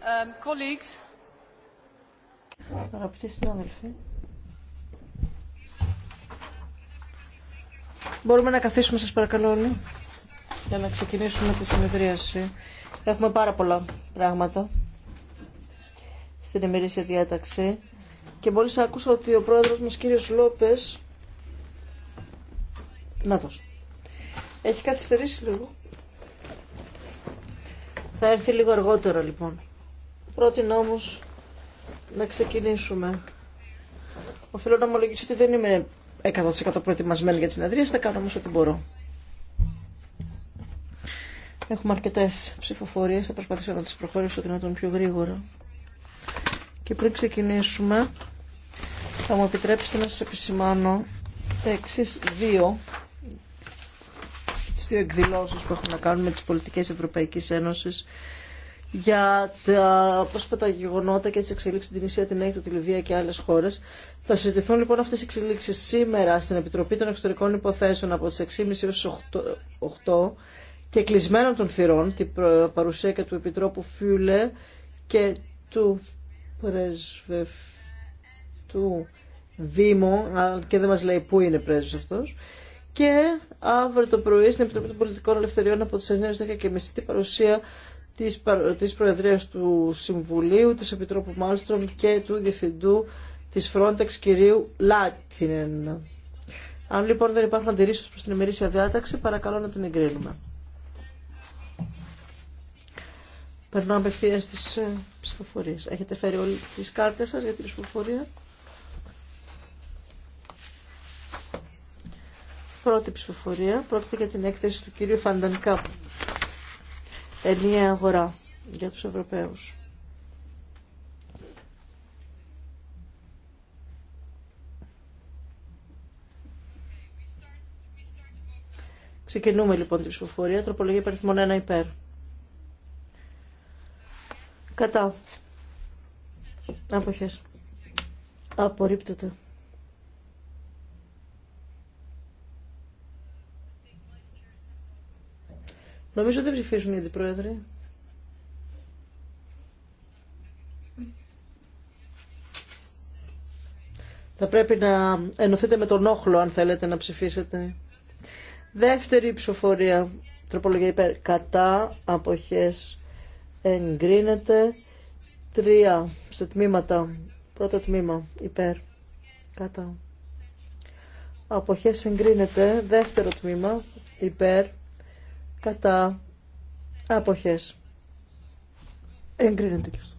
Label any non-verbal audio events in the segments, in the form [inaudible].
Um, μπορούμε να καθίσουμε σας παρακαλώ για να ξεκινήσουμε τη συνεδρίαση. Έχουμε πάρα πολλά πράγματα στην ημερήσια διάταξη και μόλις άκουσα ότι ο πρόεδρος μας κύριος Λόπες το έχει καθυστερήσει λίγο. Θα έρθει λίγο αργότερα λοιπόν. Πρότεινα όμως να ξεκινήσουμε. Οφείλω να ομολογήσω ότι δεν είμαι 100% προετοιμασμένη για τις συνεδρίες, θα κάνω όμως ό,τι μπορώ. Έχουμε αρκετέ ψηφοφορίες, θα προσπαθήσω να τις προχωρήσω δυνατόν πιο γρήγορα. Και πριν ξεκινήσουμε, θα μου επιτρέψετε να σας επισημάνω τα εξή δύο τις δύο εκδηλώσεις που έχουν να κάνουν με τις πολιτικές Ευρωπαϊκής Ένωσης για τα πρόσφατα γεγονότα και τι εξελίξει στην Ισία, την Αίγυπτο, τη Λιβύα και άλλε χώρε. Θα συζητηθούν λοιπόν αυτέ οι εξελίξει σήμερα στην Επιτροπή των Εξωτερικών Υποθέσεων από τι 6.30 έω 8 και κλεισμένων των θυρών, την παρουσία και του Επιτρόπου Φιούλε και του πρεσβευτού Δήμου, και δεν μα λέει πού είναι πρέσβη αυτό. και αύριο το πρωί στην Επιτροπή των Πολιτικών Ελευθεριών από τις 9 και μισή παρουσία της, της του Συμβουλίου, της Επιτρόπου Μάλστρομ και του Διευθυντού της Frontex κυρίου Λάτινεν. Αν λοιπόν δεν υπάρχουν αντιρρήσεις προς την ημερήσια διάταξη, παρακαλώ να την εγκρίνουμε. Περνάμε απευθεία στις ε, ψηφοφορίες. Έχετε φέρει όλες τις κάρτες σας για την ψηφοφορία. Πρώτη ψηφοφορία πρόκειται για την έκθεση του κυρίου Φαντανικάπου ενιαία αγορά για τους Ευρωπαίους. Ξεκινούμε λοιπόν την ψηφοφορία. Τροπολογία περιθμών 1 υπέρ. Κατά. Αποχές. Απορρίπτεται. Νομίζω δεν ψηφίζουν οι αντιπρόεδροι. Θα πρέπει να ενωθείτε με τον όχλο αν θέλετε να ψηφίσετε. Δεύτερη ψηφοφορία. Τροπολογία υπέρ. Κατά αποχές εγκρίνεται. Τρία σε τμήματα. Πρώτο τμήμα υπέρ. Κατά. Αποχές εγκρίνεται. Δεύτερο τμήμα υπέρ κατά άποχες εγκρίνεται και αυτό.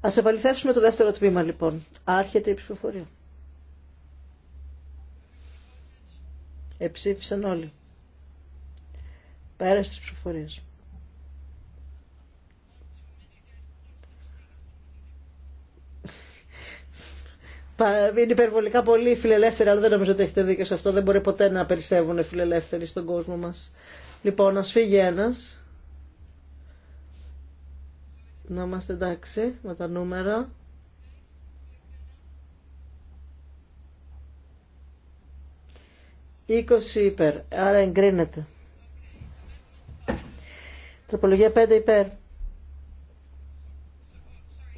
Ας επαληθεύσουμε το δεύτερο τμήμα λοιπόν. Άρχεται η ψηφοφορία. Εψήφισαν όλοι. Πέρασε τις ψηφοφορίες. είναι υπερβολικά πολύ φιλελεύθεροι, αλλά δεν νομίζω ότι έχετε δίκιο σε αυτό. Δεν μπορεί ποτέ να περισσεύουν φιλελεύθεροι στον κόσμο μας. Λοιπόν, ας φύγει ένας. Να είμαστε εντάξει με τα νούμερα. Είκοσι υπέρ, άρα εγκρίνεται. Τροπολογία 5 υπέρ.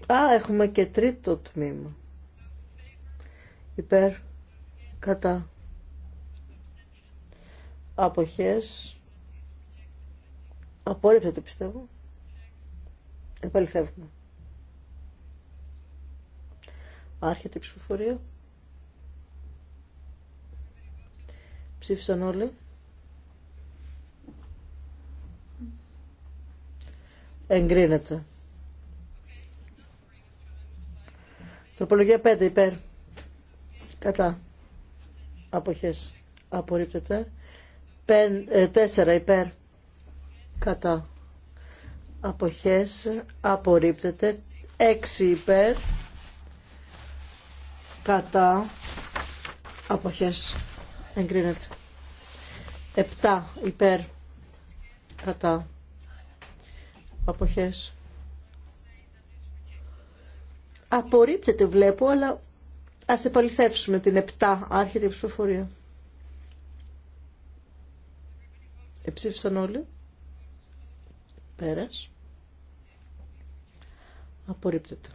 Α, έχουμε και τρίτο τμήμα υπέρ κατά αποχές το πιστεύω επαληθεύουμε άρχεται η ψηφοφορία ψήφισαν όλοι εγκρίνεται Τροπολογία 5 υπέρ κατά αποχές απορρίπτεται ε, Τέσσερα υπέρ κατά αποχές απορρίπτεται 6 υπέρ κατά αποχές εγκρίνεται 7 υπέρ κατά αποχές απορρίπτεται βλέπω αλλά Ας επαληθεύσουμε την 7 άρχεται η ψηφοφορία. Εψήφισαν όλοι. Πέρας. Απορρίπτεται.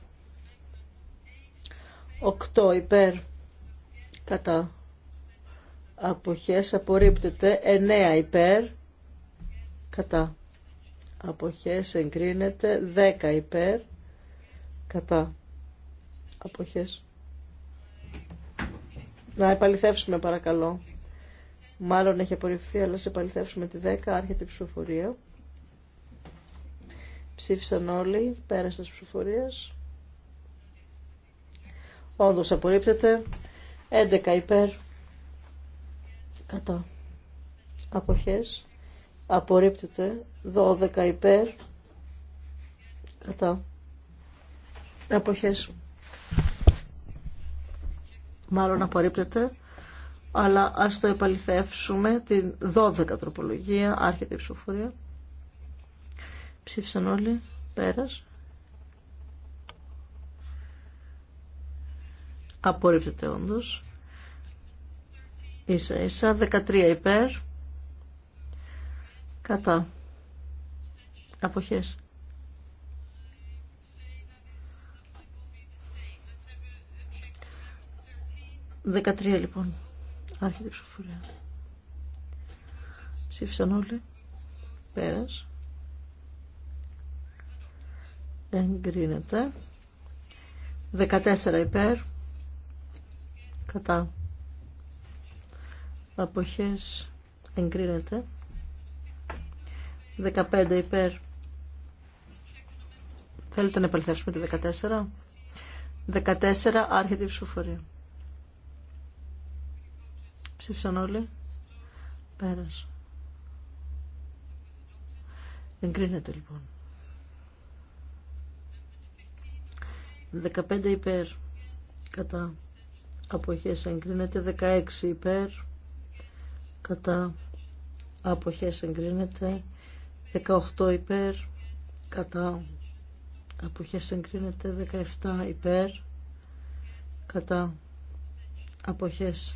8 υπέρ κατά αποχές απορρίπτεται. 9 υπέρ κατά αποχές εγκρίνεται. 10 υπέρ κατά αποχές να επαληθεύσουμε παρακαλώ. Μάλλον έχει απορριφθεί, αλλά σε επαληθεύσουμε τη 10, άρχεται η ψηφοφορία. Ψήφισαν όλοι, πέρασε τη ψηφοφορία. Όντω απορρίπτεται. 11 υπέρ. Κατά. Αποχές. Απορρίπτεται. 12 υπέρ. Κατά. Αποχές μάλλον απορρίπτεται, αλλά ας το επαληθεύσουμε την 12 τροπολογία, άρχεται η ψηφοφορία. Ψήφισαν όλοι, πέρας. Απορρίπτεται όντως. Ίσα ίσα, 13 υπέρ, κατά αποχές 13 λοιπόν. Άρχεται η ψηφοφορία. Ψήφισαν όλοι. πέρα. Εγκρίνεται. 14 υπέρ. Κατά. Αποχές. Εγκρίνεται. 15 υπέρ. Θέλετε να επαληθεύσουμε τη 14. 14 άρχεται η ψηφοφορία. Ψήφισαν όλοι. Πέρας. Εγκρίνεται λοιπόν. 15 υπέρ κατά αποχές εγκρίνεται 16 υπέρ κατά αποχές εγκρίνεται 18 υπέρ κατά αποχές εγκρίνεται 17 υπέρ κατά αποχές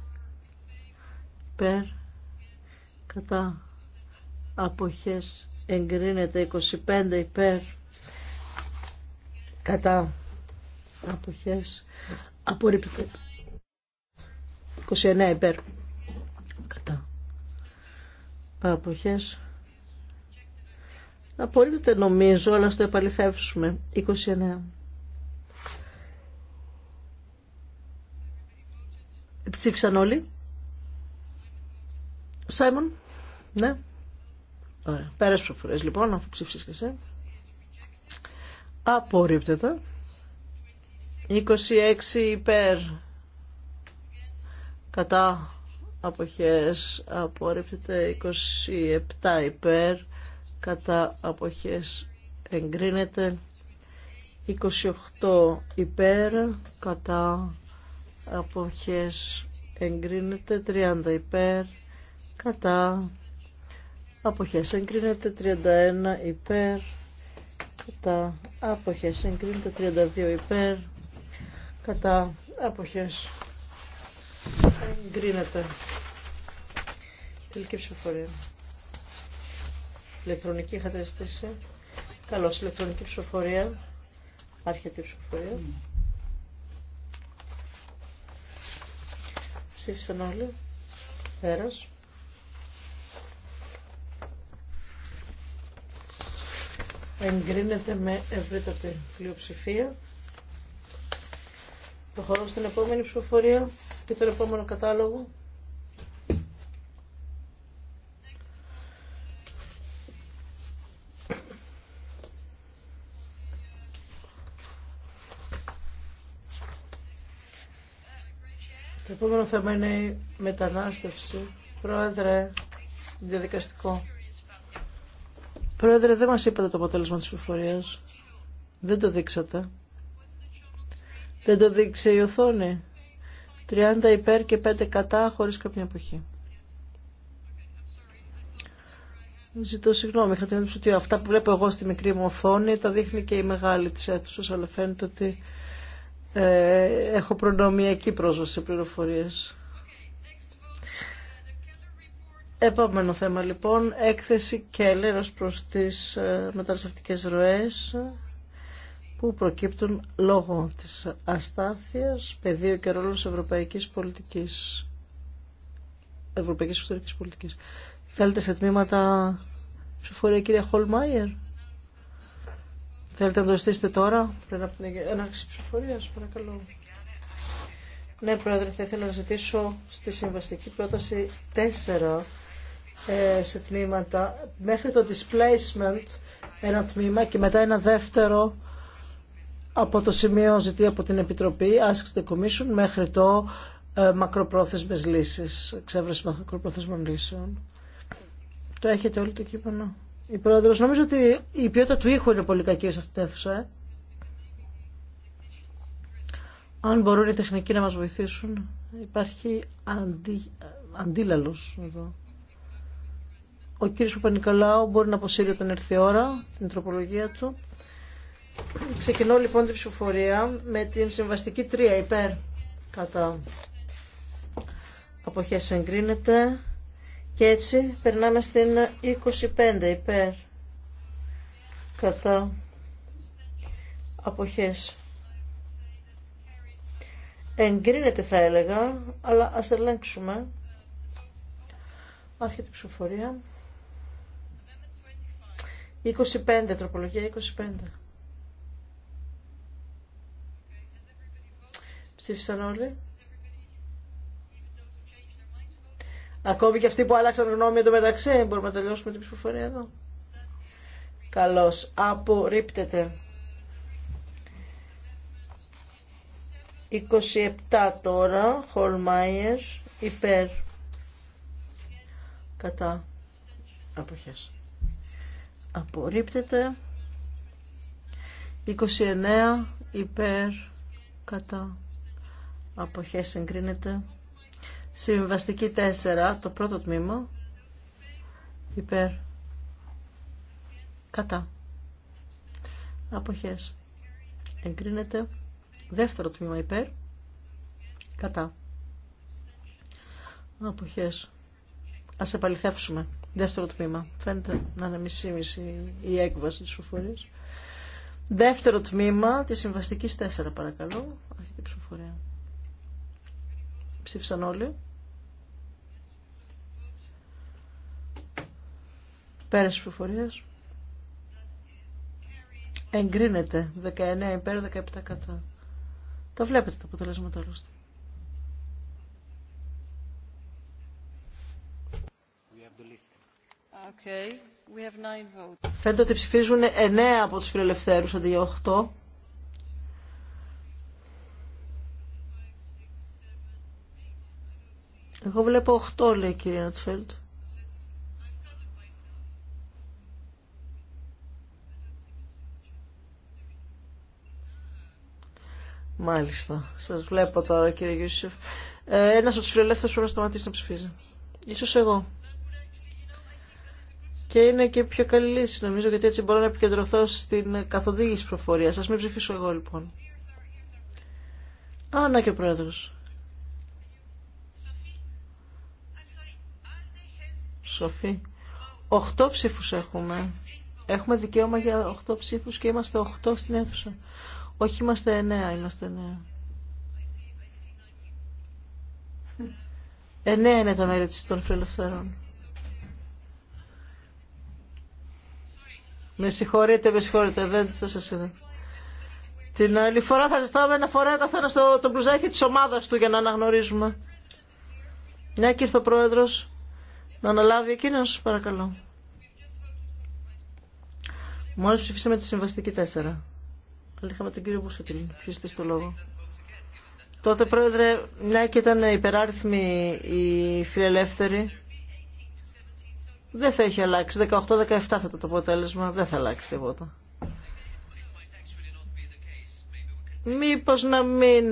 υπέρ κατά αποχές εγκρίνεται 25 υπέρ κατά αποχές απορρίπτεται 29 υπέρ κατά αποχές απορρίπτεται νομίζω αλλά στο επαληθεύσουμε 29 Ψήφισαν όλοι. Σάιμον, ναι. Ωραία. Πέρας προφορές λοιπόν, αφού ψήφισες και εσύ. Απορρίπτεται. 26 υπέρ. Κατά αποχές απορρίπτεται 27 υπέρ. Κατά αποχές εγκρίνεται 28 υπέρ. Κατά αποχές εγκρίνεται 30 υπέρ κατά αποχές εγκρίνεται 31 υπέρ κατά αποχές εγκρίνεται 32 υπέρ κατά αποχές εγκρίνεται τελική ψηφοφορία ηλεκτρονική είχατε Καλός καλώς ηλεκτρονική ψηφοφορία άρχεται η ψηφοφορία ψήφισαν όλοι πέρας εγκρίνεται με ευρύτατη πλειοψηφία. Προχωρώ στην επόμενη ψηφοφορία και τον επόμενο κατάλογο. Το επόμενο θέμα είναι η μετανάστευση. Πρόεδρε, διαδικαστικό. Πρόεδρε, δεν μας είπατε το αποτέλεσμα της πληροφορίας. Δεν το δείξατε. Δεν το δείξε η οθόνη. 30 υπέρ και 5 κατά χωρίς κάποια εποχή. Ζητώ συγγνώμη, είχα την ότι αυτά που βλέπω εγώ στη μικρή μου οθόνη τα δείχνει και η μεγάλη της αίθουσας, αλλά φαίνεται ότι ε, έχω προνομιακή πρόσβαση σε πληροφορίες. Επόμενο θέμα λοιπόν, έκθεση Κέλλερ ως προς τις ε, μεταναστευτικές ροές που προκύπτουν λόγω της αστάθειας, πεδίο και ρόλος ευρωπαϊκής πολιτικής, ευρωπαϊκής εξωτερικής πολιτικής. Θέλετε σε τμήματα ψηφορία κυρία Χολμάιερ. Θέλετε να το ζητήσετε τώρα, πριν από την έναρξη ψηφορία, παρακαλώ. Ναι, Πρόεδρε, θα ήθελα να ζητήσω στη συμβαστική πρόταση 4 ε, σε τμήματα, μέχρι το displacement ένα τμήμα και μετά ένα δεύτερο από το σημείο ζητή από την Επιτροπή Ask the Commission μέχρι το ε, μακροπρόθεσμες λύσεις, εξέβρεση μακροπρόθεσμων λύσεων. Το έχετε όλο το κείμενο. Η Πρόεδρος, νομίζω ότι η ποιότητα του ήχου είναι πολύ κακή σε αυτήν την αίθουσα. Ε. Αν μπορούν οι τεχνικοί να μας βοηθήσουν, υπάρχει αντι... Ε, αντίλαλος εδώ. Ο κύριος μπορεί να αποσύρει όταν έρθει η ώρα την τροπολογία του. Ξεκινώ λοιπόν την ψηφοφορία με την συμβαστική 3 υπέρ κατά αποχές εγκρίνεται και έτσι περνάμε στην 25 υπέρ κατά αποχές εγκρίνεται θα έλεγα αλλά ας ελέγξουμε άρχεται η ψηφοφορία 25, τροπολογία 25. Ψήφισαν όλοι. Ακόμη και αυτοί που άλλαξαν γνώμη μεταξύ μπορούμε να τελειώσουμε την ψηφοφορία εδώ. Καλώς. Απορρίπτεται. 27 τώρα, Χολμάιερ, υπέρ, κατά, αποχές απορρίπτεται 29 υπέρ κατά αποχές εγκρίνεται συμβαστική 4 το πρώτο τμήμα υπέρ κατά αποχές εγκρίνεται δεύτερο τμήμα υπέρ κατά αποχές ας επαληθεύσουμε Δεύτερο τμήμα. Φαίνεται να είναι μισή-μιση η έκβαση της ψηφοφορίας. Δεύτερο τμήμα της συμβαστικής 4 παρακαλώ. Άρχεται ψηφοφορία. Ψήφισαν όλοι. Πέρασε ψηφοφορίας. Εγκρίνεται. 19 υπέρ, 17 κατά. Τα βλέπετε τα αποτελέσματα άλλωστε. Φαίνεται ότι ψηφίζουν 9 από τους φιλελευθέρους αντί για 8. Εγώ βλέπω 8 λέει η κυρία Νότφελτ Μάλιστα. Σας βλέπω τώρα κύριε Γιούσεφ. Ένα ε, ένας από τους φιλελεύθερους πρέπει να σταματήσει να ψηφίζει. Ίσως εγώ. Και είναι και πιο καλή λύση νομίζω γιατί έτσι μπορώ να επικεντρωθώ στην καθοδήγηση προφορία. Α μην ψηφίσω εγώ λοιπόν. Α, να και ο πρόεδρο. Σοφή. Οχτώ ψήφου έχουμε. Έχουμε δικαίωμα για οχτώ ψήφου και είμαστε οχτώ στην αίθουσα. Όχι, είμαστε εννέα, είμαστε εννέα. Εννέα είναι τα μέλη των φιλελευθέρων. Με συγχωρείτε, με συγχωρείτε, δεν θα σας είδα. Την άλλη φορά θα ζητάμε να φοράει καθένα το, το μπλουζάκι της ομάδα του για να αναγνωρίζουμε. Ναι, και ήρθε ο Πρόεδρος να αναλάβει εκείνος, παρακαλώ. Μόλις ψηφίσαμε τη συμβαστική 4. Αλλά είχαμε τον κύριο Μπουσετήλ. Ποιος στο λόγο. Τότε, Πρόεδρε, μια και ήταν υπεράριθμη η φιλελεύθερη, δεν θα έχει αλλάξει. 18-17 θα ήταν το αποτέλεσμα. Δεν θα αλλάξει τίποτα. Μήπως να μην...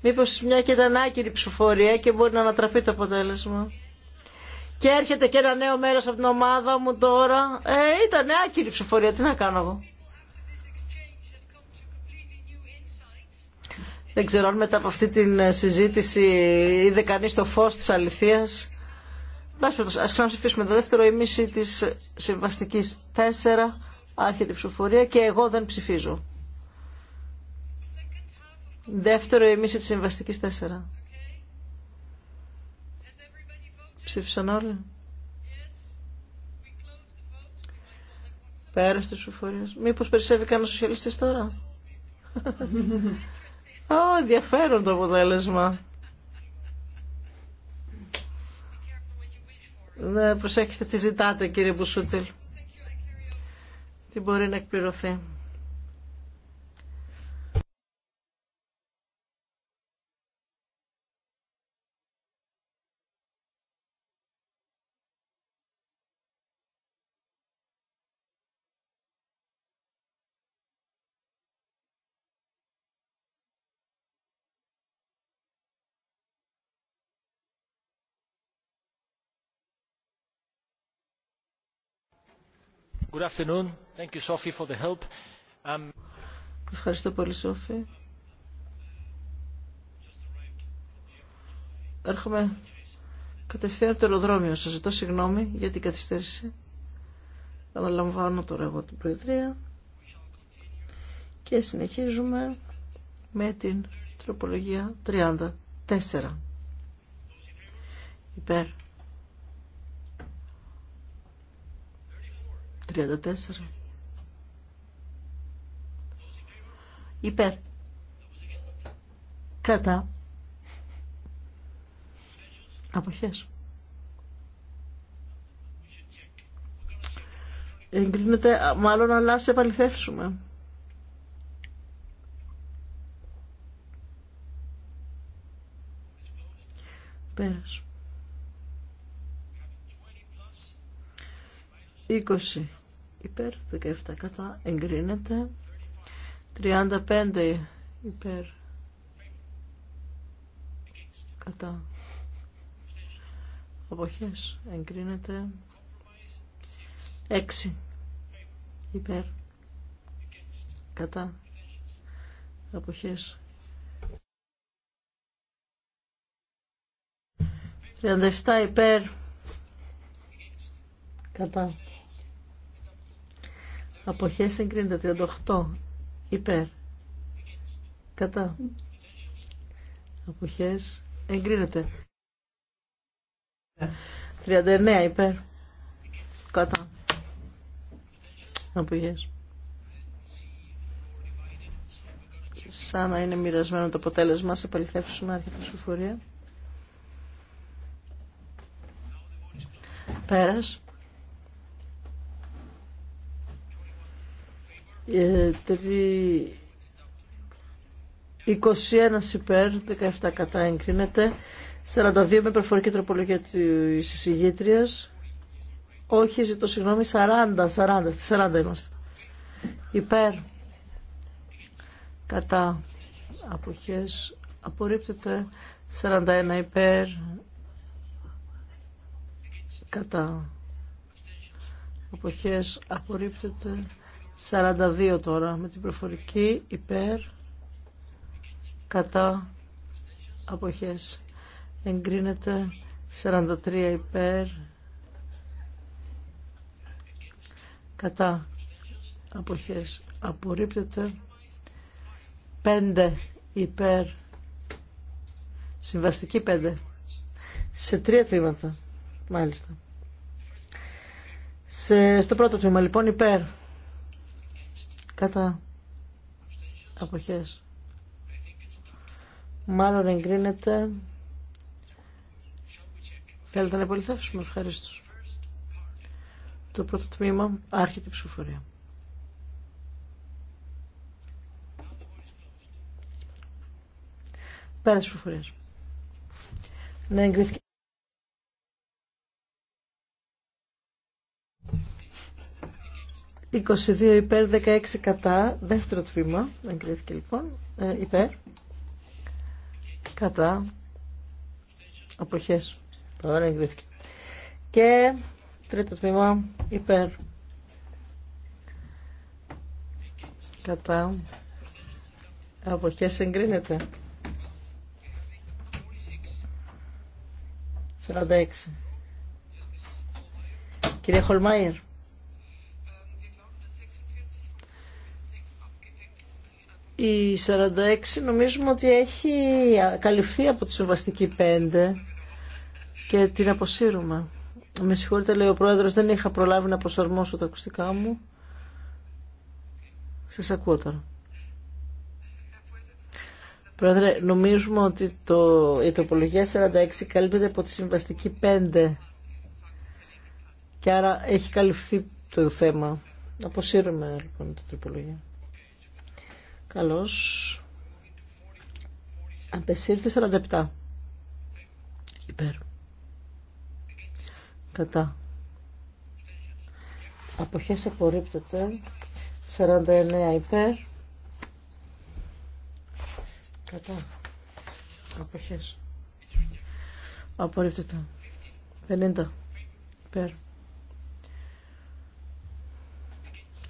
Μήπως μια και ήταν άκυρη ψηφοφορία και μπορεί να ανατραπεί το αποτέλεσμα. Και έρχεται και ένα νέο μέρος από την ομάδα μου τώρα. Ε, ήταν άκυρη ψηφοφορία. Τι να κάνω εγώ. Δεν ξέρω αν μετά από αυτή την συζήτηση είδε κανείς το φως της αληθείας. Ας ξαναψηφίσουμε το δεύτερο ημίση τη συμβαστική 4, άρχεται η ψηφοφορία και εγώ δεν ψηφίζω. Δεύτερο ημίση τη συμβαστική 4. Ψήφισαν όλοι. Πέρα τη ψηφοφορία. Μήπω περισσεύει κανένα σοσιαλιστής τώρα. [laughs] Ω, ενδιαφέρον το αποτέλεσμα. Δεν προσέχετε τι ζητάτε κύριε Μπουσούτιλ. Τι μπορεί να εκπληρωθεί. Um, Ευχαριστώ πολύ, Σόφη. Έρχομαι κατευθείαν από το αεροδρόμιο. Σας ζητώ συγγνώμη για την καθυστέρηση. Αναλαμβάνω τώρα εγώ την Προεδρία και συνεχίζουμε με την τροπολογία 34. Υπέρ. 34. Υπέρ. Κατά. Αποχές. Εγκρίνεται, μάλλον αλλά σε επαληθεύσουμε. Πέρας. 20 υπέρ, 17 κατά, εγκρίνεται. 35 υπέρ, κατά. Αποχές, εγκρίνεται. 6 υπέρ, κατά. Αποχές. 37 υπέρ, κατά αποχές εγκρίνεται 38 υπέρ κατά αποχές εγκρίνεται 39 υπέρ κατά αποχές σαν να είναι μοιρασμένο το αποτέλεσμα σε παληθεύσουμε άρχιτα φορεία. πέρας 21 ε, υπέρ, 17 κατά εγκρίνεται. 42 με προφορική τροπολογία τη εισηγήτρια. Όχι, ζητώ συγγνώμη, 40, 40, 40 είμαστε. Υπέρ, κατά, αποχές, απορρίπτεται, 41 υπέρ, κατά, αποχές, απορρίπτεται, 42 τώρα με την προφορική υπέρ κατά αποχές εγκρίνεται 43 υπέρ κατά αποχές απορρίπτεται 5 υπέρ συμβαστική 5 σε τρία τμήματα μάλιστα σε, στο πρώτο τμήμα λοιπόν υπέρ κατά αποχές μάλλον εγκρίνεται θέλετε να επολυθεύσουμε ευχαριστώ το πρώτο τμήμα άρχεται η ψηφοφορία Πέρα ψηφοφορίας να 22 υπέρ, 16 κατά. Δεύτερο τμήμα. Εγκρίθηκε λοιπόν. Ε, υπέρ. Κατά. Αποχές. Τώρα εγκρίθηκε. Και τρίτο τμήμα. Υπέρ. Κατά. Αποχές εγκρίνεται. 46. Κυρία Χολμάιερ. Η 46 νομίζουμε ότι έχει καλυφθεί από τη συμβαστική 5 και την αποσύρουμε. Με συγχωρείτε λέει ο πρόεδρος, δεν είχα προλάβει να προσαρμόσω τα ακουστικά μου. Σας ακούω τώρα. Πρόεδρε, νομίζουμε ότι το, η τροπολογία 46 καλύπτεται από τη συμβαστική 5 και άρα έχει καλυφθεί το θέμα. Αποσύρουμε λοιπόν την τροπολογία. Καλώς. Απεσύρθη 47. Υπέρ. Κατά. Αποχές απορρίπτεται. 49 υπέρ. Κατά. Αποχές. Απορρίπτεται. 50 υπέρ.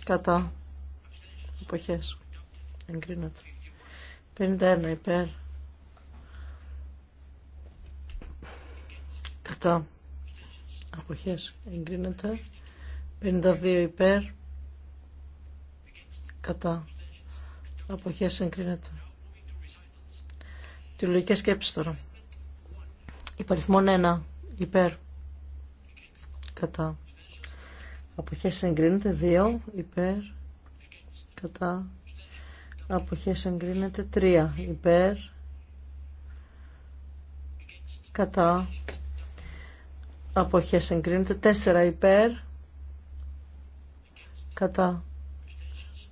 Κατά. Αποχές. Εγκρίνεται. 51 υπέρ. Κατά. Αποχές. Εγκρίνεται. 52 υπέρ. Κατά. Αποχές εγκρίνεται. Τη λογική σκέψη τώρα. Υπαριθμόν 1 υπέρ. Κατά. Αποχές εγκρίνεται. 2 υπέρ. Κατά αποχές εγκρίνεται 3 υπέρ κατά αποχές εγκρίνεται 4 υπέρ κατά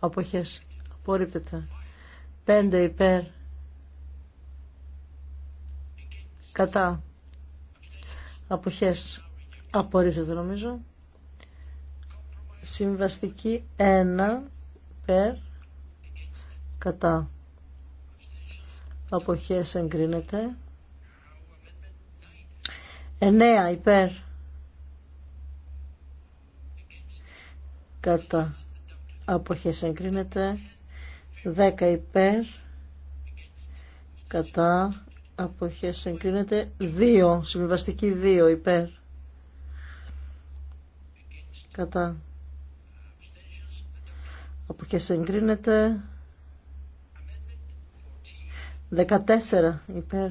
αποχές απορρίπτεται 5 υπέρ κατά αποχές απορρίπτεται νομίζω συμβαστική 1 υπέρ κατά αποχές εγκρίνεται 9 υπέρ κατά αποχές εγκρίνεται 10 υπέρ κατά αποχές εγκρίνεται 2 συμβιβαστική 2 υπέρ κατά αποχές εγκρίνεται 14 υπέρ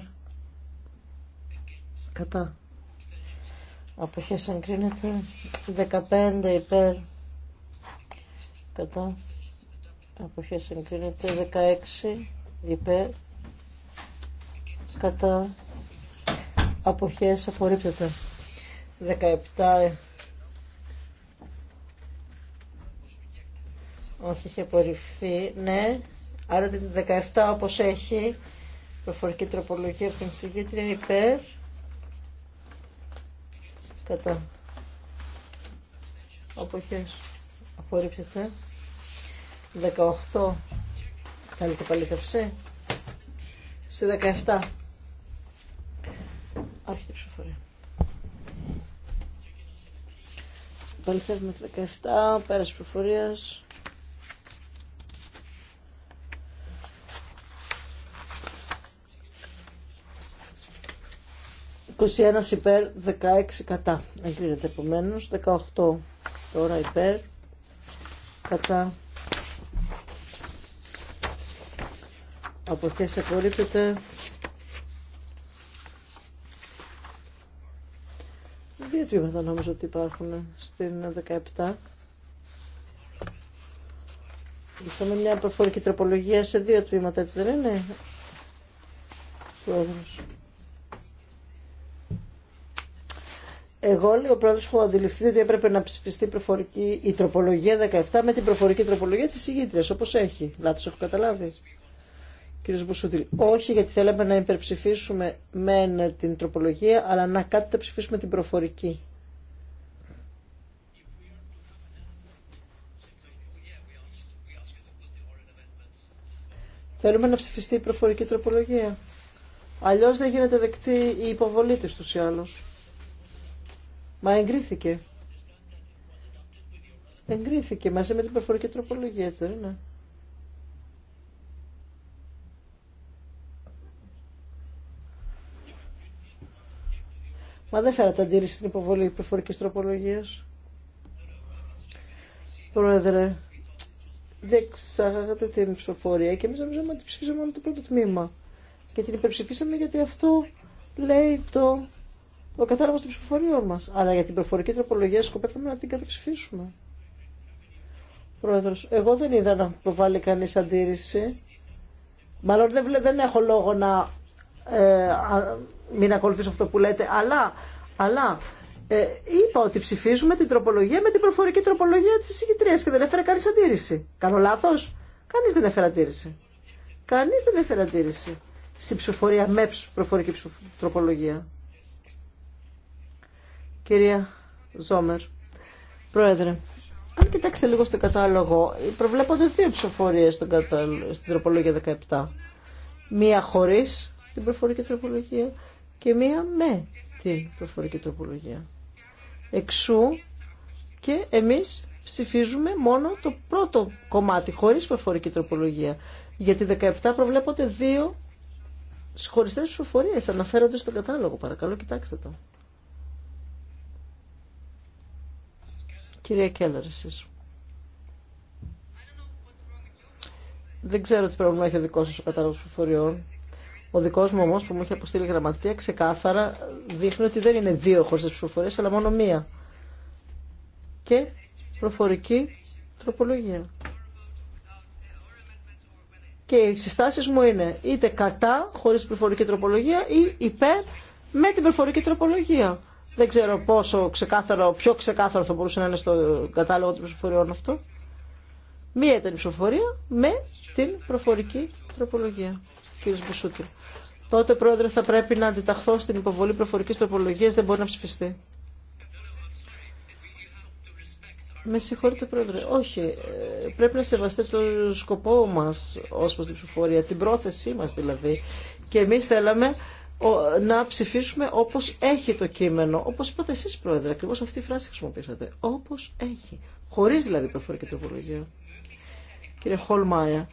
κατά αποχές εγκρίνεται 15 υπέρ κατά αποχές εγκρίνεται 16 υπέρ κατά Αποχέ. απορρίπτεται 17 όχι, είχε απορριφθεί, ναι. Άρα την 17 όπως έχει προφορική τροπολογία από την είναι υπέρ κατά αποχές απορρίψετε 18 θέλετε παλήθευση σε 17 άρχεται η ψηφοφορία τη 17, πέρας προφορίας, 21 υπέρ, 16 κατά. Εγκρίνεται επομένω. 18 τώρα υπέρ, κατά. Αποχές απορρίπτεται. Δύο τμήματα νομίζω ότι υπάρχουν στην 17. Είχαμε μια προφορική τροπολογία σε δύο τμήματα, έτσι δεν είναι. Πρόεδρος. Εγώ λέω πρώτα έχω αντιληφθεί ότι έπρεπε να ψηφιστεί προφορική, η τροπολογία 17 με την προφορική τροπολογία τη ηγήτρια, όπω έχει. Λάθο έχω καταλάβει. Κύριο Μπουσούτιλ, όχι γιατί θέλαμε να υπερψηφίσουμε με την τροπολογία, αλλά να κάτι τα ψηφίσουμε την προφορική. Θέλουμε να ψηφιστεί η προφορική τροπολογία. Αλλιώς δεν γίνεται δεκτή η υποβολή της τους ή άλλως. Μα εγκρίθηκε. Εγκρίθηκε μαζί με την προφορική τροπολογία, έτσι Μα δεν φέρατε αντίρρηση στην υποβολή προφορικής τροπολογίας. Πρόεδρε, δεν ξάχαγατε την ψηφοφορία και εμείς νομίζαμε ότι ψηφίσαμε το πρώτο τμήμα. Και την υπερψηφίσαμε γιατί αυτό λέει το ο κατάλογος των ψηφοφοριών μα. Αλλά για την προφορική τροπολογία σκοπεύαμε να την καταψηφίσουμε. Πρόεδρος, εγώ δεν είδα να προβάλλει κανεί αντίρρηση. Μάλλον δεν, έχω λόγο να ε, μην ακολουθήσω αυτό που λέτε, αλλά, αλλά ε, είπα ότι ψηφίζουμε την τροπολογία με την προφορική τροπολογία τη συγκητρίας και δεν έφερε κανεί αντίρρηση. Κάνω λάθο. Κανείς δεν έφερε αντίρρηση. Κανείς δεν έφερε αντίρρηση στην ψηφοφορία με προφορική τροπολογία. Κυρία Ζόμερ, Πρόεδρε, αν κοιτάξετε λίγο στο κατάλογο, προβλέπονται δύο ψηφοφορίε στην τροπολογία 17. Μία χωρί την προφορική τροπολογία και μία με την προφορική τροπολογία. Εξού και εμείς ψηφίζουμε μόνο το πρώτο κομμάτι, χωρίς προφορική τροπολογία. Γιατί 17 προβλέπονται δύο χωριστές ψηφοφορίες, αναφέρονται στον κατάλογο. Παρακαλώ, κοιτάξτε το. Κυρία Κέλλερ, εσείς. Δεν ξέρω τι πρόβλημα έχει ο δικός σας ο κατάλογο Ο δικός μου όμως, που μου έχει αποστείλει γραμματεία ξεκάθαρα δείχνει ότι δεν είναι δύο χωρίς ψηφοφορίε, αλλά μόνο μία. Και προφορική τροπολογία. Και οι συστάσεις μου είναι είτε κατά χωρίς προφορική τροπολογία ή υπέρ με την προφορική τροπολογία. Δεν ξέρω πόσο ξεκάθαρο, πιο ξεκάθαρο θα μπορούσε να είναι στο κατάλογο των ψηφοφοριών αυτό. Μία ήταν η ψηφοφορία με την προφορική τροπολογία, κύριε Μπουσούτη. Τότε, πρόεδρε, θα πρέπει να αντιταχθώ στην υποβολή προφορικής τροπολογίας, δεν μπορεί να ψηφιστεί. Με συγχωρείτε, πρόεδρε. Όχι, ε, πρέπει να σεβαστεί το σκοπό μας ως προς την ψηφοφορία, την πρόθεσή μα, δηλαδή. Και εμείς θέλαμε να ψηφίσουμε όπως έχει το κείμενο. Όπως είπατε εσείς, Πρόεδρε, ακριβώς αυτή τη φράση χρησιμοποίησατε. Όπως έχει. Χωρίς δηλαδή προφορική τροπολογία. Κύριε Χολμάια,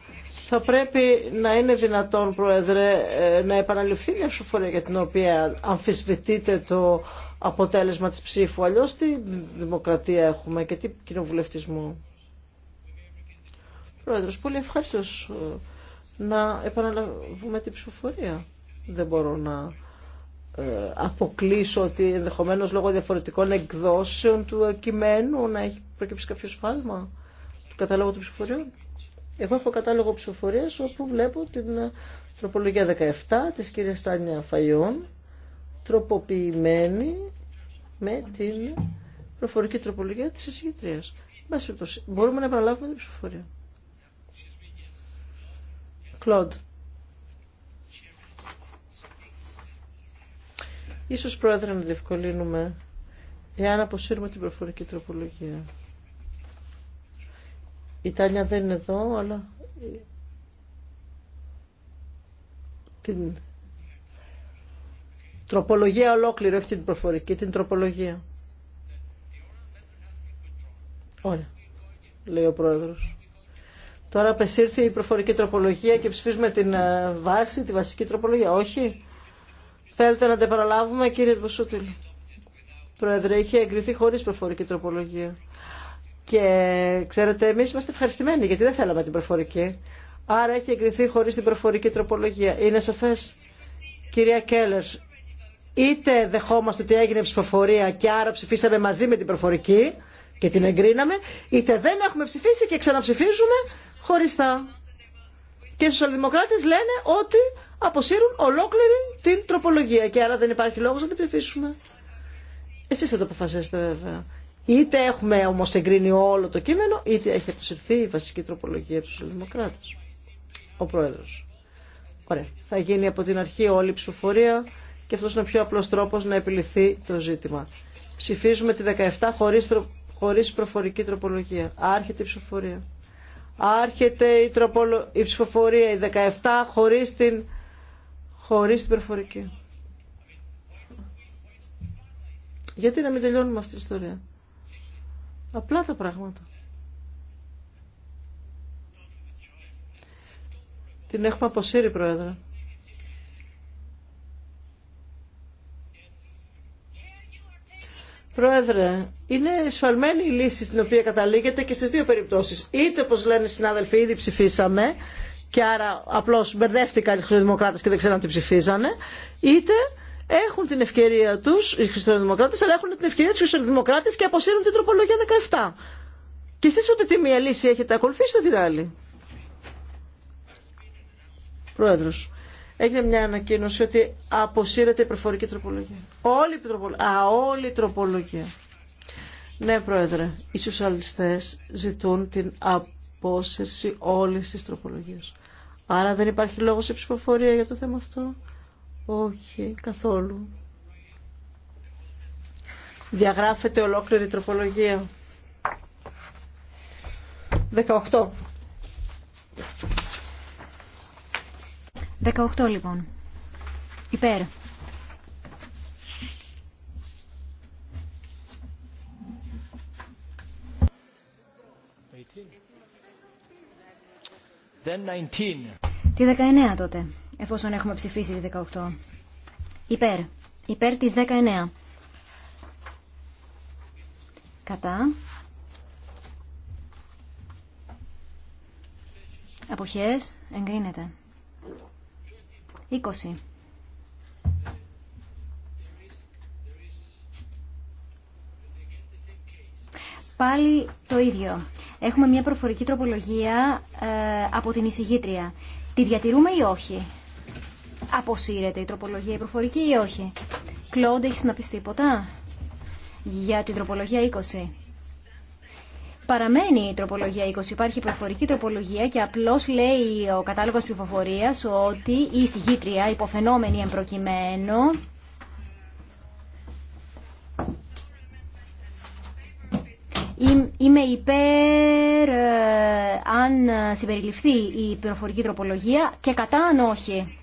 θα πρέπει να είναι δυνατόν, Πρόεδρε, ε, να επαναληφθεί μια ψηφοφορία για την οποία αμφισβητείτε το αποτέλεσμα της ψήφου. Αλλιώς τι δημοκρατία έχουμε και τι κοινοβουλευτισμό. Πρόεδρος, πολύ ευχαριστώ ε, να επαναλαβούμε την ψηφοφορία δεν μπορώ να ε, αποκλείσω ότι ενδεχομένως λόγω διαφορετικών εκδόσεων του κειμένου να έχει προκύψει κάποιο σφάλμα του καταλόγου του ψηφοφοριών. Εγώ έχω κατάλογο ψηφοφορία όπου βλέπω την ε, τροπολογία 17 της κυρία Τάνια Φαϊών τροποποιημένη με την προφορική τροπολογία της εισηγητρίας. Μπορούμε να επαναλάβουμε την ψηφοφορία. Κλοντ. Ίσως πρόεδρε να διευκολύνουμε εάν αποσύρουμε την προφορική τροπολογία. Η Τάνια δεν είναι εδώ, αλλά την τροπολογία ολόκληρη, όχι την προφορική, την τροπολογία. Ωραία, λέει ο Πρόεδρος. Τώρα απεσύρθη η προφορική τροπολογία και ψηφίζουμε την ε, βάση, τη βασική τροπολογία. Όχι, Θέλετε να την παραλάβουμε, κύριε Μπουσούτιλ. Πρόεδρε, είχε εγκριθεί χωρί προφορική τροπολογία. Και ξέρετε, εμεί είμαστε ευχαριστημένοι γιατί δεν θέλαμε την προφορική. Άρα έχει εγκριθεί χωρί την προφορική τροπολογία. Είναι σαφέ, κυρία Κέλλερ. Είτε δεχόμαστε ότι έγινε ψηφοφορία και άρα ψηφίσαμε μαζί με την προφορική και την εγκρίναμε, είτε δεν έχουμε ψηφίσει και ξαναψηφίζουμε χωριστά. Και οι σοσιαλδημοκράτε λένε ότι αποσύρουν ολόκληρη την τροπολογία και άρα δεν υπάρχει λόγο να την ψηφίσουμε. Εσεί θα το αποφασίσετε βέβαια. Είτε έχουμε όμω εγκρίνει όλο το κείμενο, είτε έχει αποσυρθεί η βασική τροπολογία από του σοσιαλδημοκράτε. Ο πρόεδρο. Ωραία. Θα γίνει από την αρχή όλη η ψηφοφορία και αυτό είναι ο πιο απλό τρόπο να επιληθεί το ζήτημα. Ψηφίζουμε τη 17 χωρί χωρίς προφορική τροπολογία. Άρχεται η ψηφοφορία. Άρχεται η, τροπολο... η ψηφοφορία, η 17, χωρίς την, χωρίς την προφορική. Γιατί να μην τελειώνουμε αυτή την ιστορία. Απλά τα πράγματα. Την έχουμε αποσύρει, Πρόεδρε. Πρόεδρε, είναι σφαλμένη η λύση στην οποία καταλήγεται και στις δύο περιπτώσεις. Είτε, όπως λένε οι συνάδελφοι, ήδη ψηφίσαμε και άρα απλώς μπερδεύτηκαν οι χριστιανοδημοκράτες και δεν ξέραν τι ψηφίζανε, είτε έχουν την ευκαιρία τους οι χριστιανοδημοκράτες, αλλά έχουν την ευκαιρία τους οι χριστιανοδημοκράτες και αποσύρουν την τροπολογία 17. Και εσείς ούτε τη μία λύση έχετε ακολουθήσει, ούτε την άλλη. Πρόεδρος έγινε μια ανακοίνωση ότι αποσύρεται η προφορική τροπολογία. Όλη η τροπολογία. Α, όλη η τροπολογία. Ναι, Πρόεδρε, οι σοσιαλιστές ζητούν την απόσυρση όλης της τροπολογίας. Άρα δεν υπάρχει λόγος σε ψηφοφορία για το θέμα αυτό. Όχι, καθόλου. Διαγράφεται ολόκληρη η τροπολογία. 18. 18 λοιπόν. Υπέρ. Then 19. Τη 19 τότε, εφόσον έχουμε ψηφίσει τη 18. Υπέρ. Υπέρ της 19. Κατά. Αποχές. Εγκρίνεται. 20. Πάλι το ίδιο. Έχουμε μια προφορική τροπολογία ε, από την εισηγήτρια. Τη διατηρούμε ή όχι. Αποσύρεται η τροπολογία η προφορική ή όχι. Κλόντ, έχεις να πεις τίποτα για την τροπολογία 20. Παραμένει η τροπολογία 20, υπάρχει προφορική τροπολογία και απλώς λέει ο κατάλογος πληροφορία ότι η συγγήτρια υποφαινόμενη εμπροκειμένο Είμαι υπέρ ε, αν συμπεριληφθεί η προφορική τροπολογία και κατά αν όχι.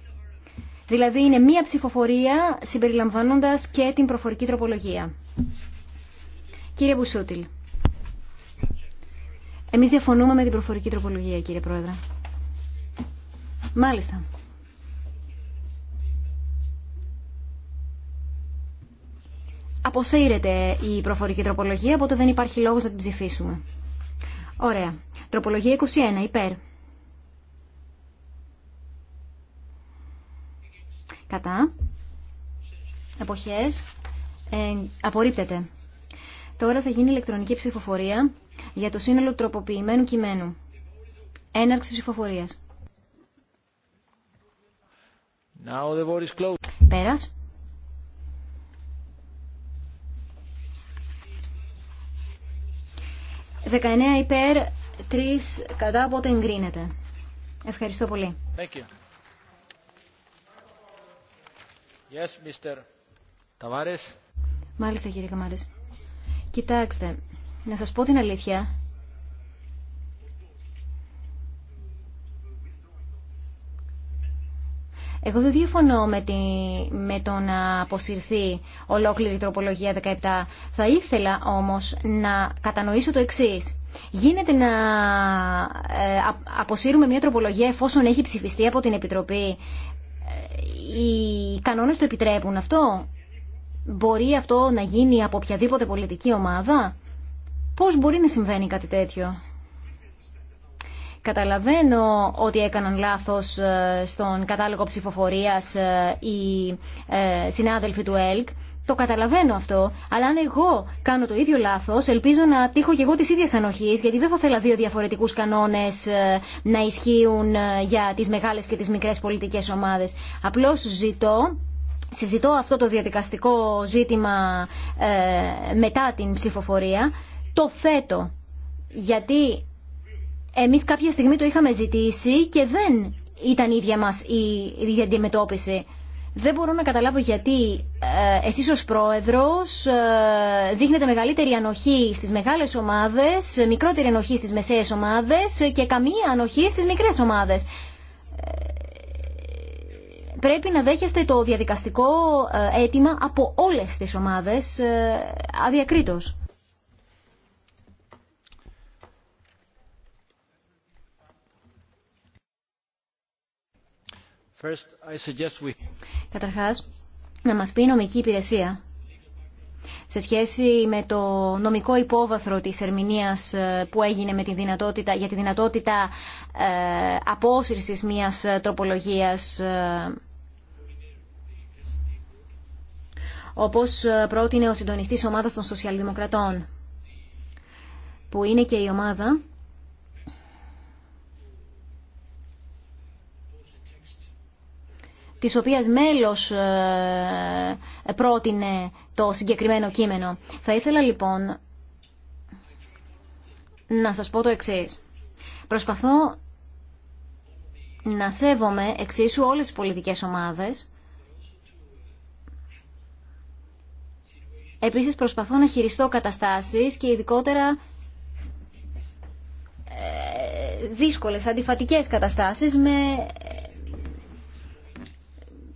Δηλαδή είναι μία ψηφοφορία συμπεριλαμβάνοντας και την προφορική τροπολογία. Κύριε Μπουσούτιλ. Εμείς διαφωνούμε με την προφορική τροπολογία, κύριε Πρόεδρε. Μάλιστα. Αποσύρεται η προφορική τροπολογία, οπότε δεν υπάρχει λόγος να την ψηφίσουμε. Ωραία. Τροπολογία 21, υπέρ. Κατά. Εποχές. Ε, απορρίπτεται. Τώρα θα γίνει ηλεκτρονική ψηφοφορία για το σύνολο τροποποιημένου κειμένου. Έναρξη ψηφοφορίας. Πέρα. Πέρας. Δεκαεννέα υπέρ, τρεις κατά, οπότε εγκρίνεται. Ευχαριστώ πολύ. Yes, Mr. Μάλιστα, κύριε Καμάρε. Κοιτάξτε, να σας πω την αλήθεια. Εγώ δεν διαφωνώ με, τη, το να αποσυρθεί ολόκληρη η τροπολογία 17. Θα ήθελα όμως να κατανοήσω το εξής. Γίνεται να ε, αποσύρουμε μια τροπολογία εφόσον έχει ψηφιστεί από την Επιτροπή. Ε, οι κανόνες το επιτρέπουν αυτό. Μπορεί αυτό να γίνει από οποιαδήποτε πολιτική ομάδα. Πώς μπορεί να συμβαίνει κάτι τέτοιο. Καταλαβαίνω ότι έκαναν λάθος ε, στον κατάλογο ψηφοφορίας ε, οι ε, συνάδελφοι του ΕΛΚ. Το καταλαβαίνω αυτό, αλλά αν εγώ κάνω το ίδιο λάθο, ελπίζω να τύχω και εγώ τη ίδια ανοχή, γιατί δεν θα θέλα δύο διαφορετικού κανόνε να ισχύουν για τι μεγάλε και τι μικρέ πολιτικέ ομάδε. Απλώ ζητώ συζητώ αυτό το διαδικαστικό ζήτημα ε, μετά την ψηφοφορία, το θέτω. Γιατί εμείς κάποια στιγμή το είχαμε ζητήσει και δεν ήταν η ίδια μας η αντιμετώπιση. Δεν μπορώ να καταλάβω γιατί ε, εσείς ως πρόεδρος ε, δείχνετε μεγαλύτερη ανοχή στις μεγάλες ομάδες, μικρότερη ανοχή στις μεσαίες ομάδες και καμία ανοχή στις μικρές ομάδες πρέπει να δέχεστε το διαδικαστικό ε, αίτημα από όλες τις ομάδες ε, αδιακρίτως. First, Καταρχάς, να μας πει η νομική υπηρεσία σε σχέση με το νομικό υπόβαθρο της ερμηνείας ε, που έγινε με τη δυνατότητα, για τη δυνατότητα απόσυρσης μιας τροπολογίας όπως ε, πρότεινε ο συντονιστής ομάδας των Σοσιαλδημοκρατών, που είναι και η ομάδα της οποίας μέλος ε, ε, πρότεινε το συγκεκριμένο κείμενο. Θα ήθελα λοιπόν να σας πω το εξής. Προσπαθώ να σέβομαι εξίσου όλες τις πολιτικές ομάδες Επίσης προσπαθώ να χειριστώ καταστάσεις και ειδικότερα ε, δύσκολες, αντιφατικές καταστάσεις με...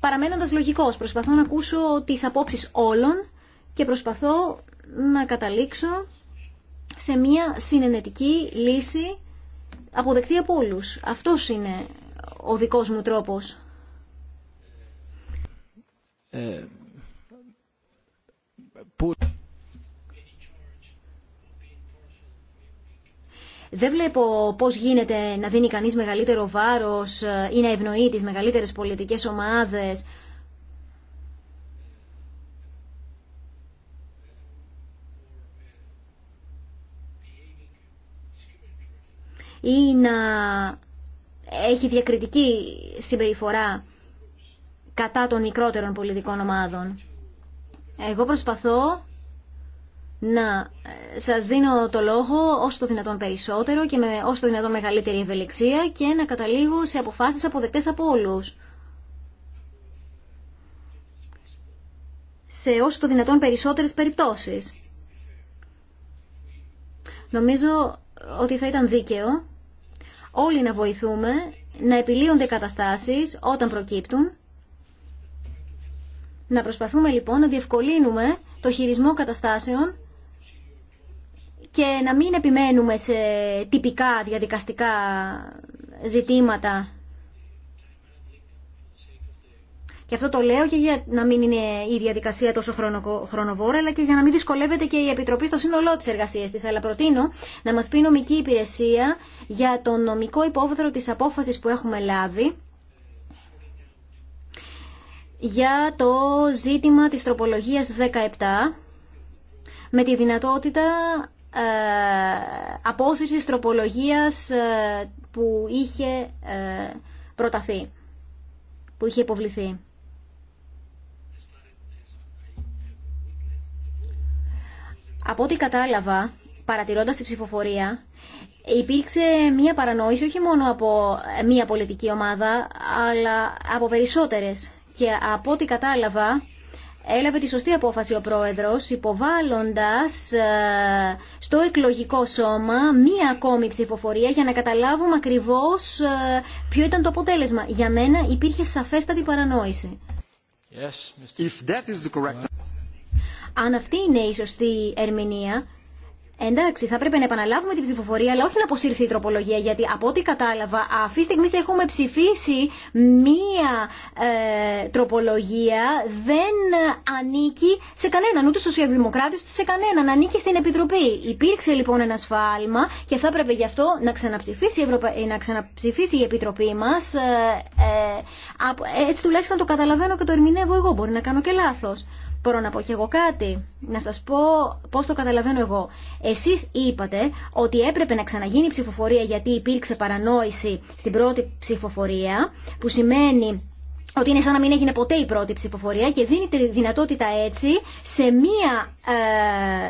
παραμένοντας λογικός. Προσπαθώ να ακούσω τις απόψεις όλων και προσπαθώ να καταλήξω σε μια συνενετική λύση αποδεκτή από όλους. Αυτός είναι ο δικός μου τρόπος. Ε, δεν βλέπω πώς γίνεται να δίνει κανείς μεγαλύτερο βάρος ή να ευνοεί τις μεγαλύτερες πολιτικές ομάδες. Ή να έχει διακριτική συμπεριφορά κατά των μικρότερων πολιτικών ομάδων. Εγώ προσπαθώ να ε, σας δίνω το λόγο όσο το δυνατόν περισσότερο και με όσο το δυνατόν μεγαλύτερη ευελιξία και να καταλήγω σε αποφάσεις αποδεκτές από όλους. Σε όσο το δυνατόν περισσότερες περιπτώσεις. Νομίζω ότι θα ήταν δίκαιο όλοι να βοηθούμε να επιλύονται καταστάσεις όταν προκύπτουν να προσπαθούμε λοιπόν να διευκολύνουμε το χειρισμό καταστάσεων και να μην επιμένουμε σε τυπικά διαδικαστικά ζητήματα. Και αυτό το λέω και για να μην είναι η διαδικασία τόσο χρονοβόρα, αλλά και για να μην δυσκολεύεται και η Επιτροπή στο σύνολό της εργασίας της. Αλλά προτείνω να μας πει η νομική υπηρεσία για το νομικό υπόβαθρο τη απόφαση που έχουμε λάβει για το ζήτημα της τροπολογίας 17 με τη δυνατότητα ε, απόσυρσης τροπολογίας ε, που είχε ε, προταθεί, που είχε υποβληθεί. Από ό,τι κατάλαβα, παρατηρώντας τη ψηφοφορία, υπήρξε μία παρανόηση όχι μόνο από μία πολιτική ομάδα, αλλά από περισσότερες και από ό,τι κατάλαβα έλαβε τη σωστή απόφαση ο πρόεδρος υποβάλλοντας ε, στο εκλογικό σώμα μία ακόμη ψηφοφορία για να καταλάβουμε ακριβώς ε, ποιο ήταν το αποτέλεσμα. Για μένα υπήρχε σαφέστατη παρανόηση. Yes, If that is the Αν αυτή είναι η σωστή ερμηνεία, Εντάξει, θα πρέπει να επαναλάβουμε την ψηφοφορία, αλλά όχι να αποσύρθει η τροπολογία, γιατί από ό,τι κατάλαβα, αυτή τη στιγμή έχουμε ψηφίσει μία ε, τροπολογία, δεν ανήκει σε κανέναν, ούτε σοσιαλδημοκράτη, ούτε σε κανέναν, ανήκει στην Επιτροπή. Υπήρξε λοιπόν ένα σφάλμα και θα έπρεπε γι' αυτό να ξαναψηφίσει η, Ευρωπα... Ε, να ξαναψηφίσει η Επιτροπή μα. Ε, ε, ε, έτσι τουλάχιστον το καταλαβαίνω και το ερμηνεύω εγώ. Μπορεί να κάνω και λάθο μπορώ να πω και εγώ κάτι. Να σας πω πώς το καταλαβαίνω εγώ. Εσείς είπατε ότι έπρεπε να ξαναγίνει η ψηφοφορία γιατί υπήρξε παρανόηση στην πρώτη ψηφοφορία, που σημαίνει ότι είναι σαν να μην έγινε ποτέ η πρώτη ψηφοφορία και δίνει τη δυνατότητα έτσι σε μία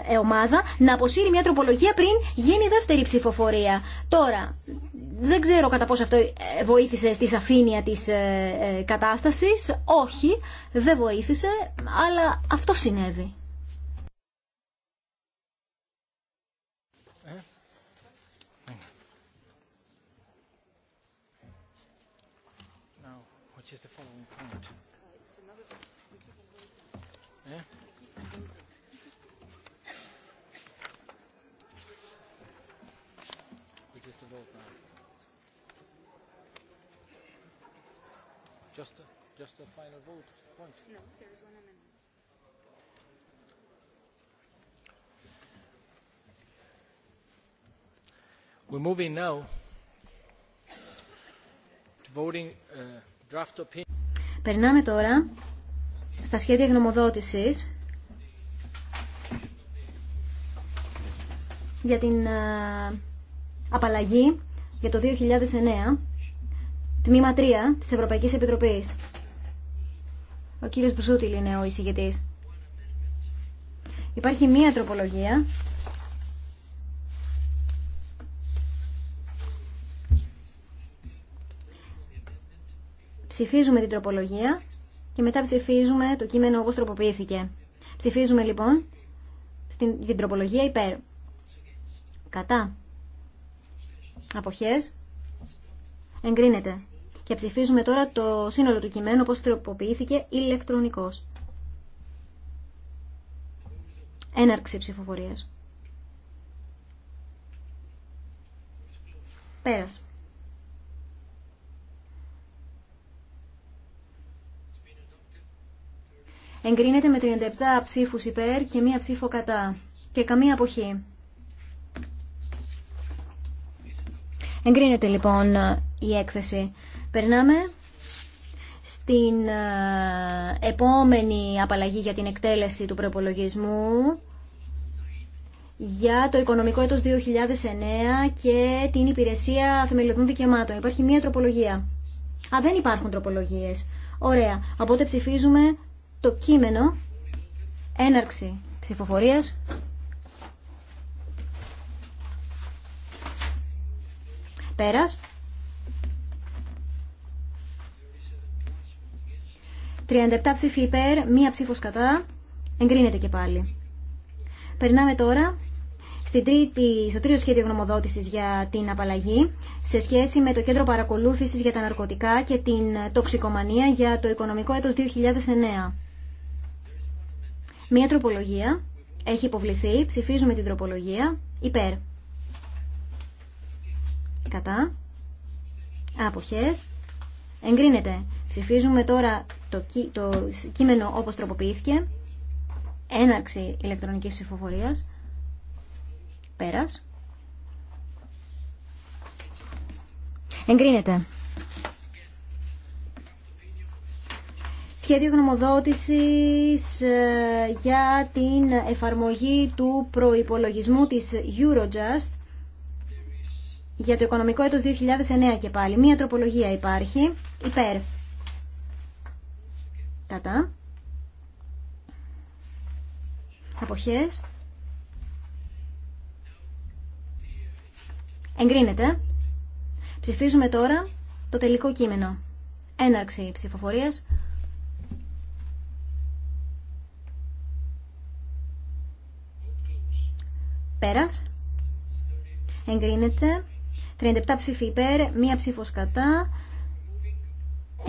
ε, ε ομάδα να αποσύρει μία τροπολογία πριν γίνει δεύτερη ψηφοφορία. Τώρα, δεν ξέρω κατά πόσο αυτό ε, βοήθησε στη σαφήνεια της ε, ε, κατάστασης. Όχι, δεν βοήθησε, αλλά αυτό συνέβη. Uh, Περνάμε τώρα στα σχέδια γνωμοδότησης για την ε, απαλλαγή για το 2009, τμήμα 3 της Ευρωπαϊκής Επιτροπής. Ο κύριος Μπουζούτιλ είναι ο εισηγητής. Υπάρχει μία τροπολογία Ψηφίζουμε την τροπολογία και μετά ψηφίζουμε το κείμενο όπως τροποποιήθηκε. Ψηφίζουμε λοιπόν στην, την τροπολογία υπέρ. Κατά. Αποχές. Εγκρίνεται. Και ψηφίζουμε τώρα το σύνολο του κειμένου όπως τροποποιήθηκε ηλεκτρονικός. Έναρξη ψηφοφορίας. Πέρας. Εγκρίνεται με 37 ψήφου υπέρ και μία ψήφο κατά. Και καμία αποχή. Εγκρίνεται λοιπόν η έκθεση. Περνάμε στην ε, επόμενη απαλλαγή για την εκτέλεση του προπολογισμού για το οικονομικό έτος 2009 και την υπηρεσία θεμελιωδών δικαιωμάτων. Υπάρχει μία τροπολογία. Α, δεν υπάρχουν τροπολογίες. Ωραία. Από ψηφίζουμε το κείμενο έναρξη ψηφοφορίας. Πέρας. 37 ψήφοι υπέρ, μία ψήφος κατά. Εγκρίνεται και πάλι. Περνάμε τώρα στην τρίτη, στο τρίτο σχέδιο γνωμοδότησης για την απαλλαγή σε σχέση με το Κέντρο Παρακολούθησης για τα Ναρκωτικά και την Τοξικομανία για το Οικονομικό έτος 2009. Μία τροπολογία έχει υποβληθεί. Ψηφίζουμε την τροπολογία. Υπέρ. Κατά. Αποχές. Εγκρίνεται. Ψηφίζουμε τώρα το, το κείμενο όπως τροποποιήθηκε. Έναρξη ηλεκτρονικής ψηφοφορία. Πέρας. Εγκρίνεται. σχέδιο γνωμοδότησης ε, για την εφαρμογή του προϋπολογισμού της Eurojust για το οικονομικό έτος 2009 και πάλι. Μία τροπολογία υπάρχει. Υπέρ. Κατά. Αποχές. Εγκρίνεται. Ψηφίζουμε τώρα το τελικό κείμενο. Έναρξη ψηφοφορίας. Πέρας. Εγκρίνεται. 37 ψήφοι υπέρ, μία ψήφος κατά.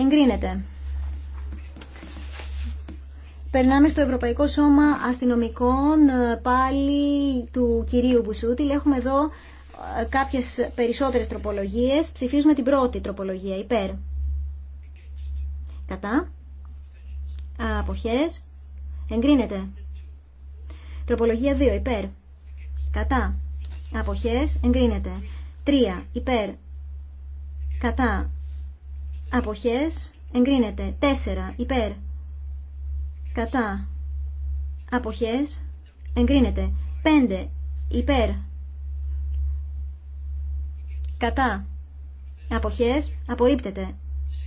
Εγκρίνεται. Περνάμε στο Ευρωπαϊκό Σώμα Αστυνομικών, ε, πάλι του κυρίου Μπουσούτιλ. Έχουμε εδώ ε, κάποιες περισσότερες τροπολογίες. Ψηφίζουμε την πρώτη τροπολογία, υπέρ. Κατά. Αποχές. Εγκρίνεται. Τροπολογία 2, υπέρ. Κατά. Αποχές. Εγκρίνεται. 3. Υπέρ. Κατά. Αποχές. Εγκρίνεται. 4. Υπέρ. Κατά. Αποχές. Εγκρίνεται. 5. Υπέρ. Κατά. Αποχές. Απορρίπτεται.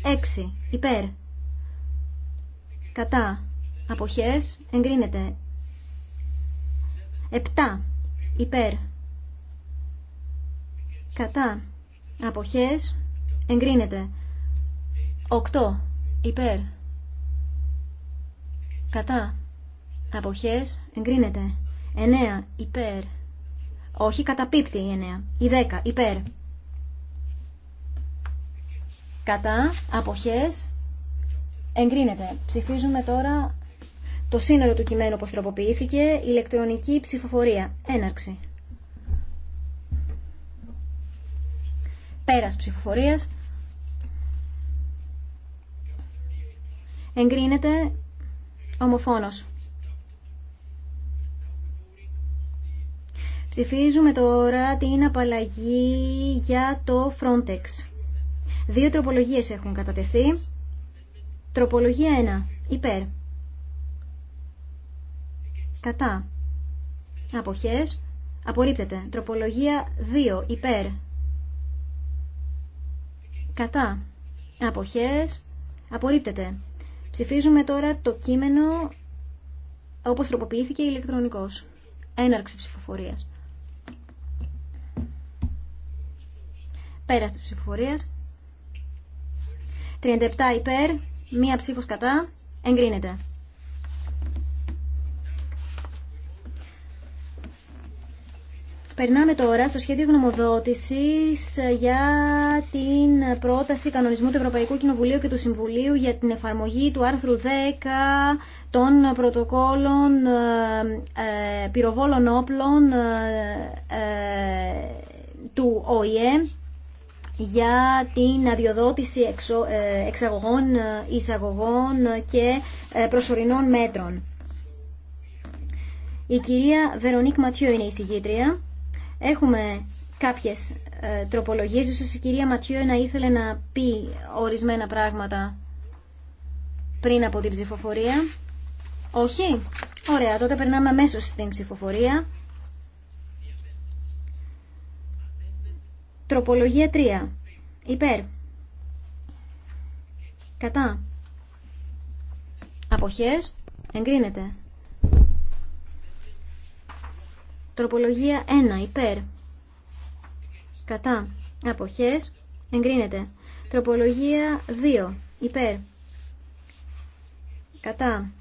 6. Υπέρ. Κατά. Αποχές. Εγκρίνεται. 7 υπέρ κατά αποχές εγκρίνεται 8 υπέρ κατά αποχές εγκρίνεται 9 υπέρ όχι καταπίπτει η 9 η 10 υπέρ κατά αποχές εγκρίνεται ψηφίζουμε τώρα το σύνολο του κειμένου όπως τροποποιήθηκε, ηλεκτρονική ψηφοφορία. Έναρξη. Πέρας ψηφοφορίας. Εγκρίνεται ομοφόνος. Ψηφίζουμε τώρα την απαλλαγή για το Frontex. Δύο τροπολογίες έχουν κατατεθεί. Τροπολογία 1. Υπέρ κατά αποχές απορρίπτεται τροπολογία 2 υπέρ κατά αποχές απορρίπτεται ψηφίζουμε τώρα το κείμενο όπως τροποποιήθηκε ηλεκτρονικός έναρξη ψηφοφορίας πέρας της ψηφοφορίας 37 υπέρ μία ψήφος κατά εγκρίνεται Περνάμε τώρα στο σχέδιο γνωμοδότησης ε, για την πρόταση κανονισμού του Ευρωπαϊκού Κοινοβουλίου και του Συμβουλίου για την εφαρμογή του άρθρου 10 των πρωτοκόλων ε, ε, πυροβόλων όπλων του ΟΗΕ για την αδειοδότηση εξαγωγών, εισαγωγών και προσωρινών μέτρων. Η κυρία Βερονίκ Ματιό είναι η συγγήτρια. Έχουμε κάποιες ε, τροπολογίες, ίσως η κυρία Ματιού να ήθελε να πει ορισμένα πράγματα πριν από την ψηφοφορία. Όχι. Ωραία, τότε περνάμε αμέσως στην ψηφοφορία. Τροπολογία 3. Υπέρ. Κατά. Αποχές. Εγκρίνεται. Τροπολογία 1 υπέρ. Κατά. Αποχές. Εγκρίνεται. Τροπολογία 2 υπέρ. Κατά.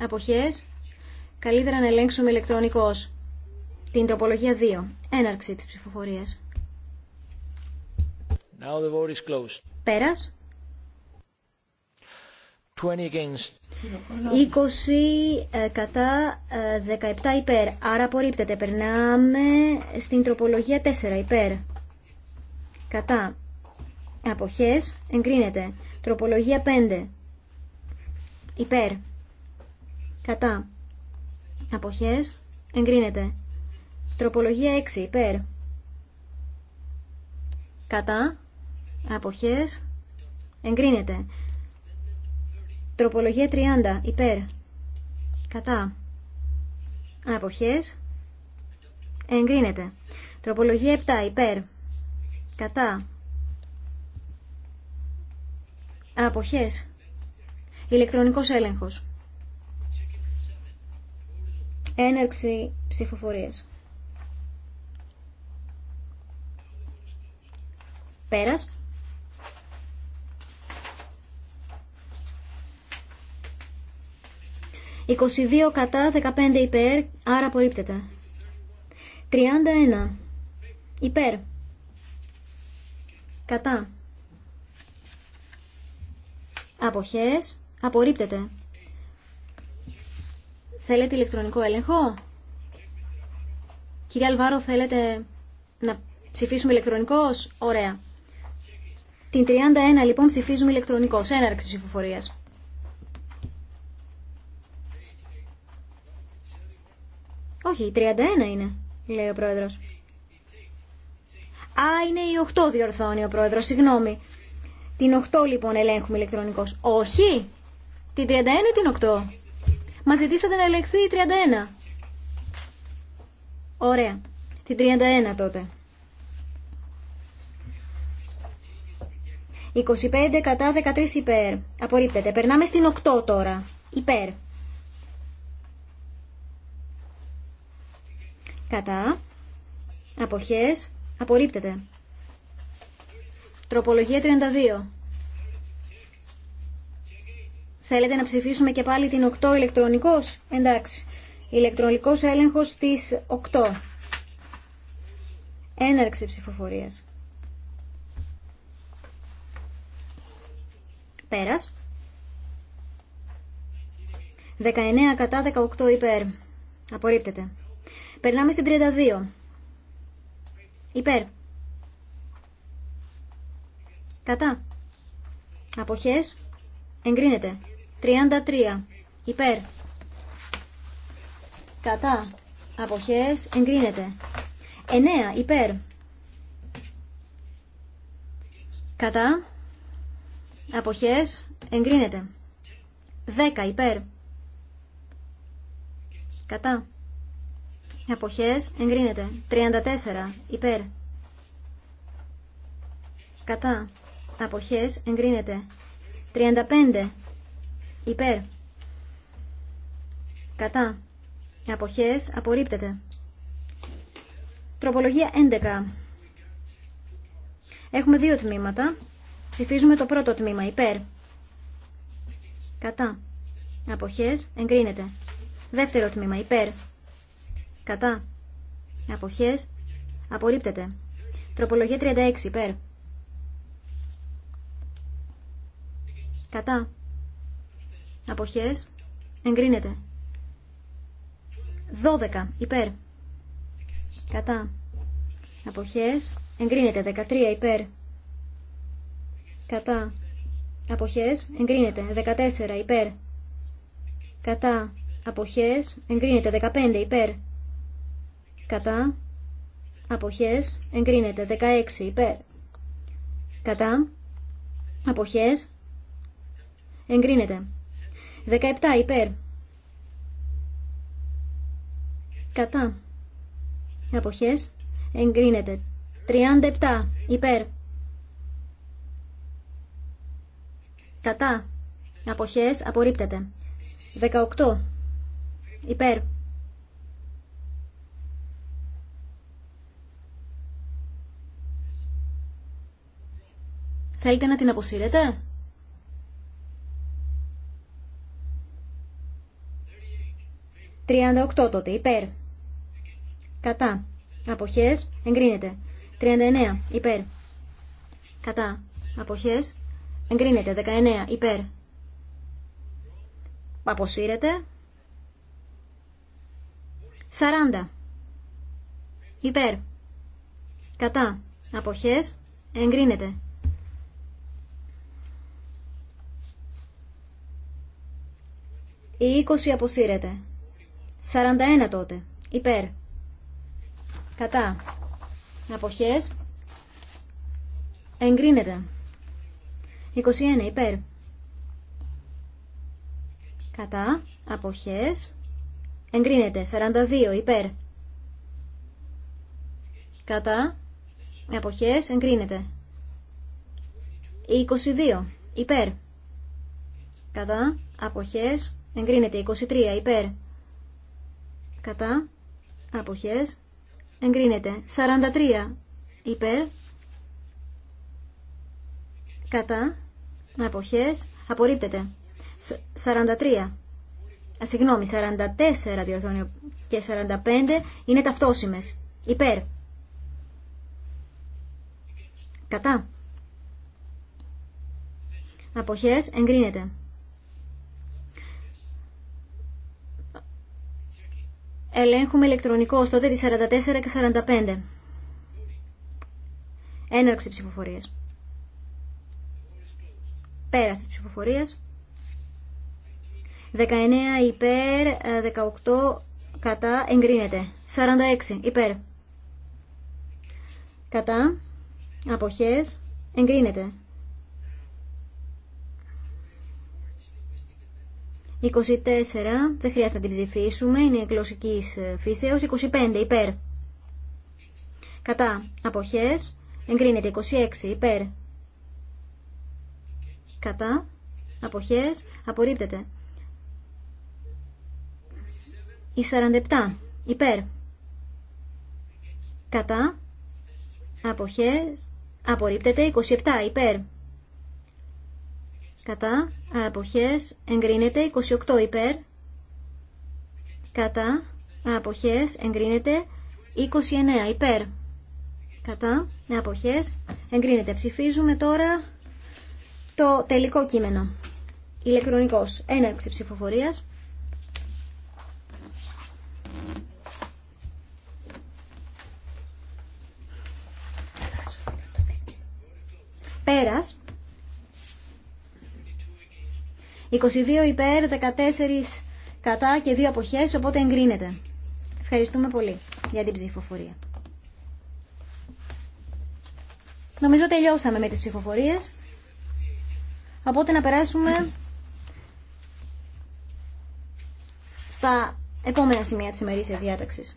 Αποχές. Καλύτερα να ελέγξουμε ηλεκτρονικώς. Την τροπολογία 2. Έναρξη της ψηφοφορίας. Now the vote is closed. Πέρας. 20 against. 20 ε, κατά 17 ε, υπέρ. Άρα απορρίπτεται. Περνάμε στην τροπολογία 4 υπέρ. Κατά. Αποχές. Εγκρίνεται. Τροπολογία 5. Υπέρ. Κατά. Αποχές. Εγκρίνεται. Τροπολογία 6. Υπέρ. Κατά. Αποχές. Εγκρίνεται. Τροπολογία 30. Υπέρ. Κατά. Αποχές. Εγκρίνεται. Τροπολογία 7. Υπέρ. Κατά. Αποχές. Ηλεκτρονικός έλεγχος. Έναρξη ψηφοφορίας. Πέρας. 22 κατά, 15 υπέρ, άρα απορρίπτεται. 31 υπέρ, κατά, αποχές, απορρίπτεται. Θέλετε ηλεκτρονικό έλεγχο? Κυρία Αλβάρο, θέλετε να ψηφίσουμε ηλεκτρονικός? Ωραία. Την 31 λοιπόν ψηφίζουμε ηλεκτρονικός, έναρξη ψηφοφορίας. Όχι, 31 είναι, λέει ο πρόεδρος. Α, είναι η 8 διορθώνει ο πρόεδρος, συγγνώμη. Την 8 λοιπόν ελέγχουμε ηλεκτρονικώς. Όχι, την 31 ή την 8. Μα ζητήσατε να ελεγχθεί η 31. Ωραία. Την 31 τότε. 25 κατά 13 υπέρ. Απορρίπτεται. Περνάμε στην 8 τώρα. Υπέρ. κατά, αποχές, απορρίπτεται. Τροπολογία 32. Θέλετε να ψηφίσουμε και πάλι την 8 ηλεκτρονικός. Εντάξει. Ηλεκτρονικός έλεγχος της 8. Έναρξη ψηφοφορίας. Πέρας. 19 κατά 18 υπέρ. Απορρίπτεται. Περνάμε στην 32. Υπέρ. Κατά. Αποχές. Εγκρίνεται. 33. Υπέρ. Κατά. Αποχές. Εγκρίνεται. 9. Υπέρ. Κατά. Αποχές. Εγκρίνεται. 10. Υπέρ. Κατά. Αποχές εγκρίνεται. 34. Υπέρ. Κατά. Αποχές εγκρίνεται. 35. Υπέρ. Κατά. Αποχές απορρίπτεται. Τροπολογία 11. Έχουμε δύο τμήματα. Ψηφίζουμε το πρώτο τμήμα. Υπέρ. Κατά. Αποχές εγκρίνεται. Δεύτερο τμήμα. Υπέρ. Κατά. Αποχές. Απορρίπτεται. Τροπολογία 36 υπέρ. Κατά. Αποχές. Εγκρίνεται. 12 υπέρ. Κατά. Αποχές. Εγκρίνεται. 13 υπέρ. Κατά. Αποχές. Εγκρίνεται. 14 υπέρ. Κατά. Αποχές. Εγκρίνεται. 15 υπέρ κατά, αποχές, εγκρίνεται. 16 υπέρ, κατά, αποχές, εγκρίνεται. 17 υπέρ, κατά, αποχές, εγκρίνεται. 37 υπέρ, κατά, αποχές, απορρίπτεται. 18 υπέρ, Θέλετε να την αποσύρετε? 38 τότε, υπέρ. Κατά. Αποχές, εγκρίνεται. 39, υπέρ. Κατά. Αποχές, εγκρίνεται. 19, υπέρ. Αποσύρεται. 40. Υπέρ. Κατά. Αποχές, εγκρίνεται. Η 20 αποσύρεται. 41 τότε. Υπέρ. Κατά. Αποχές. Εγκρίνεται. 21 υπέρ. Κατά. Αποχές. Εγκρίνεται. 42 υπέρ. Κατά. Αποχές. Εγκρίνεται. 22 υπέρ. Κατά. Αποχές. Εγκρίνεται 23 υπέρ. Κατά. Αποχές. Εγκρίνεται 43 υπέρ. Κατά. Αποχές. Απορρίπτεται. 43. Α, συγγνώμη, 44 διορθώνει και 45 είναι ταυτόσιμες. Υπέρ. Κατά. Αποχές εγκρίνεται. Ελέγχουμε ηλεκτρονικό τότε τη 44 και 45. Έναρξη ψηφοφορία. Πέραση τη ψηφοφορίας. 19 υπέρ, 18 κατά, εγκρίνεται. 46 υπέρ. Κατά, αποχές, εγκρίνεται. 24, δεν χρειάζεται να την ψηφίσουμε, είναι γλωσσική ε, φύσεως. 25, υπέρ. Κατά αποχές, εγκρίνεται 26, υπέρ. Κατά αποχές, απορρίπτεται. Η 47, υπέρ. Κατά αποχές, απορρίπτεται 27, υπέρ κατά αποχές εγκρίνεται 28 υπέρ κατά αποχές εγκρίνεται 29 υπέρ κατά αποχές εγκρίνεται ψηφίζουμε τώρα το τελικό κείμενο ηλεκτρονικός έναρξη ψηφοφορίας πέρας 22 υπέρ, 14 κατά και 2 αποχές, οπότε εγκρίνεται. Ευχαριστούμε πολύ για την ψηφοφορία. Νομίζω τελειώσαμε με τις ψηφοφορίες. Οπότε να περάσουμε στα επόμενα σημεία της ημερήσιας διάταξης.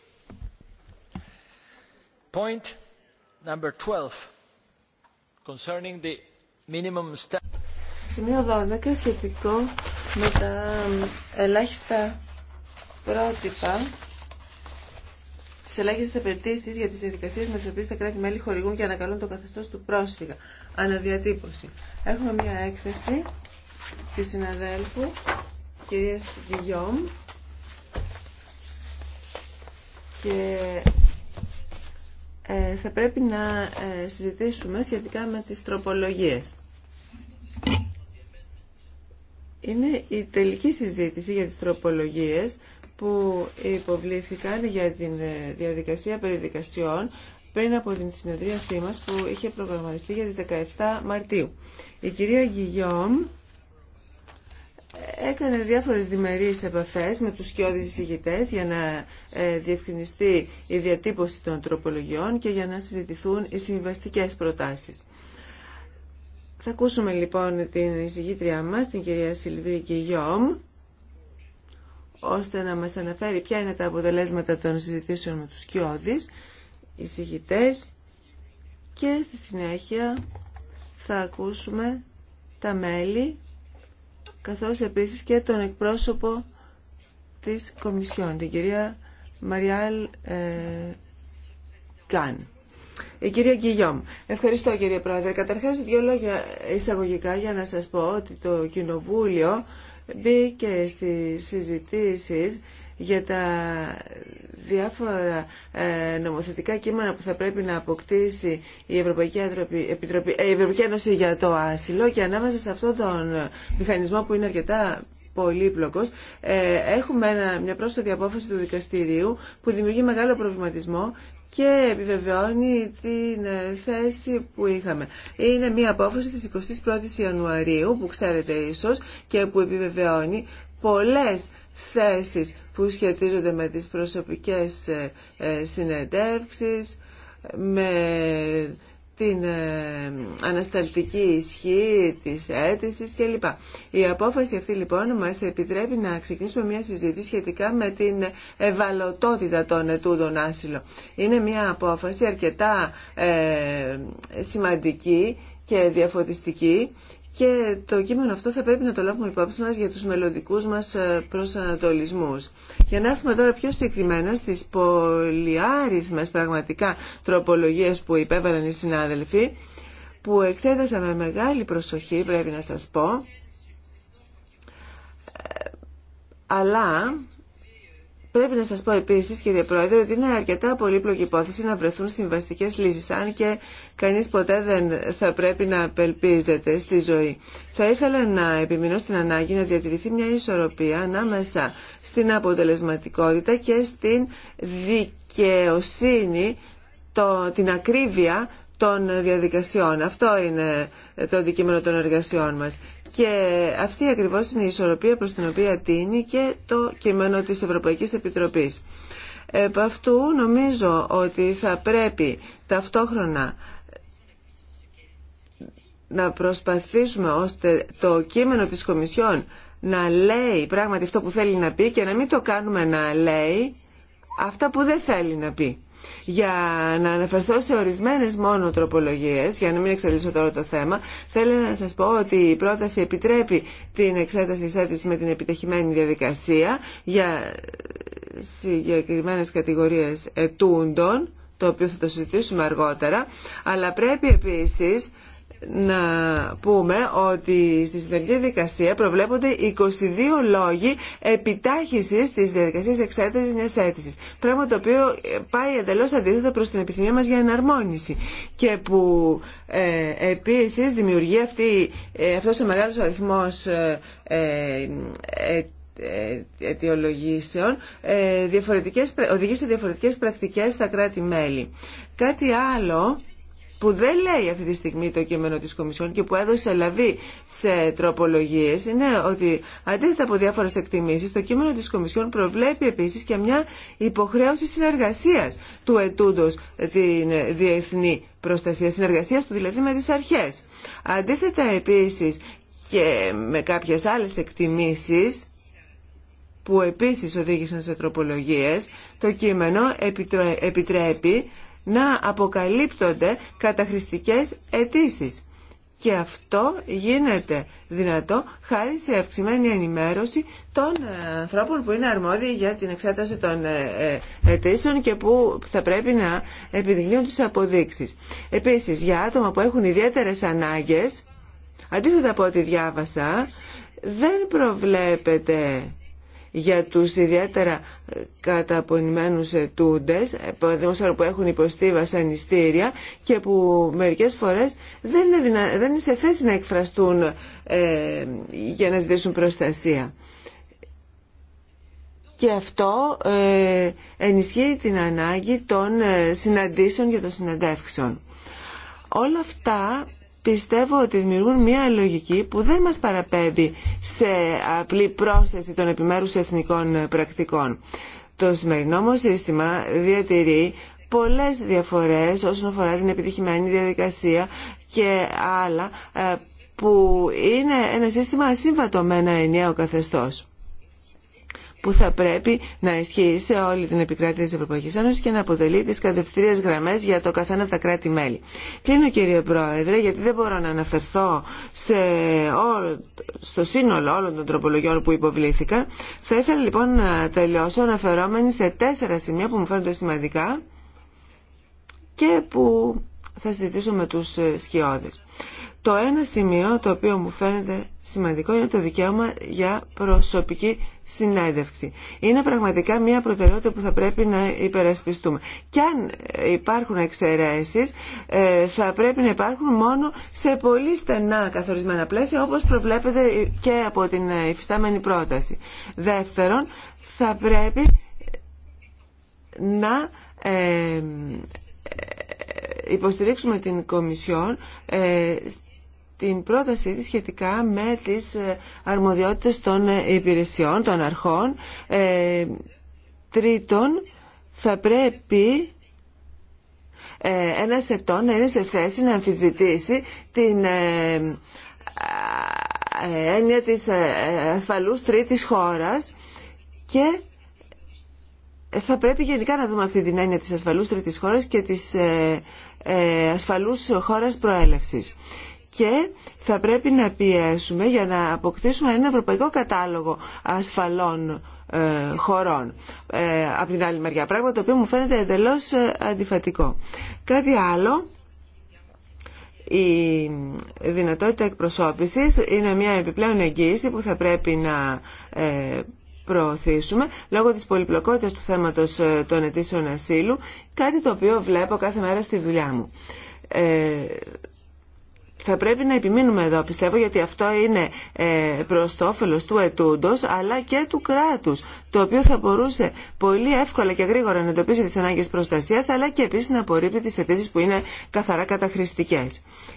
point number 12 concerning the minimum Σημείο 12 σχετικό με τα ελάχιστα πρότυπα τι ελάχιστε απαιτήσει για τι διαδικασίε με τι οποίε τα κράτη-μέλη χορηγούν και ανακαλούν το καθεστώ του πρόσφυγα. Αναδιατύπωση. Έχουμε μία έκθεση τη συναδέλφου κυρία Γιγιόμ και ε, θα πρέπει να ε, συζητήσουμε σχετικά με τις τροπολογίες. Είναι η τελική συζήτηση για τις τροπολογίες που υποβλήθηκαν για την ε, διαδικασία περιδικασιών πριν από την συνεδρίασή μας που είχε προγραμματιστεί για τις 17 Μαρτίου. Η κυρία Γιγιόμ έκανε διάφορες διμερείς επαφές με τους σκιώδεις εισηγητές για να ε, διευκρινιστεί η διατύπωση των τροπολογιών και για να συζητηθούν οι συμβαστικέ προτάσεις. Θα ακούσουμε λοιπόν την εισηγήτριά μας, την κυρία Σιλβί Κιγιόμ, ώστε να μας αναφέρει ποια είναι τα αποτελέσματα των συζητήσεων με τους σκιώδεις εισηγητές και στη συνέχεια θα ακούσουμε τα μέλη καθώς επίσης και τον εκπρόσωπο της Κομισιόν, την κυρία Μαριάλ ε, Καν. Η κυρία Γκυγιόμ. Ευχαριστώ κύριε Πρόεδρε. Καταρχάς δύο λόγια εισαγωγικά για να σας πω ότι το Κοινοβούλιο μπήκε στις συζητήσεις για τα διάφορα ε, νομοθετικά κείμενα που θα πρέπει να αποκτήσει η Ευρωπαϊκή, Επιτροπή, ε, η Ευρωπαϊκή Ένωση για το άσυλο και ανάμεσα σε αυτόν τον μηχανισμό που είναι αρκετά πολύπλοκος, ε, έχουμε μια πρόσθετη απόφαση του δικαστηρίου που δημιουργεί μεγάλο προβληματισμό και επιβεβαιώνει την θέση που είχαμε. Είναι μια απόφαση της 21ης Ιανουαρίου που ξέρετε ίσως και που επιβεβαιώνει πολλές θέσεις που σχετίζονται με τις προσωπικές ε, ε, συνεντεύξεις, με την ε, ανασταλτική ισχύ της αίτηση κλπ. Η απόφαση αυτή λοιπόν μας επιτρέπει να ξεκινήσουμε μια συζήτηση σχετικά με την ευαλωτότητα των ετούντων άσυλο. Είναι μια απόφαση αρκετά ε, σημαντική και διαφωτιστική και το κείμενο αυτό θα πρέπει να το λάβουμε υπόψη μας για τους μελλοντικού μας ε, προσανατολισμούς. Για να έρθουμε τώρα πιο συγκεκριμένα στις πολυάριθμες πραγματικά τροπολογίες που υπέβαλαν οι συνάδελφοι, που εξέτασα με μεγάλη προσοχή, πρέπει να σας πω, ε, αλλά Πρέπει να σας πω επίσης, κύριε Πρόεδρε, ότι είναι αρκετά πολύπλοκη υπόθεση να βρεθούν συμβαστικέ λύσεις, αν και κανείς ποτέ δεν θα πρέπει να απελπίζεται στη ζωή. Θα ήθελα να επιμείνω στην ανάγκη να διατηρηθεί μια ισορροπία ανάμεσα στην αποτελεσματικότητα και στην δικαιοσύνη, το, την ακρίβεια των διαδικασιών. Αυτό είναι το αντικείμενο των εργασιών μας. Και αυτή ακριβώς είναι η ισορροπία προς την οποία τίνει και το κείμενο της Ευρωπαϊκής Επιτροπής. Επ' αυτού νομίζω ότι θα πρέπει ταυτόχρονα να προσπαθήσουμε ώστε το κείμενο της Κομισιόν να λέει πράγματι αυτό που θέλει να πει και να μην το κάνουμε να λέει αυτά που δεν θέλει να πει. Για να αναφερθώ σε ορισμένες μόνο τροπολογίες, για να μην εξελίσω τώρα το θέμα, θέλω να σας πω ότι η πρόταση επιτρέπει την εξέταση της με την επιτυχημένη διαδικασία για συγκεκριμένε κατηγορίες ετούντων, το οποίο θα το συζητήσουμε αργότερα, αλλά πρέπει επίσης να πούμε ότι στη σημερινή δικασία προβλέπονται 22 λόγοι επιτάχυσης της διαδικασίας εξέτασης μια αίτησης. Πράγμα το οποίο πάει εντελώς αντίθετα προς την επιθυμία μας για εναρμόνιση και που ε, επίσης δημιουργεί αυτή, ε, αυτός ο μεγάλος αριθμός ε, ε, ε, ε αιτιολογήσεων διαφορετικές, οδηγεί σε διαφορετικές πρακτικές στα κράτη-μέλη. Κάτι άλλο που δεν λέει αυτή τη στιγμή το κείμενο της Κομισιόν και που έδωσε λαβή σε τροπολογίες είναι ότι αντίθετα από διάφορες εκτιμήσεις το κείμενο της Κομισιόν προβλέπει επίσης και μια υποχρέωση συνεργασίας του ετούντος την διεθνή προστασία συνεργασίας του δηλαδή με τις αρχές. Αντίθετα επίσης και με κάποιες άλλες εκτιμήσεις που επίσης οδήγησαν σε τροπολογίες, το κείμενο επιτρέπει να αποκαλύπτονται καταχρηστικές αιτήσει. Και αυτό γίνεται δυνατό χάρη σε αυξημένη ενημέρωση των ε, ανθρώπων που είναι αρμόδιοι για την εξέταση των ε, ε, αιτήσεων και που θα πρέπει να επιδεικνύουν τις αποδείξεις. Επίσης, για άτομα που έχουν ιδιαίτερες ανάγκες, αντίθετα από ό,τι διάβασα, δεν προβλέπεται για τους ιδιαίτερα ε, καταπονημένους ε, τούντες, ε, που έχουν υποστεί βασανιστήρια και που μερικές φορές δεν είναι, δεν είναι σε θέση να εκφραστούν για να ζητήσουν προστασία. Και αυτό ενισχύει την ανάγκη των συναντήσεων και των συναντεύξεων. Όλα αυτά πιστεύω ότι δημιουργούν μια λογική που δεν μας παραπέμπει σε απλή πρόσθεση των επιμέρους εθνικών πρακτικών. Το σημερινό μου σύστημα διατηρεί πολλές διαφορές όσον αφορά την επιτυχημένη διαδικασία και άλλα ε, που είναι ένα σύστημα ασύμβατο με ένα ενιαίο καθεστώς που θα πρέπει να ισχύει σε όλη την επικράτεια της Ευρωπαϊκής Ένωσης και να αποτελεί τις κατευθυντήριες γραμμές για το καθένα από τα κράτη-μέλη. Κλείνω κύριε Πρόεδρε γιατί δεν μπορώ να αναφερθώ σε στο σύνολο όλων των τροπολογιών που υποβλήθηκαν. Θα ήθελα λοιπόν να τελειώσω αναφερόμενοι σε τέσσερα σημεία που μου φαίνονται σημαντικά και που θα συζητήσω με τους σκιώδες. Το ένα σημείο το οποίο μου φαίνεται σημαντικό είναι το δικαίωμα για προσωπική συνέντευξη. Είναι πραγματικά μια προτεραιότητα που θα πρέπει να υπερασπιστούμε. Και αν ε, υπάρχουν εξαιρέσεις, ε, θα πρέπει να υπάρχουν μόνο σε πολύ στενά καθορισμένα πλαίσια, όπως προβλέπεται και από την ε, υφιστάμενη πρόταση. Δεύτερον, θα πρέπει να υποστηρίξουμε την Κομισιόν την πρότασή της σχετικά με τις ε, αρμοδιότητες των ε, υπηρεσιών, των αρχών. Ε, τρίτον, θα πρέπει ένας ετών να είναι σε θέση να αμφισβητήσει την έννοια της ασφαλούς τρίτης χώρας και θα πρέπει γενικά να δούμε αυτή την έννοια της ασφαλούς τρίτης χώρας και της ασφαλούς χώρας προέλευσης και θα πρέπει να πιέσουμε για να αποκτήσουμε ένα ευρωπαϊκό κατάλογο ασφαλών ε, χωρών. Ε, από την άλλη μεριά, πράγμα το οποίο μου φαίνεται εντελώς ε, αντιφατικό. Κάτι άλλο, η δυνατότητα εκπροσώπησης είναι μια επιπλέον εγγύηση που θα πρέπει να ε, προωθήσουμε λόγω της πολυπλοκότητας του θέματος ε, των αιτήσεων ασύλου, κάτι το οποίο βλέπω κάθε μέρα στη δουλειά μου θα πρέπει να επιμείνουμε εδώ, πιστεύω, γιατί αυτό είναι ε, προ το όφελο του ετούντο αλλά και του κράτου, το οποίο θα μπορούσε πολύ εύκολα και γρήγορα να εντοπίσει τι ανάγκε προστασία, αλλά και επίση να απορρίπτει τι αιτήσει που είναι καθαρά καταχρηστικέ.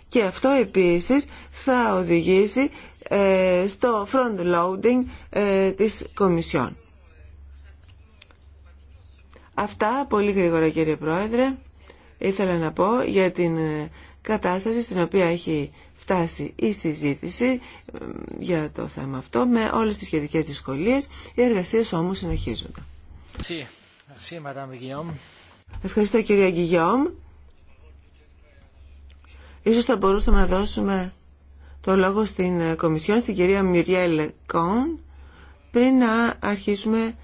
Και αυτό επίση θα οδηγήσει ε, στο front loading ε, της Κομισιόν. Αυτά πολύ γρήγορα κύριε Πρόεδρε ήθελα να πω για την κατάσταση στην οποία έχει φτάσει η συζήτηση για το θέμα αυτό με όλες τις σχετικές δυσκολίες. Οι εργασίες όμως συνεχίζονται. Ευχαριστώ κυρία Γκυγιόμ. Ίσως θα μπορούσαμε να δώσουμε το λόγο στην ε, Κομισιόν, στην κυρία Μυριέλ Κον, πριν να αρχίσουμε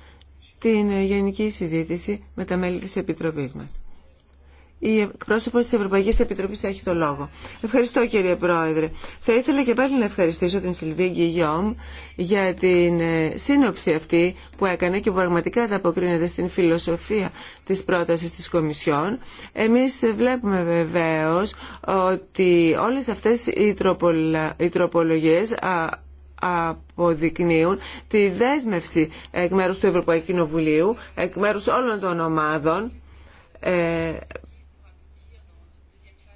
την ε, γενική συζήτηση με τα μέλη της Επιτροπής μας. Η εκπρόσωπο τη Ευρωπαϊκή Επιτροπή έχει το λόγο. Ευχαριστώ κύριε Πρόεδρε. Θα ήθελα και πάλι να ευχαριστήσω την Σιλβί Γκυγιόμ για την ε, σύνοψη αυτή που έκανε και που πραγματικά ανταποκρίνεται στην φιλοσοφία της πρότασης της Κομισιόν. Εμείς βλέπουμε βεβαίω ότι όλες αυτές οι, τροπολα... οι τροπολογίες αποδεικνύουν τη δέσμευση εκ μέρους του Ευρωπαϊκού Κοινοβουλίου, εκ μέρους όλων των ομάδων, ε,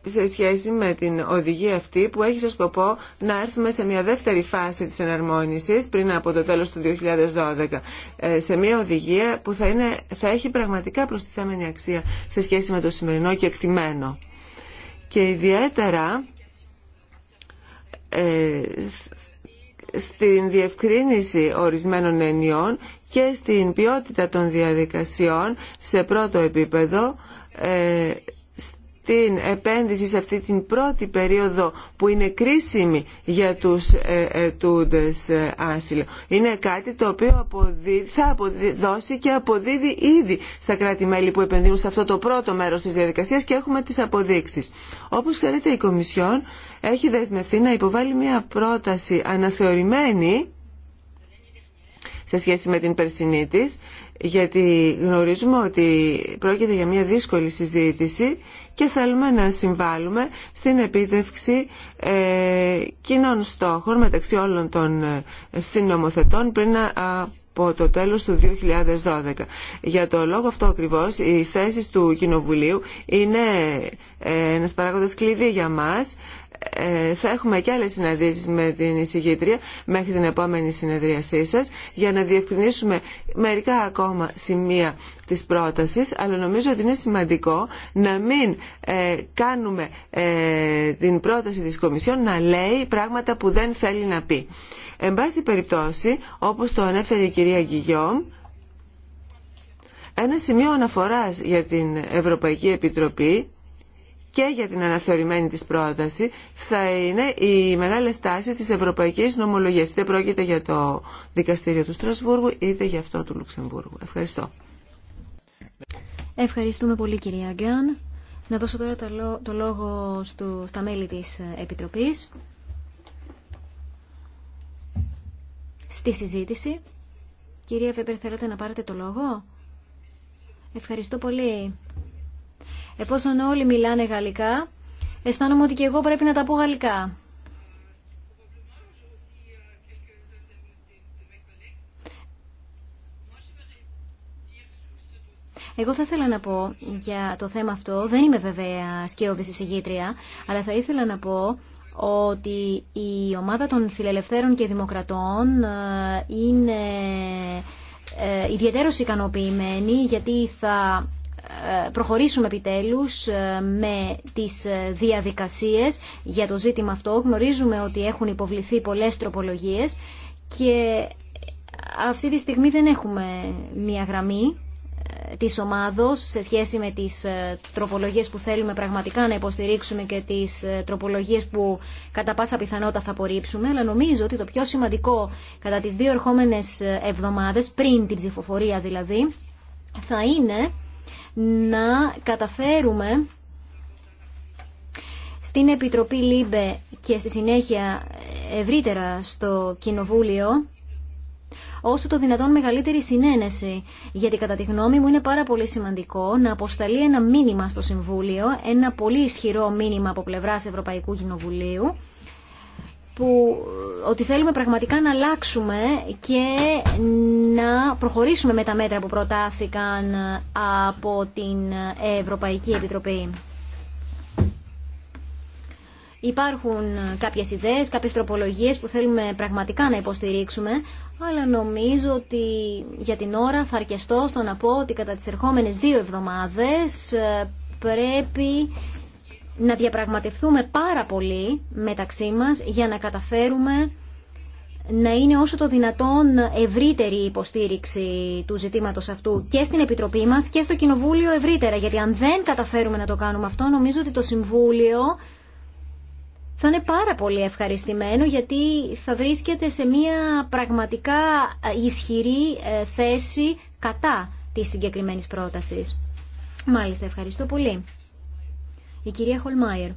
σε σχέση με την οδηγία αυτή που έχει σε σκοπό να έρθουμε σε μια δεύτερη φάση της εναρμόνισης πριν από το τέλος του 2012 ε, σε μια οδηγία που θα, είναι, θα έχει πραγματικά προστιθέμενη αξία σε σχέση με το σημερινό και εκτιμένο. Και ιδιαίτερα ε, στην διευκρίνηση ορισμένων ενιών και στην ποιότητα των διαδικασιών σε πρώτο επίπεδο ε, την επένδυση σε αυτή την πρώτη περίοδο που είναι κρίσιμη για τους ε, ετούντες ε, άσυλο. Είναι κάτι το οποίο θα δώσει και αποδίδει ήδη στα κράτη-μέλη που επενδύουν σε αυτό το πρώτο μέρος της διαδικασίας και έχουμε τις αποδείξεις. Όπως ξέρετε η Κομισιόν έχει δεσμευτεί να υποβάλει μια πρόταση αναθεωρημένη σε σχέση με την περσινή της, γιατί γνωρίζουμε ότι πρόκειται για μια δύσκολη συζήτηση και θέλουμε να συμβάλλουμε στην επίτευξη ε, κοινών στόχων μεταξύ όλων των ε, συνομοθετών πριν από το τέλος του 2012. Για το λόγο αυτό ακριβώς οι θέσεις του Κοινοβουλίου είναι ε, ένας παράγοντας κλειδί για μας ε, θα έχουμε και άλλες συναντήσεις με την εισηγήτρια μέχρι την επόμενη συνεδρίασή σας για να διευκρινίσουμε μερικά ακόμα σημεία της πρότασης αλλά νομίζω ότι είναι σημαντικό να μην ε, κάνουμε ε, την πρόταση της Κομισιόν να λέει πράγματα που δεν θέλει να πει. Εν πάση περιπτώσει, όπως το ανέφερε η κυρία Γιγιόμ, ένα σημείο αναφοράς για την Ευρωπαϊκή Επιτροπή και για την αναθεωρημένη της πρόταση θα είναι οι μεγάλες τάσεις της ευρωπαϊκής νομολογίας. Είτε πρόκειται για το δικαστήριο του Στρασβούργου είτε για αυτό του Λουξεμβούργου. Ευχαριστώ. Ευχαριστούμε πολύ κυρία Γκάν. Να δώσω τώρα το λόγο του στα μέλη της ε, Επιτροπής. Στη συζήτηση. Κυρία Βέμπερ, θέλετε να πάρετε το λόγο. Ευχαριστώ πολύ. Επόσον όλοι μιλάνε γαλλικά, αισθάνομαι ότι και εγώ πρέπει να τα πω γαλλικά. Εγώ θα ήθελα να πω για το θέμα αυτό, δεν είμαι βέβαια σκέωδης εισηγήτρια, αλλά θα ήθελα να πω ότι η ομάδα των φιλελευθέρων και δημοκρατών ε, είναι ε, ιδιαίτερως ικανοποιημένη γιατί θα προχωρήσουμε επιτέλους ε, με τις ε, διαδικασίες για το ζήτημα αυτό. Γνωρίζουμε ότι έχουν υποβληθεί πολλές τροπολογίες και αυτή τη στιγμή δεν έχουμε μία γραμμή ε, της ομάδος σε σχέση με τις τροπολογίες που θέλουμε πραγματικά να υποστηρίξουμε και τις τροπολογίες που κατά πάσα πιθανότητα θα απορρίψουμε αλλά νομίζω ότι το πιο σημαντικό κατά τις δύο ερχόμενες εβδομάδες πριν την ψηφοφορία δηλαδή θα είναι να καταφέρουμε στην Επιτροπή ΛΥΜΠΕ και στη συνέχεια ευρύτερα στο Κοινοβούλιο όσο το δυνατόν μεγαλύτερη συνένεση. Γιατί κατά τη γνώμη μου είναι πάρα πολύ σημαντικό να αποσταλεί ένα μήνυμα στο Συμβούλιο, ένα πολύ ισχυρό μήνυμα από πλευράς Ευρωπαϊκού Κοινοβουλίου, που, ότι θέλουμε πραγματικά να αλλάξουμε και να προχωρήσουμε με τα μέτρα που προτάθηκαν από την Ευρωπαϊκή Επιτροπή. Υπάρχουν κάποιες ιδέες, κάποιες τροπολογίες που θέλουμε πραγματικά να υποστηρίξουμε, αλλά νομίζω ότι για την ώρα θα αρκεστώ στο να πω ότι κατά τις ερχόμενες δύο εβδομάδες πρέπει να διαπραγματευτούμε πάρα πολύ μεταξύ μας για να καταφέρουμε να είναι όσο το δυνατόν ευρύτερη η υποστήριξη του ζητήματος αυτού και στην Επιτροπή μας και στο Κοινοβούλιο ευρύτερα. Γιατί αν δεν καταφέρουμε να το κάνουμε αυτό, νομίζω ότι το Συμβούλιο θα είναι πάρα πολύ ευχαριστημένο γιατί θα βρίσκεται σε μια πραγματικά ισχυρή ε, θέση κατά της συγκεκριμένης πρότασης. Μάλιστα, ευχαριστώ πολύ. Η κυρία Χολμάιερ.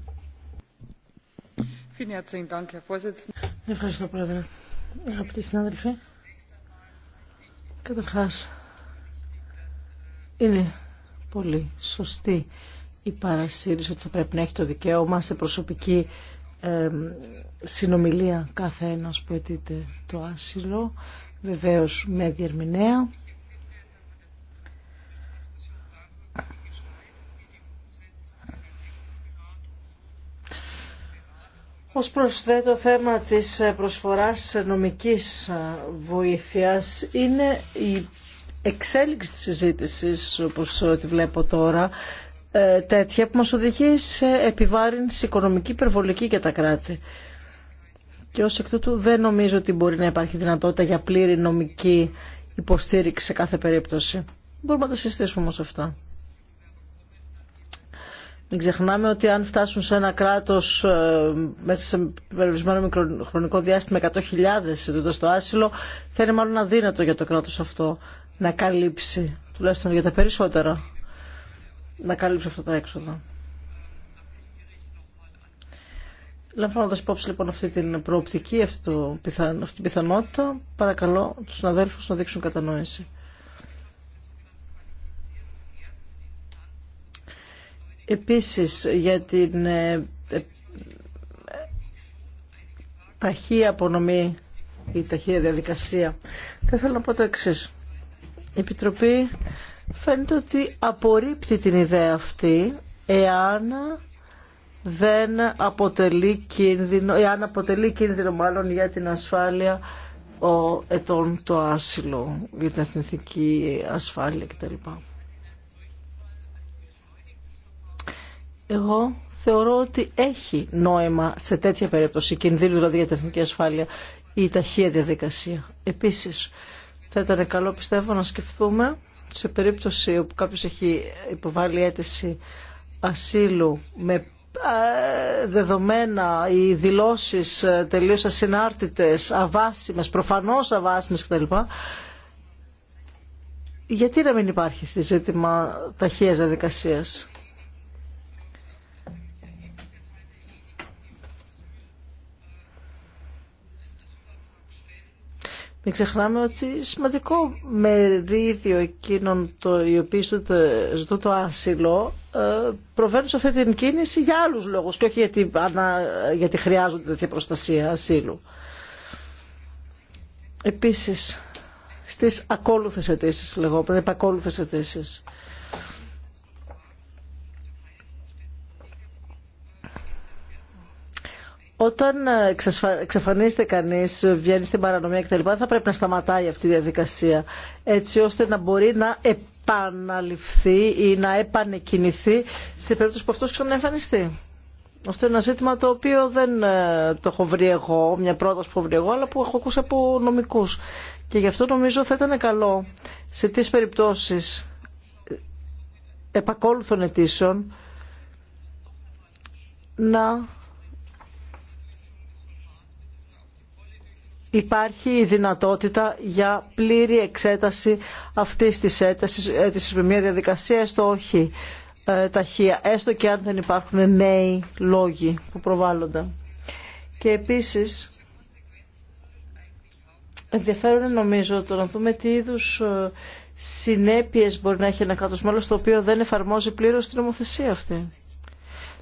Ευχαριστώ, Πρόεδρε. Αγαπητοί συνάδελφοι, καταρχάς είναι πολύ σωστή η παρασύρηση ότι θα πρέπει να έχει το δικαίωμα σε προσωπική συνομιλία κάθε ένας που αιτείται το άσυλο, βεβαίως με διερμηνέα Ως προσθέτω, το θέμα της ε, προσφοράς νομικής ε, βοήθειας είναι η εξέλιξη της συζήτησης όπως ε, τη βλέπω τώρα τέτοια που μας οδηγεί σε επιβάρυνση οικονομική υπερβολική για τα κράτη. Και ως εκ τούτου δεν νομίζω ότι μπορεί να υπάρχει δυνατότητα για πλήρη νομική υποστήριξη σε κάθε περίπτωση. Μπορούμε να τα συστήσουμε όμως αυτά. Μην ξεχνάμε ότι αν φτάσουν σε ένα κράτος ε, μέσα σε περιορισμένο χρονικό διάστημα 100.000 ετούντας στο άσυλο, θα είναι μάλλον αδύνατο για το κράτος αυτό να καλύψει, τουλάχιστον για τα περισσότερα, να καλύψει αυτά τα έξοδα. Λαμβάνοντα υπόψη λοιπόν αυτή την προοπτική, αυτή, την πιθανότητα, παρακαλώ του συναδέλφου να δείξουν κατανόηση. Επίσης για την ε, ε, ταχεία απονομή ή ταχεία διαδικασία. Θα ήθελα να πω το εξή. Η Επιτροπή φαίνεται ότι απορρίπτει την ιδέα αυτή εάν δεν αποτελεί κίνδυνο, εάν αποτελεί κίνδυνο μάλλον για την ασφάλεια ο ετών το άσυλο, για την εθνική ασφάλεια κτλ. εγώ θεωρώ ότι έχει νόημα σε τέτοια περίπτωση κινδύνου δηλαδή για την εθνική ασφάλεια η ταχεία διαδικασία. Επίσης, θα ήταν καλό πιστεύω να σκεφτούμε σε περίπτωση όπου κάποιος έχει υποβάλει αίτηση ασύλου με ε, δεδομένα ή δηλώσεις ε, τελείως ασυνάρτητες, αβάσιμε, προφανώς αβάσιμες κτλ. Γιατί να μην υπάρχει ζήτημα ταχεία διαδικασίας. Μην ξεχνάμε ότι σημαντικό μερίδιο εκείνων το, οι οποίοι ζητούν το άσυλο ε, προβαίνουν σε αυτή την κίνηση για άλλους λόγους και όχι γιατί, γιατί χρειάζονται τέτοια προστασία ασύλου. Επίσης, στις ακόλουθες αιτήσει λεγόμενα, επακόλουθες αιτήσει. Όταν ε, εξαφανίζεται κανεί, ε, βγαίνει στην παρανομία κτλ., θα πρέπει να σταματάει αυτή η διαδικασία. Έτσι ώστε να μπορεί να επαναληφθεί ή να επανεκκινηθεί σε περίπτωση που αυτό ξαναεμφανιστεί. Αυτό είναι ένα ζήτημα το οποίο δεν ε, το έχω βρει εγώ, μια πρόταση που έχω βρει εγώ, αλλά που έχω ακούσει από νομικού. Και γι' αυτό νομίζω θα ήταν καλό σε τι περιπτώσει επακόλουθων αιτήσεων να υπάρχει η δυνατότητα για πλήρη εξέταση αυτής της ετάσης ε, της μια διαδικασία έστω όχι ε, ταχεία, έστω και αν δεν υπάρχουν νέοι λόγοι που προβάλλονται. Και επίσης, ενδιαφέρον νομίζω το να δούμε τι είδους ε, συνέπειες μπορεί να έχει ένα κράτος μέλος το οποίο δεν εφαρμόζει πλήρως την νομοθεσία αυτή.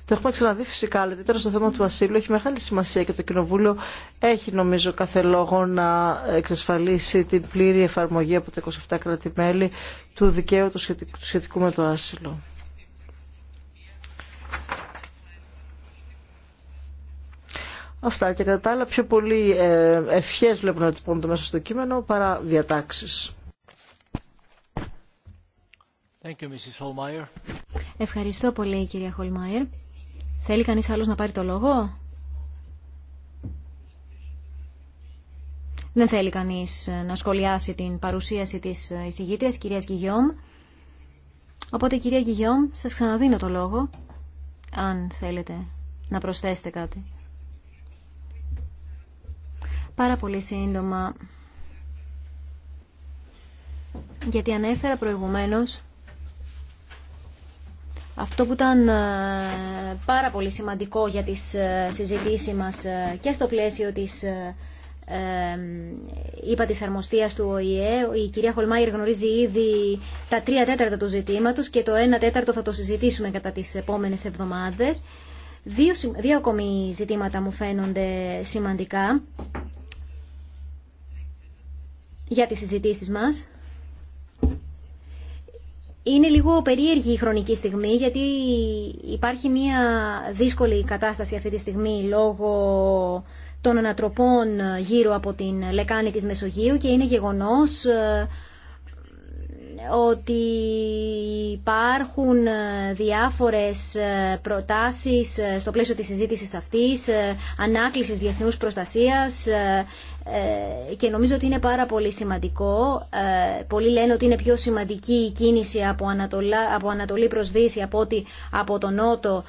Το έχουμε ξαναδεί φυσικά, αλλά ιδιαίτερα στο θέμα του ασύλου έχει μεγάλη σημασία και το Κοινοβούλιο έχει νομίζω κάθε λόγο να εξασφαλίσει την πλήρη εφαρμογή από τα 27 κράτη-μέλη του δικαίου του σχετικού με το άσυλο. Αυτά και κατά τα άλλα πιο πολύ ε, ευχές βλέπουν να το μέσα στο κείμενο παρά διατάξεις. Thank Ευχαριστώ πολύ κυρία Χολμάιερ. Θέλει κανείς άλλος να πάρει το λόγο? Δεν θέλει κανείς ε, να σχολιάσει την παρουσίαση της ε, εισηγήτριας, κυρίας Γιγιόμ. Οπότε, κυρία Γιγιόμ, σας ξαναδίνω το λόγο, αν θέλετε να προσθέσετε κάτι. Πάρα πολύ σύντομα, γιατί ανέφερα προηγουμένως αυτό που ήταν ε, πάρα πολύ σημαντικό για τις ε, συζητήσεις μας ε, και στο πλαίσιο της είπα της αρμοστίας του ΟΗΕ η κυρία Χολμάιρ γνωρίζει ήδη τα τρία τέταρτα του ζητήματος και το ένα τέταρτο θα το συζητήσουμε κατά τις επόμενες εβδομάδες δύο, δύο ακόμη ζητήματα μου φαίνονται σημαντικά για τις συζητήσεις μας είναι λίγο περίεργη η χρονική στιγμή γιατί υπάρχει μια δύσκολη κατάσταση αυτή τη στιγμή λόγω των ανατροπών γύρω από την λεκάνη της Μεσογείου και είναι γεγονός ε, ότι υπάρχουν ε, διάφορες ε, προτάσεις ε, στο πλαίσιο της συζήτησης αυτής, ανάκλησης διεθνούς προστασίας και νομίζω ότι είναι πάρα πολύ σημαντικό. Πολλοί λένε ότι είναι πιο σημαντική η κίνηση από, από Ανατολή προς Δύση από ότι από τον Νότο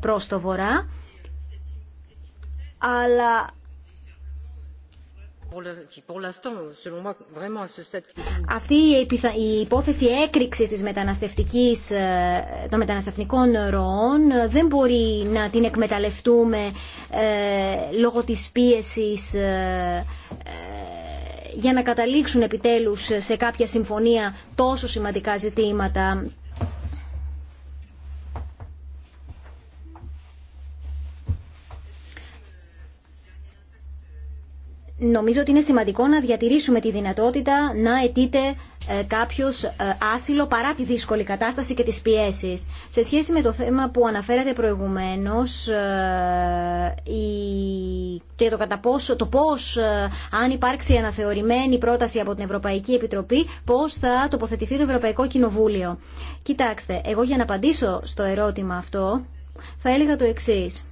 προς το Βορρά. Αλλά αυτή η υπόθεση έκρηξης της ε, των μεταναστευτικών ροών ε, δεν μπορεί να την εκμεταλλευτούμε ε, λόγω της πίεσης για να καταλήξουν επιτέλους σε κάποια συμφωνία τόσο σημαντικά ζητήματα νομίζω ότι είναι σημαντικό να διατηρήσουμε τη δυνατότητα να αιτείται ε, κάποιος ε, άσυλο παρά τη δύσκολη κατάσταση και τις πιέσεις. Σε σχέση με το θέμα που αναφέρατε προηγουμένως, ε, και το, κατά το πώς, αν υπάρξει αναθεωρημένη πρόταση από την Ευρωπαϊκή Επιτροπή, πώς θα τοποθετηθεί το Ευρωπαϊκό Κοινοβούλιο. Κοιτάξτε, εγώ για να απαντήσω στο ερώτημα αυτό, θα έλεγα το εξής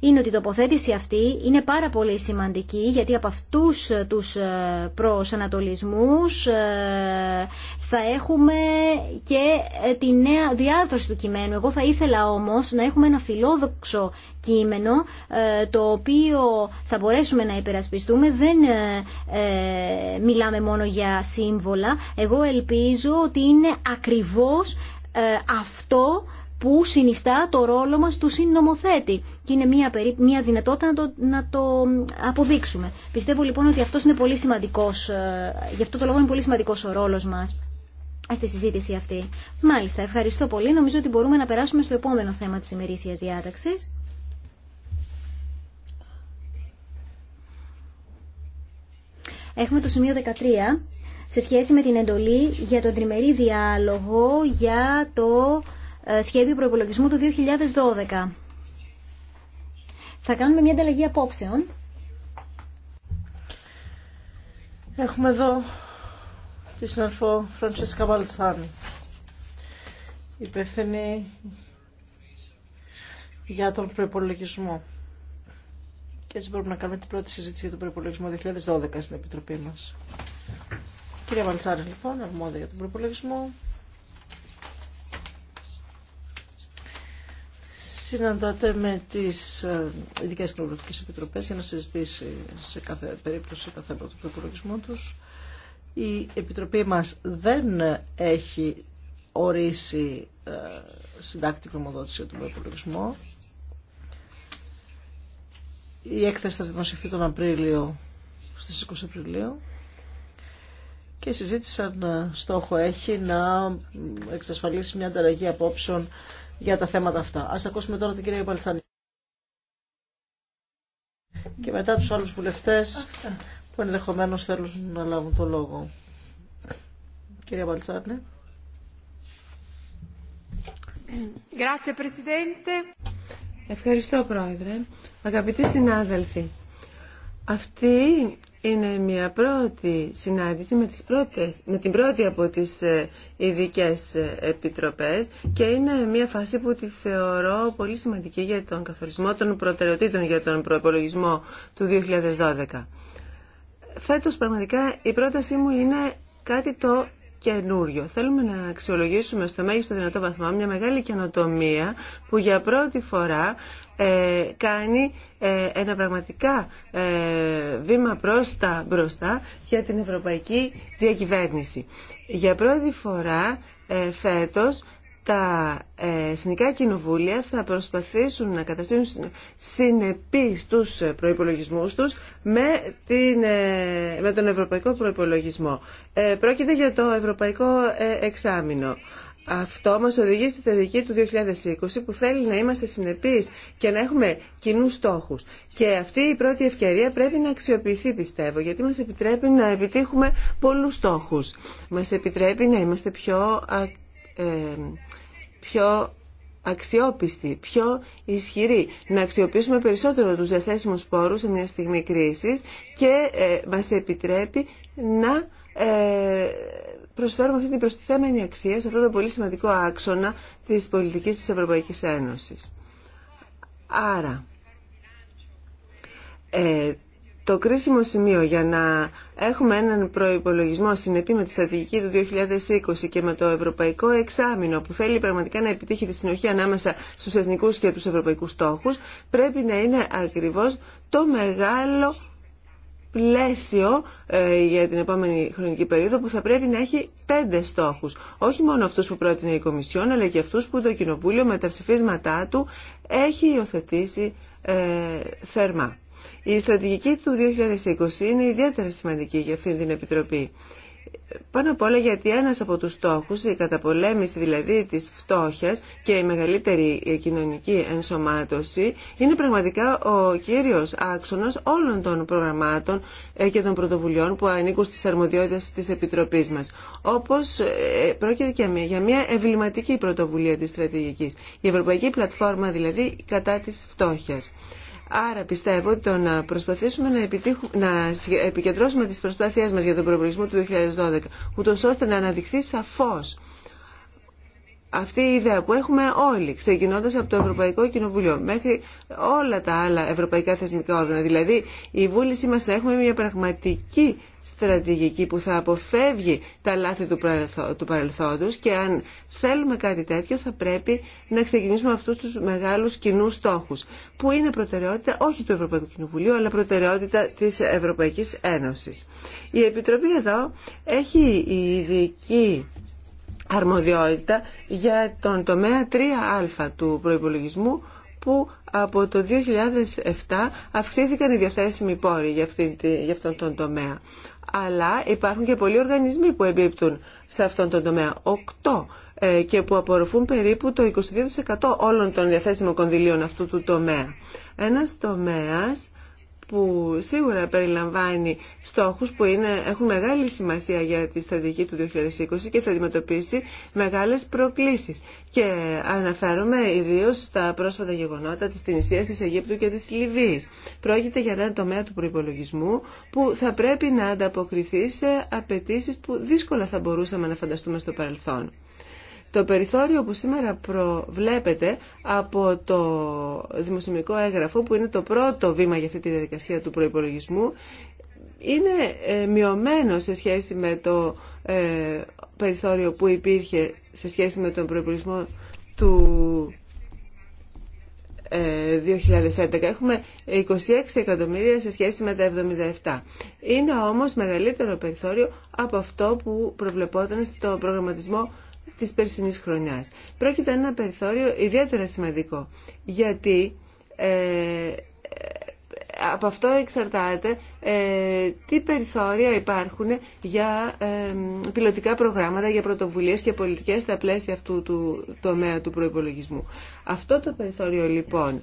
είναι ότι η τοποθέτηση αυτή είναι πάρα πολύ σημαντική γιατί από αυτούς ε, τους ε, προσανατολισμούς ε, θα έχουμε και τη νέα διάρθρωση του κειμένου. Εγώ θα ήθελα όμως να έχουμε ένα φιλόδοξο κείμενο το οποίο θα μπορέσουμε να υπερασπιστούμε. Δεν μιλάμε μόνο για σύμβολα. Εγώ ελπίζω ότι είναι ακριβώς αυτό που συνιστά το ρόλο μας του συνομοθέτη και είναι μια, μια δυνατότητα να το... να το αποδείξουμε. Πιστεύω λοιπόν ότι αυτός είναι πολύ σημαντικός, ε, γι' αυτό το λόγο είναι πολύ σημαντικός ο ρόλος μας στη συζήτηση αυτή. Μάλιστα, ευχαριστώ πολύ. Νομίζω ότι μπορούμε να περάσουμε στο επόμενο θέμα της ημερήσιας διάταξης. Έχουμε το σημείο 13 σε σχέση με την εντολή για τον τριμερή διάλογο για το ε, σχέδιο προπολογισμού του 2012. Θα κάνουμε μια ανταλλαγή απόψεων. Έχουμε εδώ τη συναρφό Φραντσέσκα Βαλτσάνη, υπεύθυνη για τον προπολογισμό. Και έτσι μπορούμε να κάνουμε την πρώτη συζήτηση για τον προπολογισμό 2012 στην Επιτροπή μας. Κυρία Βαλτσάνη, λοιπόν, αρμόδια για τον προπολογισμό. συναντάται με τις ε, ειδικές κοινοβουλευτικές επιτροπές για να συζητήσει σε κάθε περίπτωση τα θέματα του προπολογισμού τους. Η Επιτροπή μας δεν έχει ορίσει ε, συντάκτη γνωμοδότηση για τον προπολογισμό. Η έκθεση θα δημοσιευθεί τον Απρίλιο, στις 20 Απριλίου και συζήτησαν ε, στόχο έχει να εξασφαλίσει μια ανταλλαγή απόψεων για τα θέματα αυτά. Ας ακούσουμε τώρα την κυρία Παλτσάνη. Και μετά τους άλλους βουλευτές που ενδεχομένως θέλουν να λάβουν το λόγο. Κυρία Παλτσάνη. Ευχαριστώ, Πρόεδρε. Αγαπητοί συνάδελφοι, αυτή είναι μια πρώτη συνάντηση με, τις πρώτες, με την πρώτη από τις ε, ειδικέ ε, επιτροπές και είναι μια φάση που τη θεωρώ πολύ σημαντική για τον καθορισμό των προτεραιοτήτων για τον προπολογισμό του 2012. Φέτος πραγματικά η πρότασή μου είναι κάτι το καινούριο. Θέλουμε να αξιολογήσουμε στο μέγιστο δυνατό βαθμό μια μεγάλη καινοτομία που για πρώτη φορά ε, κάνει ε, ένα πραγματικά ε, βήμα προς τα μπροστά για την ευρωπαϊκή διακυβέρνηση. Για πρώτη φορά ε, φέτος τα εθνικά κοινοβούλια θα προσπαθήσουν να καταστήσουν συνεπεί στους προϋπολογισμούς τους με, την, με τον ευρωπαϊκό προϋπολογισμό. πρόκειται για το ευρωπαϊκό εξάμεινο. Αυτό μα οδηγεί στη θετική του 2020 που θέλει να είμαστε συνεπείς και να έχουμε κοινού στόχου. Και αυτή η πρώτη ευκαιρία πρέπει να αξιοποιηθεί πιστεύω γιατί μας επιτρέπει να επιτύχουμε πολλούς στόχους. Μας επιτρέπει να είμαστε πιο, ε, πιο αξιόπιστοι, πιο ισχυροί, να αξιοποιήσουμε περισσότερο τους διαθέσιμους πόρου σε μια στιγμή κρίση και ε, μας επιτρέπει να... Ε, προσφέρουμε αυτή την προστιθέμενη αξία σε αυτό το πολύ σημαντικό άξονα της πολιτικής της Ευρωπαϊκής Ένωσης. Άρα, ε, το κρίσιμο σημείο για να έχουμε έναν προϋπολογισμό συνεπή με τη στρατηγική του 2020 και με το ευρωπαϊκό εξάμεινο που θέλει πραγματικά να επιτύχει τη συνοχή ανάμεσα στους εθνικούς και τους ευρωπαϊκούς στόχους πρέπει να είναι ακριβώς το μεγάλο πλαίσιο ε, για την επόμενη χρονική περίοδο που θα πρέπει να έχει πέντε στόχους. Όχι μόνο αυτούς που πρότεινε η Κομισιόν, αλλά και αυτούς που το Κοινοβούλιο με τα ψηφίσματά του έχει υιοθετήσει ε, θερμά. Η στρατηγική του 2020 είναι ιδιαίτερα σημαντική για αυτή την Επιτροπή πάνω απ' όλα γιατί ένας από τους στόχους, η καταπολέμηση δηλαδή της φτώχειας και η μεγαλύτερη ε, κοινωνική ενσωμάτωση, είναι πραγματικά ο κύριος άξονας όλων των προγραμμάτων ε, και των πρωτοβουλειών που ανήκουν στις αρμοδιότητες της Επιτροπής μας. Όπως ε, πρόκειται και για μια ευληματική πρωτοβουλία της στρατηγικής, η Ευρωπαϊκή Πλατφόρμα δηλαδή κατά της φτώχειας. Άρα πιστεύω ότι το να προσπαθήσουμε να, επικεντρώσουμε τις προσπάθειές μας για τον προβλησμό του 2012, ούτως ώστε να αναδειχθεί σαφώς αυτή η ιδέα που έχουμε όλοι, ξεκινώντας από το Ευρωπαϊκό Κοινοβουλίο μέχρι όλα τα άλλα ευρωπαϊκά θεσμικά όργανα. Δηλαδή, η βούλησή μας να έχουμε μια πραγματική στρατηγική που θα αποφεύγει τα λάθη του, παρελθό, του παρελθόντος και αν θέλουμε κάτι τέτοιο θα πρέπει να ξεκινήσουμε αυτούς τους μεγάλους κοινού στόχους που είναι προτεραιότητα όχι του Ευρωπαϊκού Κοινοβουλίου αλλά προτεραιότητα της Ευρωπαϊκής Ένωσης. Η Επιτροπή εδώ έχει η ειδική αρμοδιότητα για τον τομέα 3α του προϋπολογισμού που από το 2007 αυξήθηκαν οι διαθέσιμοι πόροι για, αυτή, για αυτόν τον τομέα. Αλλά υπάρχουν και πολλοί οργανισμοί που εμπίπτουν σε αυτόν τον τομέα. Οκτώ ε, και που απορροφούν περίπου το 22% όλων των διαθέσιμων κονδυλίων αυτού του τομέα. Ένας τομέας που σίγουρα περιλαμβάνει στόχους που είναι, έχουν μεγάλη σημασία για τη στρατηγική του 2020 και θα αντιμετωπίσει μεγάλες προκλήσεις. Και αναφέρομαι ιδίως στα πρόσφατα γεγονότα της Τινησίας, της Αιγύπτου και της Λιβύης. Πρόκειται για ένα τομέα του προϋπολογισμού που θα πρέπει να ανταποκριθεί σε απαιτήσει που δύσκολα θα μπορούσαμε να φανταστούμε στο παρελθόν. Το περιθώριο που σήμερα προβλέπεται από το δημοσιομικό έγγραφο, που είναι το πρώτο βήμα για αυτή τη διαδικασία του προϋπολογισμού, είναι ε, μειωμένο σε σχέση με το ε, περιθώριο που υπήρχε σε σχέση με τον προϋπολογισμό του 2011. Ε, Έχουμε 26 εκατομμύρια σε σχέση με τα 77. Είναι όμως μεγαλύτερο περιθώριο από αυτό που προβλεπόταν στο προγραμματισμό της περσινής χρονιάς. Πρόκειται ένα περιθώριο ιδιαίτερα σημαντικό, γιατί ε, από αυτό εξαρτάται ε, τι περιθώρια υπάρχουν για ε, πιλωτικά προγράμματα, για πρωτοβουλίες και πολιτικές στα πλαίσια αυτού του τομέα του προϋπολογισμού. Αυτό το περιθώριο λοιπόν,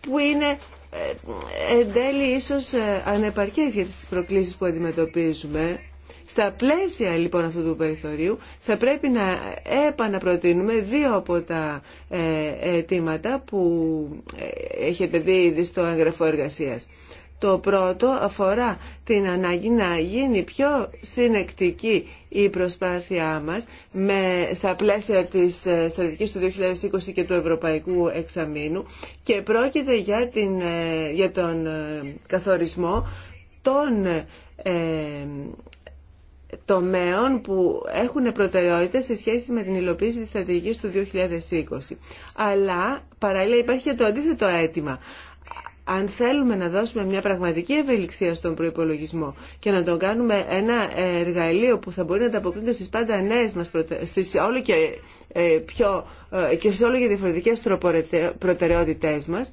που είναι ε, εν τέλει ίσως ε, ανεπαρκές για τις προκλήσεις που αντιμετωπίζουμε, στα πλαίσια λοιπόν αυτού του περιθωρίου θα πρέπει να επαναπροτείνουμε δύο από τα ε, αιτήματα που ε, έχετε δει ήδη στο έγγραφο εργασίας. Το πρώτο αφορά την ανάγκη να γίνει πιο συνεκτική η προσπάθειά μας με, στα πλαίσια της ε, στρατηγικής του 2020 και του Ευρωπαϊκού Εξαμήνου και πρόκειται για, για τον καθορισμό των τομέων που έχουν προτεραιότητα σε σχέση με την υλοποίηση της στρατηγικής του 2020. Αλλά παράλληλα υπάρχει και το αντίθετο αίτημα. Αν θέλουμε να δώσουμε μια πραγματική ευελιξία στον προϋπολογισμό και να τον κάνουμε ένα εργαλείο που θα μπορεί να ανταποκρίνεται στις πάντα νέες μας στις όλο και, ε, πιο, ε, και σε όλο και διαφορετικές προτεραιότητές μας,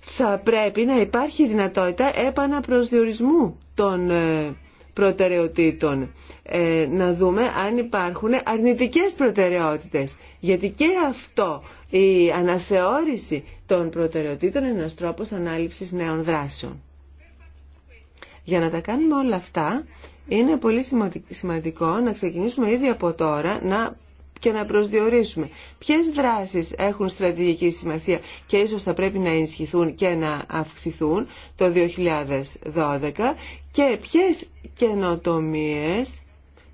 θα πρέπει να υπάρχει δυνατότητα επαναπροσδιορισμού των ε, προτεραιοτήτων. Ε, να δούμε αν υπάρχουν αρνητικές προτεραιότητες. Γιατί και αυτό η αναθεώρηση των προτεραιοτήτων είναι ένας τρόπος ανάληψης νέων δράσεων. Για να τα κάνουμε όλα αυτά, είναι πολύ σημαντικό να ξεκινήσουμε ήδη από τώρα να και να προσδιορίσουμε ποιε δράσεις έχουν στρατηγική σημασία και ίσως θα πρέπει να ενισχυθούν και να αυξηθούν το 2012 και ποιε καινοτομίε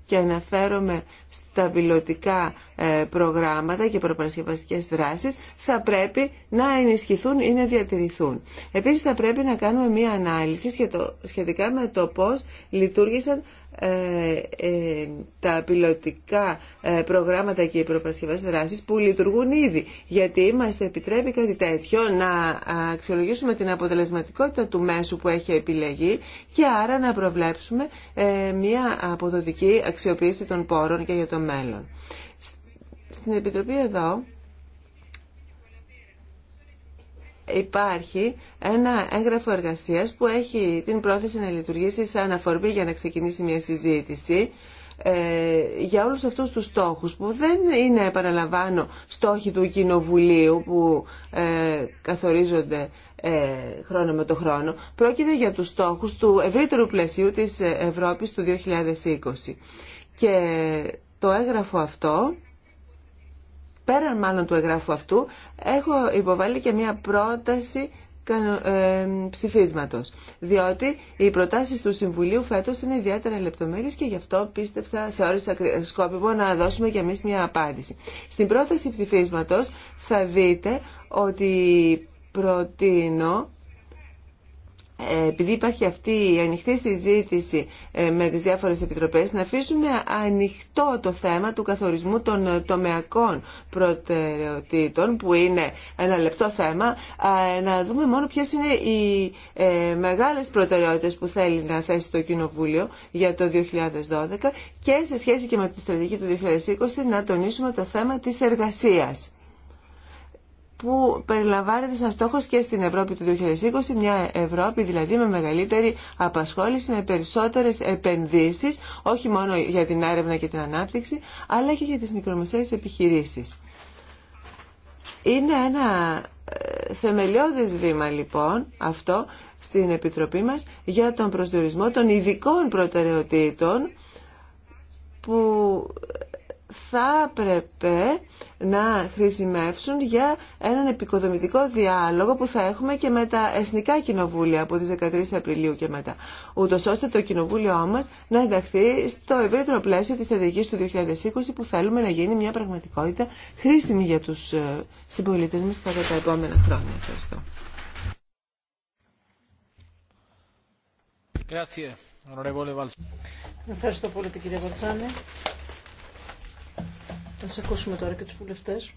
και αναφέρομαι στα πιλωτικά ε, προγράμματα και προπαρασκευαστικέ δράσει θα πρέπει να ενισχυθούν ή να διατηρηθούν. Επίση, θα πρέπει να κάνουμε μία ανάλυση σχετικά με το πώ λειτουργήσαν ε, ε, τα πιλωτικά προγράμματα και οι προπαρασκευαστικέ δράσει που λειτουργούν ήδη. Γιατί μας επιτρέπει κάτι τέτοιο να αξιολογήσουμε την αποτελεσματικότητα του μέσου που έχει επιλεγεί και άρα να προβλέψουμε μια αποδοτική αξιοποίηση των πόρων και για το μέλλον. Στην Επιτροπή εδώ υπάρχει ένα έγγραφο εργασίας που έχει την πρόθεση να λειτουργήσει σαν αφορμή για να ξεκινήσει μια συζήτηση ε, για όλους αυτούς τους στόχους που δεν είναι, παραλαμβάνω, στόχοι του Κοινοβουλίου που ε, καθορίζονται ε, χρόνο με το χρόνο. Πρόκειται για τους στόχους του ευρύτερου πλαισίου της Ευρώπης του 2020. Και το έγγραφο αυτό πέραν μάλλον του εγγράφου αυτού, έχω υποβάλει και μια πρόταση ε, ψηφίσματος. Διότι οι προτάσει του Συμβουλίου φέτος είναι ιδιαίτερα λεπτομέρειες και γι' αυτό πίστευσα, θεώρησα σκόπιμο να δώσουμε κι εμείς μια απάντηση. Στην πρόταση ψηφίσματος θα δείτε ότι προτείνω ε, επειδή υπάρχει αυτή η ανοιχτή συζήτηση ε, με τις διάφορες επιτροπές, να αφήσουμε ανοιχτό το θέμα του καθορισμού των ε, τομεακών προτεραιοτήτων, που είναι ένα λεπτό θέμα, να δούμε μόνο ποιες είναι οι μεγάλες προτεραιότητες που θέλει να θέσει το Κοινοβούλιο για το 2012 και σε σχέση και με τη στρατηγική του 2020 να τονίσουμε το θέμα της εργασίας που περιλαμβάνεται σαν στόχος και στην Ευρώπη του 2020, μια Ευρώπη δηλαδή με μεγαλύτερη απασχόληση, με περισσότερες επενδύσεις, όχι μόνο για την έρευνα και την ανάπτυξη, αλλά και για τις μικρομεσαίες επιχειρήσεις. Είναι ένα ε, θεμελιώδης βήμα λοιπόν αυτό στην Επιτροπή μας για τον προσδιορισμό των ειδικών προτεραιοτήτων που θα έπρεπε να χρησιμεύσουν για έναν επικοδομητικό διάλογο που θα έχουμε και με τα Εθνικά Κοινοβούλια από τις 13 Απριλίου και μετά. Ούτω ώστε το Κοινοβούλιο μας να ενταχθεί στο ευρύτερο πλαίσιο της στρατηγικής του 2020 που θέλουμε να γίνει μια πραγματικότητα χρήσιμη για τους ε, συμπολίτε μας κατά τα επόμενα χρόνια. Ευχαριστώ. Ευχαριστώ πολύ την Βαλτσάνη σε ακούσουμε τώρα και τους βουλευτές.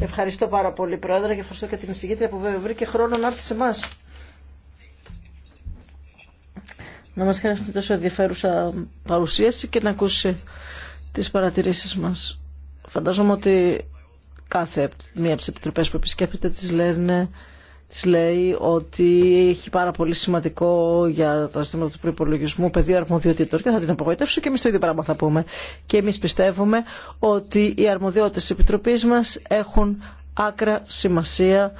Ευχαριστώ πάρα πολύ, Πρόεδρε, και ευχαριστώ και την εισηγήτρια που βέβαια βρήκε χρόνο να έρθει σε εμά. Να μας κάνει αυτή τόσο ενδιαφέρουσα παρουσίαση και να ακούσει τις παρατηρήσεις μας. Φαντάζομαι ότι κάθε μία από τις επιτροπές που επισκέπτεται τις λένε λέει ότι έχει πάρα πολύ σημαντικό για τα ζητήματα του προπολογισμού πεδίο αρμοδιοτήτων και θα την απογοητεύσω και εμεί το ίδιο πράγμα θα πούμε. Και εμεί πιστεύουμε ότι οι αρμοδιότητε τη Επιτροπή μα έχουν άκρα σημασία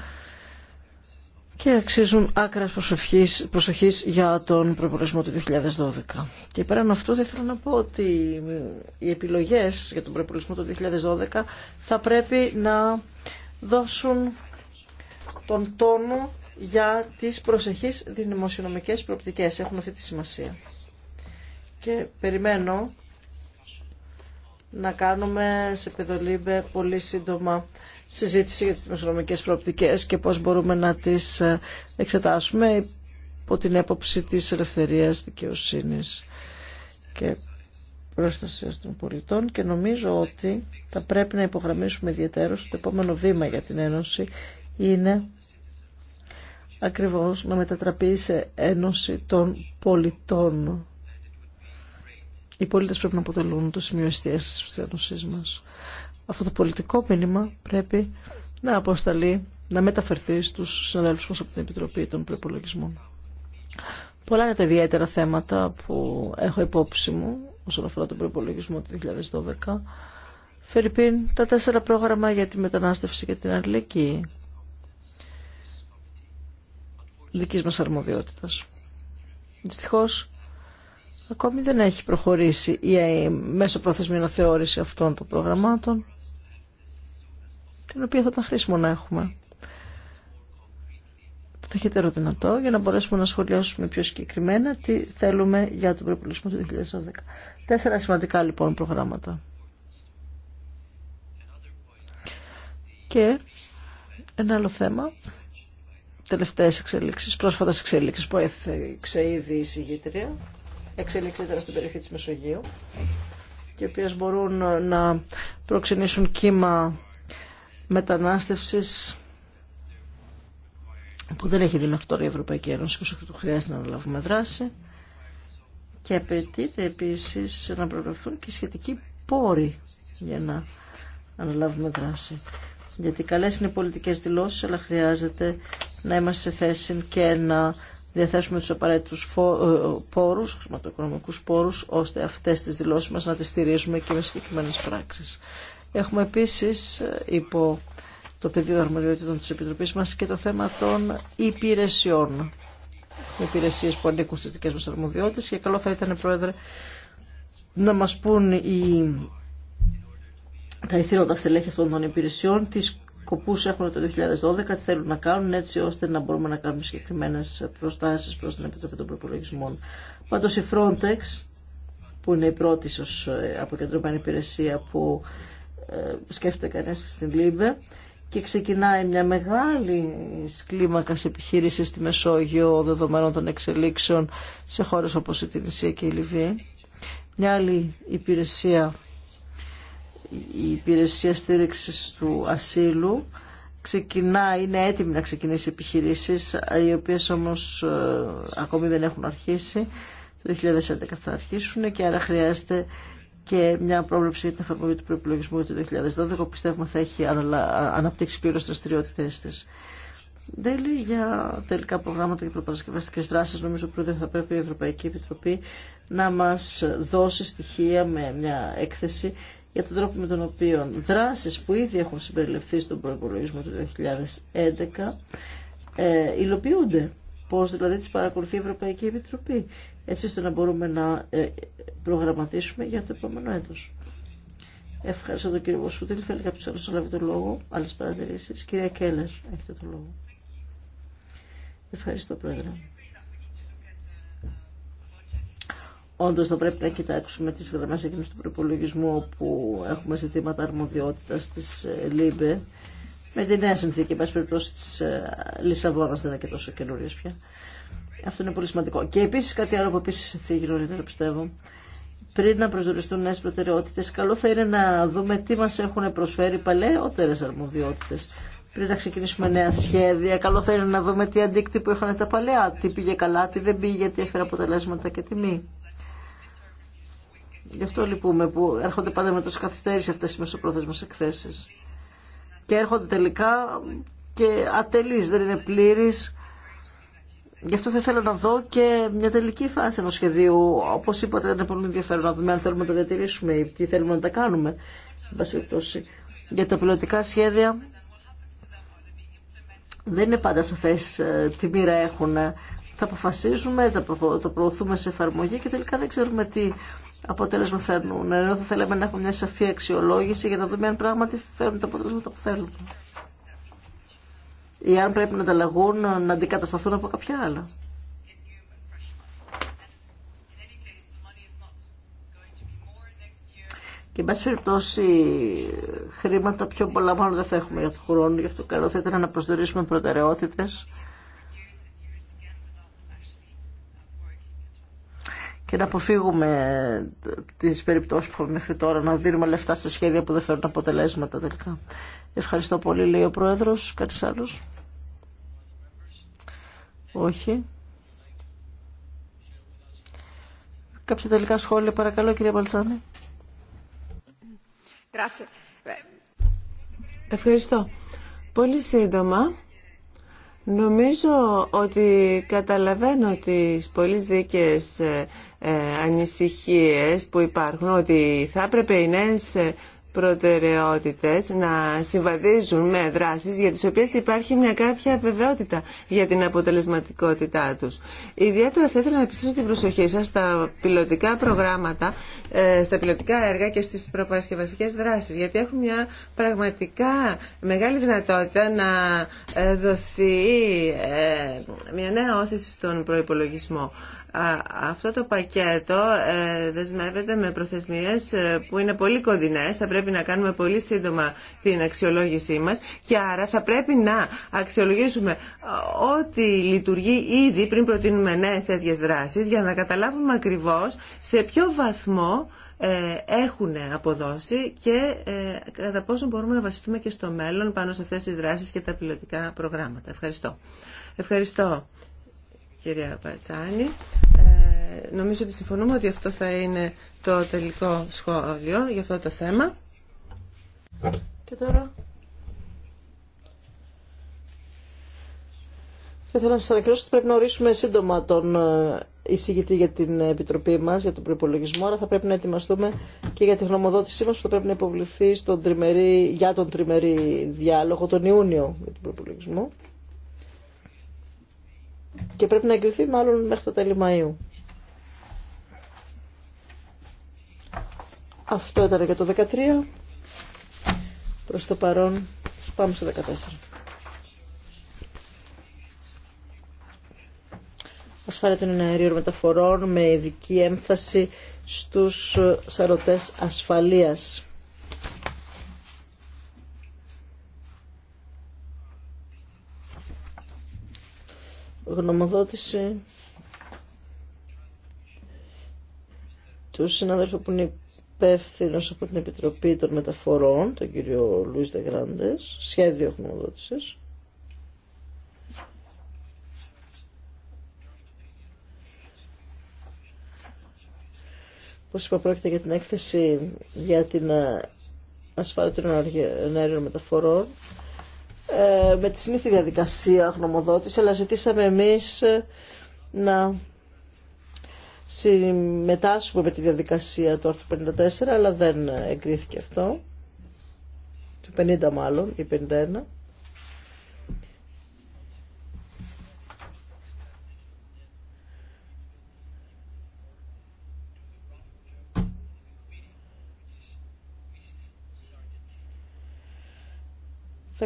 και αξίζουν άκρα προσοχής, για τον προπολογισμό του 2012. Και πέραν αυτού θα ήθελα να πω ότι οι επιλογές για τον προπολογισμό του 2012 θα πρέπει να δώσουν τον τόνο για τις προσεχείς δημοσιονομικές προοπτικές. Έχουν αυτή τη σημασία. Και περιμένω να κάνουμε σε Πεδολίμπε πολύ σύντομα συζήτηση για τις δημοσιονομικές προοπτικές και πώς μπορούμε να τις ε, εξετάσουμε υπό την έποψη της ελευθερίας, δικαιοσύνης και προστασία των πολιτών και νομίζω ότι θα πρέπει να υπογραμμίσουμε ιδιαίτερο το επόμενο βήμα για την Ένωση είναι ακριβώς να μετατραπεί σε ένωση των πολιτών. Οι πολίτες πρέπει να αποτελούν το σημείο εστίασης της ένωσης μας. Αυτό το πολιτικό μήνυμα πρέπει να αποσταλεί, να μεταφερθεί στους συναδέλφους μας από την Επιτροπή των Προπολογισμών. Πολλά είναι τα ιδιαίτερα θέματα που έχω υπόψη μου όσον αφορά τον προπολογισμό του 2012. Φερρυπίν, τα τέσσερα πρόγραμμα για τη μετανάστευση και την αλληλεγγύη δικής μας αρμοδιότητας. Δυστυχώ, ακόμη δεν έχει προχωρήσει η μέσω προθεσμή αναθεώρηση αυτών των προγραμμάτων, την οποία θα ήταν χρήσιμο να έχουμε. Το ταχύτερο δυνατό για να μπορέσουμε να σχολιάσουμε πιο συγκεκριμένα τι θέλουμε για τον προπολογισμό του 2012. Τέσσερα σημαντικά λοιπόν προγράμματα. Και ένα άλλο θέμα Τελευταίε εξέλιξει, πρόσφατες εξελίξεις που έθεξε ήδη η συγγήτρια, ήταν στην περιοχή της Μεσογείου και οι οποίες μπορούν να προξενήσουν κύμα μετανάστευσης που δεν έχει δει μέχρι τώρα η Ευρωπαϊκή Ένωση, όσο του χρειάζεται να αναλάβουμε δράση. Και απαιτείται επίσης να προβλεφθούν και σχετικοί πόροι για να αναλάβουμε δράση. Γιατί καλές είναι οι πολιτικές δηλώσεις, αλλά χρειάζεται να είμαστε σε θέση και να διαθέσουμε τους απαραίτητους ε, πόρους, χρηματοοικονομικούς πόρους, ώστε αυτές τις δηλώσεις μας να τις στηρίζουμε και με συγκεκριμένε πράξεις. Έχουμε επίσης ε, υπό το πεδίο αρμοδιότητων της Επιτροπής μας και το θέμα των υπηρεσιών. Οι υπηρεσίες που ανήκουν στι δικέ μα αρμοδιότητες και καλό θα ήταν, Πρόεδρε, να μα πούν οι τα ηθήνοντα στελέχη αυτών των υπηρεσιών, τι σκοπού έχουν το 2012, τι θέλουν να κάνουν έτσι ώστε να μπορούμε να κάνουμε συγκεκριμένε προστάσει προ την Επιτροπή των Προπολογισμών. Πάντως η Frontex, που είναι η πρώτη ε, αποκεντρωμένη υπηρεσία που ε, σκέφτεται κανεί στην Λίμπε, και ξεκινάει μια μεγάλη κλίμακα επιχείρηση στη Μεσόγειο δεδομένων των εξελίξεων σε χώρες όπως η Τινησία και η Λιβύη. Μια άλλη υπηρεσία η υπηρεσία στήριξης του ασύλου ξεκινά, είναι έτοιμη να ξεκινήσει επιχειρήσεις, οι οποίες όμως ε, ακόμη δεν έχουν αρχίσει. Το 2011 θα αρχίσουν και άρα χρειάζεται και μια πρόβλεψη για την εφαρμογή του προπολογισμού του 2012 πιστεύουμε θα έχει αναπτύξει πλήρω δραστηριότητέ τη. Τέλει για τελικά προγράμματα και προπαρασκευαστικέ δράσει. Νομίζω πρώτα θα πρέπει η Ευρωπαϊκή Επιτροπή να μα δώσει στοιχεία με μια έκθεση για τον τρόπο με τον οποίο δράσεις που ήδη έχουν συμπεριληφθεί στον προπολογισμό του 2011 ε, υλοποιούνται. Πώς δηλαδή τις παρακολουθεί η Ευρωπαϊκή Επιτροπή, έτσι ώστε να μπορούμε να ε, προγραμματίσουμε για το επόμενο έτος. Ευχαριστώ τον κύριο Βοσούτελ. Θέλει κάποιο άλλο να λάβει το λόγο. Άλλε παρατηρήσει. Κυρία Κέλλερ, έχετε το λόγο. Ευχαριστώ, Πρόεδρε. Όντω θα πρέπει να κοιτάξουμε τι γραμμέ εκείνε του προπολογισμού όπου έχουμε ζητήματα αρμοδιότητα τη ε, ΛΥΜΠΕ με τη νέα συνθήκη, εν πάση περιπτώσει τη ε, Λισαβόνα δεν είναι και τόσο καινούριες πια. Αυτό είναι πολύ σημαντικό. Και επίση κάτι άλλο που επίση συνθήκη νωρίτερα πιστεύω. Πριν να προσδιοριστούν νέε προτεραιότητε, καλό θα είναι να δούμε τι μα έχουν προσφέρει παλαιότερε αρμοδιότητε πριν να ξεκινήσουμε νέα σχέδια. Καλό θα είναι να δούμε τι αντίκτυπο είχαν τα παλαιά. τι πήγε καλά, τι δεν πήγε, τι έφερε αποτελέσματα και τι Γι' αυτό λυπούμε που έρχονται πάντα με τόση καθυστέρηση αυτές οι μεσοπρόθεσμε εκθέσει. Και έρχονται τελικά και ατελεί δεν είναι πλήρη. Γι' αυτό θα ήθελα να δω και μια τελική φάση ενό σχεδίου. Όπω είπατε, είναι πολύ ενδιαφέρον να δούμε αν θέλουμε να τα διατηρήσουμε ή τι θέλουμε να τα κάνουμε. Για τα πιλωτικά σχέδια δεν είναι πάντα σαφέ ε, τι μοίρα έχουν. Θα αποφασίζουμε, θα το προωθούμε σε εφαρμογή και τελικά δεν ξέρουμε τι αποτέλεσμα φέρνουν. Ενώ θα θέλαμε να έχουμε μια σαφή αξιολόγηση για να δούμε αν πράγματι φέρνουν τα αποτέλεσματα που θέλουν. Ή αν πρέπει να ανταλλαγούν, να αντικατασταθούν από κάποια άλλα. Και εν πάση περιπτώσει χρήματα πιο πολλά μάλλον δεν θα έχουμε για τον χρόνο, γι' αυτό καλό θα ήταν να προσδιορίσουμε προτεραιότητες και να αποφύγουμε τις περιπτώσεις που έχουμε μέχρι τώρα να δίνουμε λεφτά σε σχέδια που δεν φέρουν αποτελέσματα τελικά. Ευχαριστώ πολύ, λέει ο Πρόεδρος. Κάτι άλλο. Όχι. Κάποια τελικά σχόλια, παρακαλώ, κυρία Μπαλτσάνη. Ευχαριστώ. Πολύ σύντομα. Νομίζω ότι καταλαβαίνω τις πολλές δίκαιες ε, ε, ανησυχίες που υπάρχουν ότι θα έπρεπε οι νέες ε, προτεραιότητες να συμβαδίζουν με δράσεις για τις οποίες υπάρχει μια κάποια βεβαιότητα για την αποτελεσματικότητά τους. Ιδιαίτερα θα ήθελα να επιστήσω την προσοχή σας στα πιλωτικά προγράμματα, ε, στα πιλωτικά έργα και στις προπαρασκευαστικές δράσεις, γιατί έχουν μια πραγματικά μεγάλη δυνατότητα να ε, δοθεί ε, μια νέα όθηση στον προϋπολογισμό αυτό το πακέτο ε, δεσμεύεται με προθεσμίες ε, που είναι πολύ κοντινές. Θα πρέπει να κάνουμε πολύ σύντομα την αξιολόγησή μας και άρα θα πρέπει να αξιολογήσουμε ε, ό,τι λειτουργεί ήδη πριν προτείνουμε νέες τέτοιες δράσεις για να καταλάβουμε ακριβώς σε ποιο βαθμό έχουν αποδώσει και κατά πόσο μπορούμε να βασιστούμε και στο μέλλον πάνω σε αυτές τις δράσεις και τα πιλωτικά προγράμματα. Ευχαριστώ. Ευχαριστώ κυρία Πατσάνη νομίζω ότι συμφωνούμε ότι αυτό θα είναι το τελικό σχόλιο για αυτό το θέμα. Και τώρα... Θα ήθελα να σας ανακοινώσω ότι πρέπει να ορίσουμε σύντομα τον ε, εισηγητή για την Επιτροπή μας, για τον προπολογισμό, αλλά θα πρέπει να ετοιμαστούμε και για τη γνωμοδότησή μας που θα πρέπει να υποβληθεί στον τριμερή, για τον τριμερή διάλογο τον Ιούνιο για τον προπολογισμό. Και πρέπει να εγκριθεί μάλλον μέχρι το τέλη Μαΐου. Αυτό ήταν για το 13. Προς το παρόν πάμε στο 14. Ασφάλεια των αερίων μεταφορών με ειδική έμφαση στους σαρωτές ασφαλείας. Γνωμοδότηση του συνάδελφου που είναι υπεύθυνο από την Επιτροπή των Μεταφορών, τον κύριο Λουίς Δεγράντες, σχέδιο γνωμοδότησης. Όπως είπα, πρόκειται για την έκθεση για την ε, ασφάλεια των αέριων μεταφορών ε, με τη συνήθεια διαδικασία γνωμοδότηση, αλλά ζητήσαμε εμείς ε, να συμμετάσχουμε με τη διαδικασία του άρθρου 54, αλλά δεν εγκρίθηκε αυτό. Του 50 μάλλον, ή 51.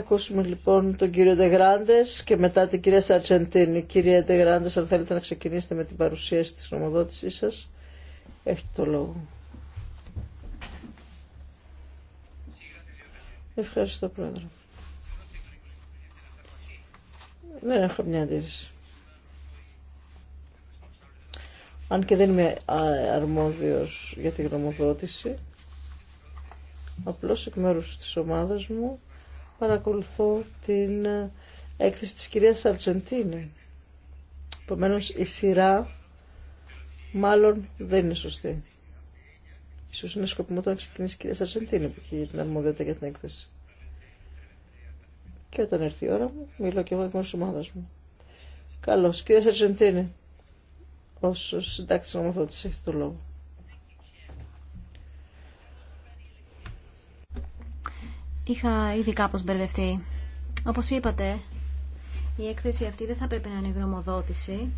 Θα ακούσουμε λοιπόν τον κύριο Δεγράντε και μετά την κυρία Σαρτζεντίνη. Κυρία Ντεγράντες, αν θέλετε να ξεκινήσετε με την παρουσίαση τη νομοδότησή σα έχετε το λόγο. Ευχαριστώ, Πρόεδρε. Δεν έχω μια αντίρρηση. Αν και δεν είμαι αρμόδιος για τη γνωμοδότηση, απλώς εκ μέρους της ομάδας μου παρακολουθώ την έκθεση της κυρίας Σαρτζεντίνη. Επομένω, η σειρά μάλλον δεν είναι σωστή. Ίσως είναι σκοπιμό το να ξεκινήσει η κυρία Σαρτζεντίνη που έχει την αρμοδιότητα για την έκθεση. Και όταν έρθει η ώρα μου, μιλώ και εγώ εκ μόνος τη μου. Καλώ, κυρία Σαρτζεντίνη, Όσο συντάξει νομοθέτηση, έχετε το λόγο. Είχα ήδη κάπως μπερδευτεί. Όπως είπατε, η έκθεση αυτή δεν θα πρέπει να είναι γνωμοδότηση,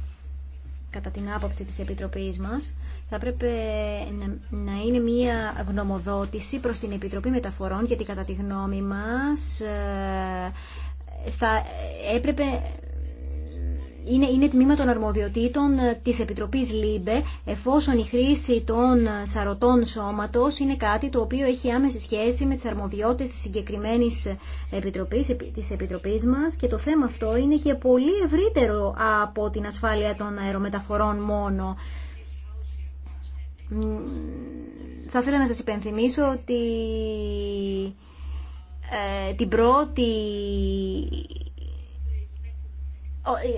κατά την άποψη της Επιτροπής μας, θα πρέπει να είναι μία γνωμοδότηση προς την Επιτροπή Μεταφορών, γιατί κατά τη γνώμη μας ε, θα έπρεπε είναι, είναι τμήμα των αρμοδιοτήτων ε, της Επιτροπής ΛΥΜΠΕ εφόσον η χρήση των ε, σαρωτών σώματος είναι κάτι το οποίο έχει άμεση σχέση με τις αρμοδιότητες της συγκεκριμένης ε, επιτροπής, της Επιτροπής μας και το θέμα αυτό είναι και πολύ ευρύτερο από την ασφάλεια των αερομεταφορών μόνο. Θα ήθελα να σας υπενθυμίσω ότι την πρώτη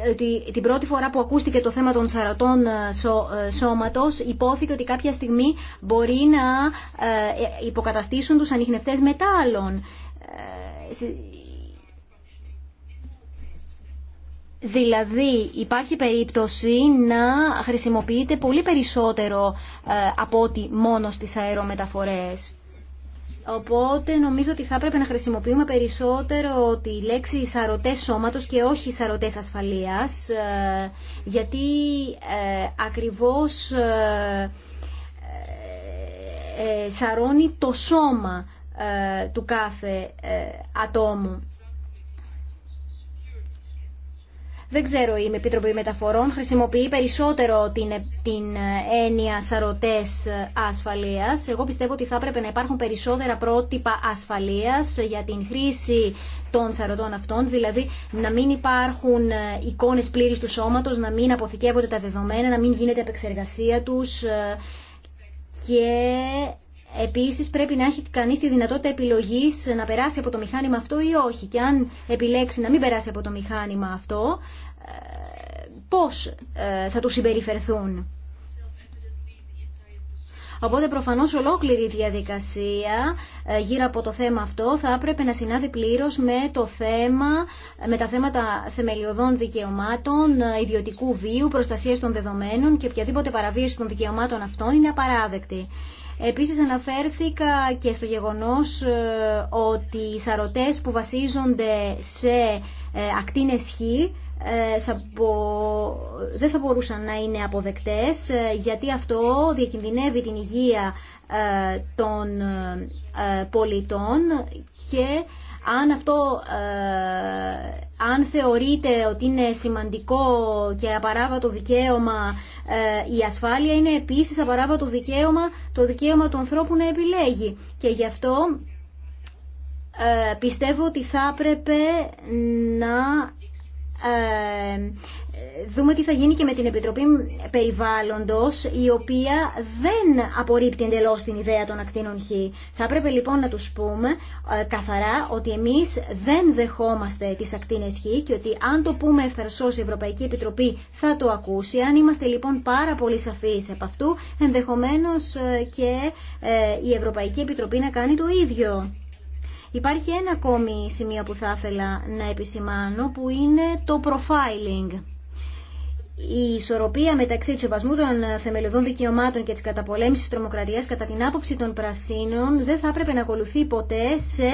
ε, την πρώτη φορά που ακούστηκε το θέμα των σαρατών ε, ε, σώματος υπόθηκε ότι κάποια στιγμή μπορεί να υποκαταστήσουν τους ανιχνευτές μετάλλων. Δηλαδή υπάρχει περίπτωση να χρησιμοποιείται πολύ περισσότερο από ό,τι μόνο στις αερομεταφορές. Οπότε νομίζω ότι θα έπρεπε να χρησιμοποιούμε περισσότερο τη λέξη σαρωτές σώματος και όχι σαρωτές ασφαλείας, ε, γιατί ε, ακριβώς ε, σαρώνει το σώμα του κάθε ατόμου. Δεν ξέρω, η Επιτροπή Μεταφορών χρησιμοποιεί περισσότερο την, την ε, έννοια σαρωτές ε, ασφαλείας. Εγώ πιστεύω ότι θα έπρεπε να υπάρχουν περισσότερα πρότυπα ασφαλείας για την χρήση των σαρωτών αυτών, δηλαδή να μην υπάρχουν ε, εικόνες πλήρης του σώματος, να μην αποθηκεύονται τα δεδομένα, να μην γίνεται επεξεργασία τους και Επίση, πρέπει να έχει κανεί τη δυνατότητα επιλογή να περάσει από το μηχάνημα αυτό ή όχι. Και αν επιλέξει να μην περάσει από το μηχάνημα αυτό, ε, πώ ε, θα του συμπεριφερθούν. Οπότε προφανώς ολόκληρη η διαδικασία ε, γύρω από το θέμα αυτό θα έπρεπε να συνάδει πλήρως με, το θέμα, με τα θέματα θεμελιωδών δικαιωμάτων, ιδιωτικού βίου, προστασίας των δεδομένων και οποιαδήποτε παραβίαση των δικαιωμάτων αυτών είναι απαράδεκτη. Επίσης αναφέρθηκα και στο γεγονός ε, ότι οι σαρωτές που βασίζονται σε ε, ακτίνες χ ε, θα δεν θα μπορούσαν να είναι αποδεκτές γιατί αυτό διακινδυνεύει την υγεία των πολιτών και αν αυτό ε, αν θεωρείτε ότι είναι σημαντικό και απαράβατο δικαίωμα ε, η ασφάλεια είναι επίσης απαράβατο δικαίωμα το δικαίωμα του ανθρώπου να επιλέγει και γι' αυτό ε, πιστεύω ότι θα έπρεπε να ε, δούμε τι θα γίνει και με την Επιτροπή Περιβάλλοντος η οποία δεν απορρίπτει εντελώς την ιδέα των ακτίνων Χ. Θα έπρεπε λοιπόν να τους πούμε ε, καθαρά ότι εμείς δεν δεχόμαστε τις ακτίνες Χ και ότι αν το πούμε ευθαρσώς η Ευρωπαϊκή Επιτροπή θα το ακούσει. Αν είμαστε λοιπόν πάρα πολύ σαφείς από αυτού ενδεχομένως ε, και η Ευρωπαϊκή Επιτροπή να κάνει το ίδιο. Υπάρχει ένα ακόμη σημείο που θα ήθελα να επισημάνω που είναι το profiling. Η ισορροπία μεταξύ του σεβασμού των θεμελιωδών δικαιωμάτων και τη καταπολέμηση τη τρομοκρατία, κατά την άποψη των πρασίνων, δεν θα έπρεπε να ακολουθεί ποτέ σε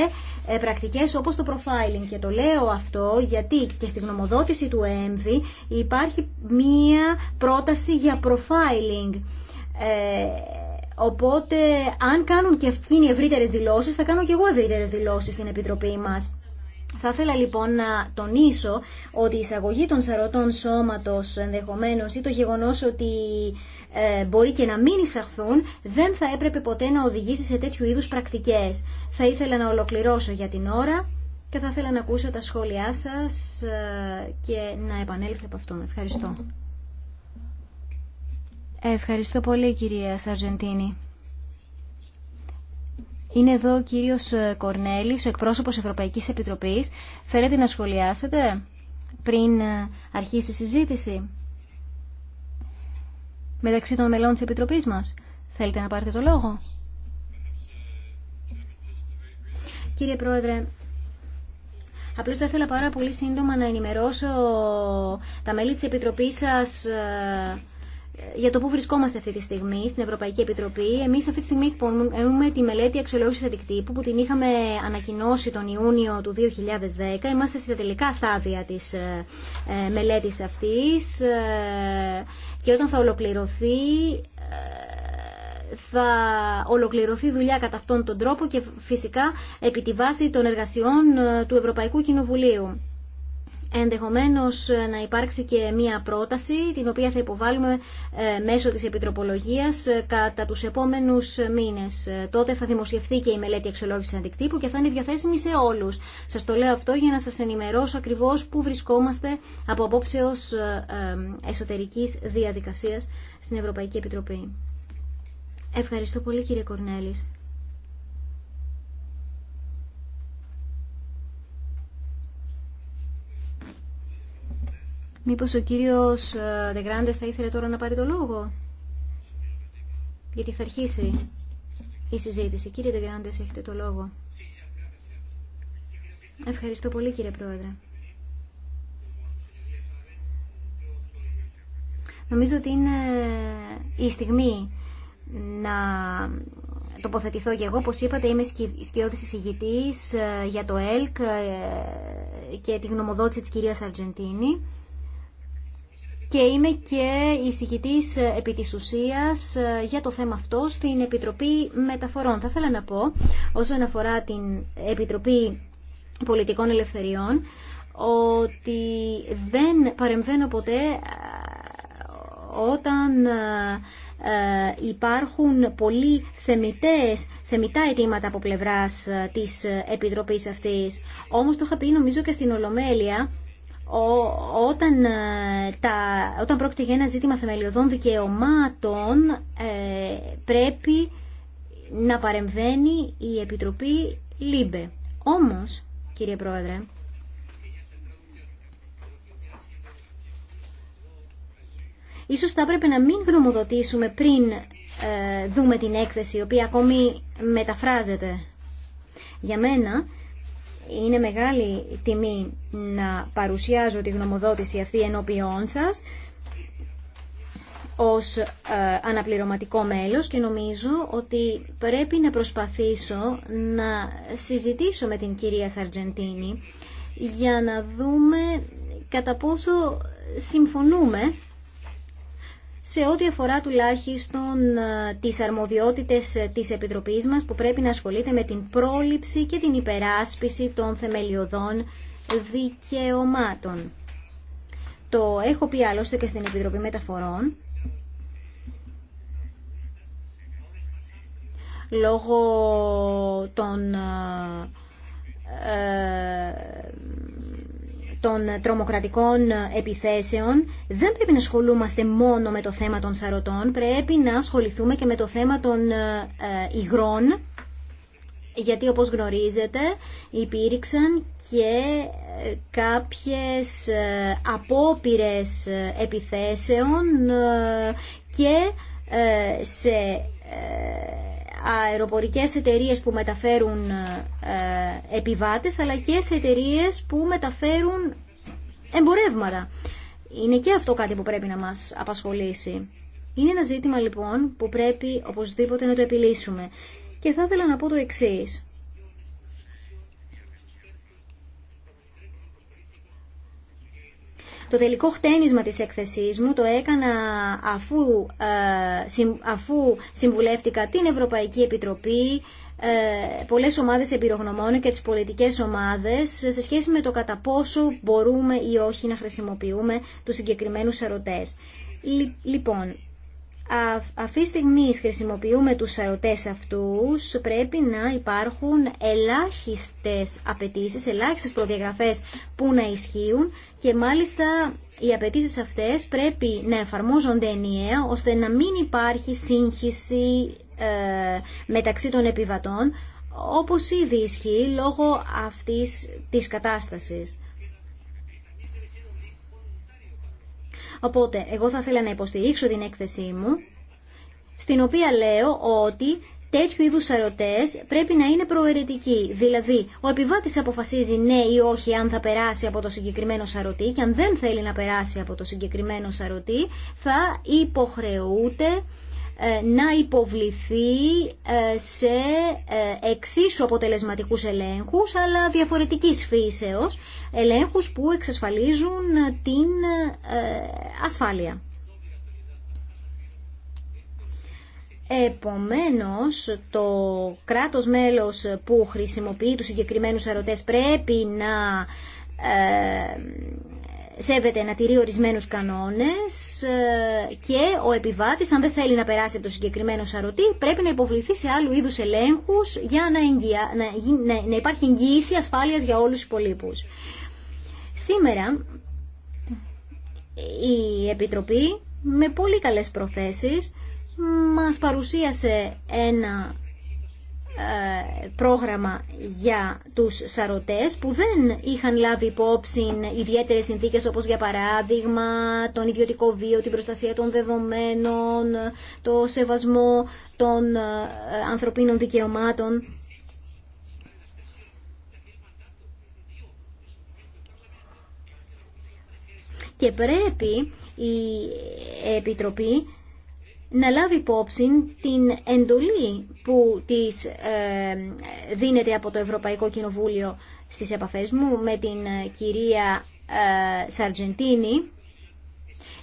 ε, πρακτικέ όπω το profiling. Και το λέω αυτό γιατί και στη γνωμοδότηση του ΕΜΒΗ υπάρχει μία πρόταση για profiling. Ε, Οπότε, αν κάνουν και εκείνοι ευρύτερε δηλώσει, θα κάνω και εγώ ευρύτερε δηλώσει στην Επιτροπή μα. Θα ήθελα λοιπόν να τονίσω ότι η εισαγωγή των σαρωτών σώματος ενδεχομένω ή το γεγονός ότι ε, μπορεί και να μην εισαχθούν δεν θα έπρεπε ποτέ να οδηγήσει σε τέτοιου είδους πρακτικές. Θα ήθελα να ολοκληρώσω για την ώρα και θα ήθελα να ακούσω τα σχόλιά σας ε, και να επανέλθω από αυτό. Ευχαριστώ. Ευχαριστώ πολύ κυρία Σαρτζεντίνη. Είναι εδώ ο κύριος Κορνέλης, ο εκπρόσωπος Ευρωπαϊκής Επιτροπής. Θέλετε να σχολιάσετε πριν αρχίσει η συζήτηση μεταξύ των μελών της Επιτροπής μας. Θέλετε να πάρετε το λόγο. Κύριε Πρόεδρε, Απλώς θα ήθελα πάρα πολύ σύντομα να ενημερώσω τα μέλη της Επιτροπής σας για το που βρισκόμαστε αυτή τη στιγμή στην Ευρωπαϊκή Επιτροπή. Εμείς αυτή τη στιγμή εκπονούμε τη μελέτη αξιολόγησης αντικτύπου που την είχαμε ανακοινώσει τον Ιούνιο του 2010. Είμαστε στα τελικά στάδια της ε, ε, μελέτης αυτής ε, και όταν θα ολοκληρωθεί θα ολοκληρωθεί δουλειά κατά αυτόν τον τρόπο και φυσικά επί τη βάση των εργασιών του Ευρωπαϊκού Κοινοβουλίου ενδεχομένως ε, να υπάρξει και μία πρόταση την οποία θα υποβάλουμε ε, μέσω της Επιτροπολογίας ε, κατά τους επόμενους μήνες. Τότε θα δημοσιευθεί και η μελέτη αξιολόγησης αντικτύπου και θα είναι διαθέσιμη σε όλους. Σας το λέω αυτό για να σας ενημερώσω ακριβώς που βρισκόμαστε από απόψεως εσωτερικής διαδικασίας στην Ευρωπαϊκή Επιτροπή. Ευχαριστώ πολύ κύριε Κορνέλης. Μήπως ο κύριος Δεγκράντες ε, θα ήθελε τώρα να πάρει το λόγο. Γιατί θα αρχίσει η συζήτηση. Κύριε Δεγκράντες, έχετε το λόγο. Ευχαριστώ πολύ κύριε Πρόεδρε. Νομίζω ότι είναι η στιγμή να τοποθετηθώ και εγώ. Όπως είπατε είμαι σκιώδης εισηγητής ε, για το ΕΛΚ ε, και τη γνωμοδότηση της κυρίας Αργεντίνη και είμαι και εισηγητής επί της ε, για το θέμα αυτό στην Επιτροπή Μεταφορών. Θα ήθελα να πω, όσον αφορά την Επιτροπή Πολιτικών Ελευθεριών, ότι δεν παρεμβαίνω ποτέ ε, όταν ε, υπάρχουν πολύ θεμητές, θεμητά αιτήματα από πλευράς της Επιτροπής αυτής. Όμως το είχα πει νομίζω και στην Ολομέλεια όταν, ε, τα, όταν πρόκειται για ένα ζήτημα θεμελιωδών δικαιωμάτων ε, πρέπει να παρεμβαίνει η Επιτροπή ΛΥΜΠΕ. Όμως, κύριε Πρόεδρε, ίσως θα έπρεπε να μην γνωμοδοτήσουμε πριν ε, δούμε την έκθεση, η οποία ακόμη μεταφράζεται. Για μένα, είναι μεγάλη τιμή να παρουσιάζω τη γνωμοδότηση αυτή ενώπιόν σας ως ε, αναπληρωματικό μέλος και νομίζω ότι πρέπει να προσπαθήσω να συζητήσω με την κυρία Σαρτζεντίνη για να δούμε κατά πόσο συμφωνούμε σε ό,τι αφορά τουλάχιστον ε, τις αρμοδιότητες ε, της Επιτροπής μας που πρέπει να ασχολείται με την πρόληψη και την υπεράσπιση των θεμελιωδών δικαιωμάτων. Το έχω πει άλλωστε και στην Επιτροπή Μεταφορών. Λόγω των ε, των τρομοκρατικών επιθέσεων δεν πρέπει να ασχολούμαστε μόνο με το θέμα των σαρωτών, πρέπει να ασχοληθούμε και με το θέμα των ε, υγρών γιατί όπως γνωρίζετε υπήρξαν και ε, κάποιες ε, απόπειρες επιθέσεων και σε αεροπορικές εταιρείες που μεταφέρουν ε, επιβάτες αλλά και σε εταιρείες που μεταφέρουν εμπορεύματα. Είναι και αυτό κάτι που πρέπει να μας απασχολήσει. Είναι ένα ζήτημα λοιπόν που πρέπει οπωσδήποτε να το επιλύσουμε. Και θα ήθελα να πω το εξής. Το τελικό χτένισμα της έκθεσής μου το έκανα αφού, ε, αφού συμβουλεύτηκα την Ευρωπαϊκή Επιτροπή ε, πολλές ομάδες εμπειρογνωμών και τις πολιτικές ομάδες σε σχέση με το κατά πόσο μπορούμε ή όχι να χρησιμοποιούμε τους συγκεκριμένους ερωτές. Λοιπόν, αυτή τη στιγμή χρησιμοποιούμε τους σαρωτές αυτούς, πρέπει να υπάρχουν ελάχιστες απαιτήσει, ελάχιστες προδιαγραφές που να ισχύουν και μάλιστα οι απαιτήσει αυτές πρέπει να εφαρμόζονται ενιαία ώστε να μην υπάρχει σύγχυση ε, μεταξύ των επιβατών όπως ήδη ισχύει λόγω αυτής της κατάστασης. Οπότε, εγώ θα ήθελα να υποστηρίξω την έκθεσή μου, στην οποία λέω ότι τέτοιου είδους αρωτές πρέπει να είναι προαιρετικοί. Δηλαδή, ο επιβάτης αποφασίζει ναι ή όχι αν θα περάσει από το συγκεκριμένο σαρωτή και αν δεν θέλει να περάσει από το συγκεκριμένο σαρωτή, θα υποχρεούται ε, να υποβληθεί ε, σε ε, εξίσου αποτελεσματικούς ελέγχους, αλλά διαφορετικής φύσεως, ελέγχους που εξασφαλίζουν την ασφάλεια. Επομένως, το κράτος μέλος που χρησιμοποιεί τους συγκεκριμένους αρωτές πρέπει να σέβεται να τηρεί ορισμένους κανόνες ε, και ο επιβάτης αν δεν θέλει να περάσει από το συγκεκριμένο σαρωτή πρέπει να υποβληθεί σε άλλου είδους ελέγχους για να, να... να υπάρχει εγγύηση ασφάλειας για όλους τους υπολείπους. Σήμερα η Επιτροπή με πολύ καλές προθέσεις μας παρουσίασε ένα ε, πρόγραμμα για τους σαρωτές που δεν είχαν λάβει υπόψη ιδιαίτερες συνθήκες όπως για παράδειγμα τον ιδιωτικό βίο, την προστασία των δεδομένων, το σεβασμό των ε, ανθρωπίνων δικαιωμάτων. Και πρέπει η Επιτροπή να λάβει υπόψη την εντολή που της ε, δίνεται από το Ευρωπαϊκό Κοινοβούλιο στις επαφές μου με την ε, κυρία ε, Σαρτζεντίνη.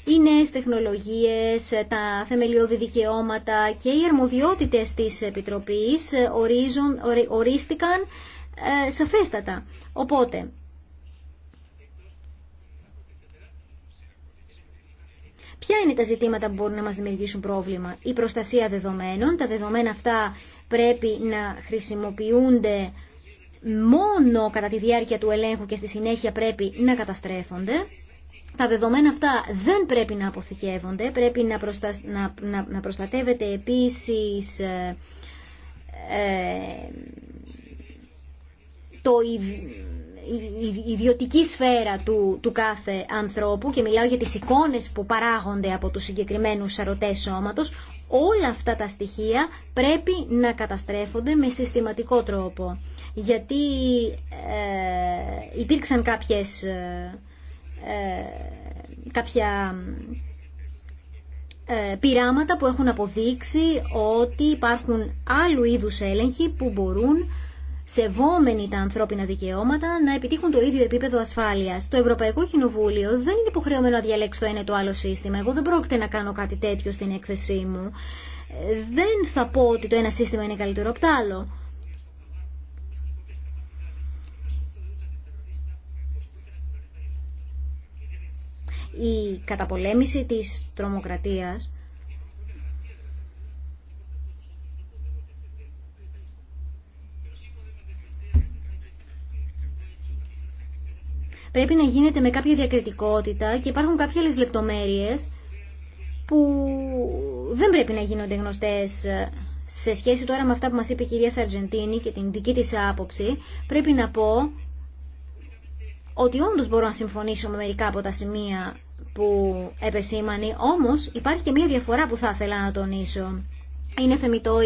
Οι νέε τεχνολογίες, τα θεμελιώδη δικαιώματα και οι αρμοδιότητες της Επιτροπής ορίστηκαν σαφέστατα. Οπότε, Ποια είναι τα ζητήματα που μπορούν να μας δημιουργήσουν πρόβλημα. Η προστασία δεδομένων, τα δεδομένα αυτά πρέπει να χρησιμοποιούνται μόνο κατά τη διάρκεια του ελέγχου και στη συνέχεια πρέπει να καταστρέφονται. Τα δεδομένα αυτά δεν πρέπει να αποθηκεύονται, πρέπει να, να... να... να προστατεύεται επίσης ε... ε το ιδιωτική σφαίρα του, του κάθε ανθρώπου και μιλάω για τις εικόνες που παράγονται από τους συγκεκριμένους σαρωτές σώματος, όλα αυτά τα στοιχεία πρέπει να καταστρέφονται με συστηματικό τρόπο. Γιατί ε, υπήρξαν κάποιες, ε, ε, κάποια ε, πειράματα που έχουν αποδείξει ότι υπάρχουν άλλου είδους έλεγχοι που μπορούν σεβόμενοι τα ανθρώπινα δικαιώματα να επιτύχουν το ίδιο επίπεδο ασφάλεια. Το Ευρωπαϊκό Κοινοβούλιο δεν είναι υποχρεωμένο να διαλέξει το ένα ή το άλλο σύστημα. Εγώ δεν πρόκειται να κάνω κάτι τέτοιο στην έκθεσή μου. Δεν θα πω ότι το ένα σύστημα είναι καλύτερο από το άλλο. Η καταπολέμηση της τρομοκρατίας πρέπει να γίνεται με κάποια διακριτικότητα και υπάρχουν κάποιες άλλες λεπτομέρειες που δεν πρέπει να γίνονται γνωστές ε, σε σχέση τώρα με αυτά που μας είπε η κυρία Σαρτζεντίνη και την δική της άποψη, πρέπει να πω ότι όντως μπορώ να συμφωνήσω με μερικά από τα σημεία που επεσήμανε, όμως υπάρχει και μία διαφορά που θα ήθελα να τονίσω είναι θεμητό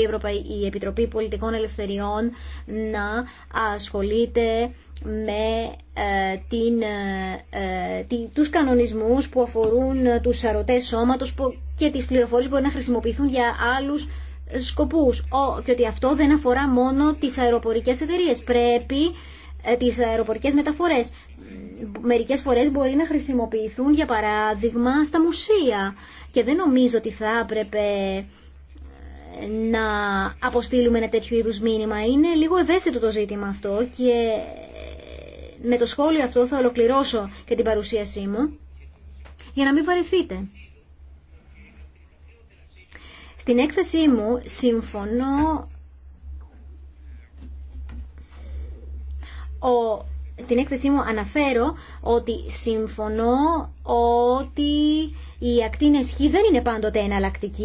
η, Επιτροπή Πολιτικών Ελευθεριών να ασχολείται με ε, την, ε, ε, τους κανονισμούς που αφορούν τους σαρωτές σώματος και τις πληροφορίες που μπορεί να χρησιμοποιηθούν για άλλους σκοπούς. και ότι αυτό δεν αφορά μόνο τις αεροπορικές εταιρείες. Πρέπει ε, τις αεροπορικές μεταφορές. Μερικές φορές μπορεί να χρησιμοποιηθούν για παράδειγμα στα μουσεία. Και δεν νομίζω ότι θα έπρεπε να αποστείλουμε ένα τέτοιο είδους μήνυμα. Είναι λίγο ευαίσθητο το ζήτημα αυτό και με το σχόλιο αυτό θα ολοκληρώσω και την παρουσίασή μου για να μην βαρεθείτε. Στην έκθεσή μου συμφωνώ ο στην έκθεσή μου αναφέρω ότι συμφωνώ ότι η ακτίνες χ δεν είναι πάντοτε εναλλακτική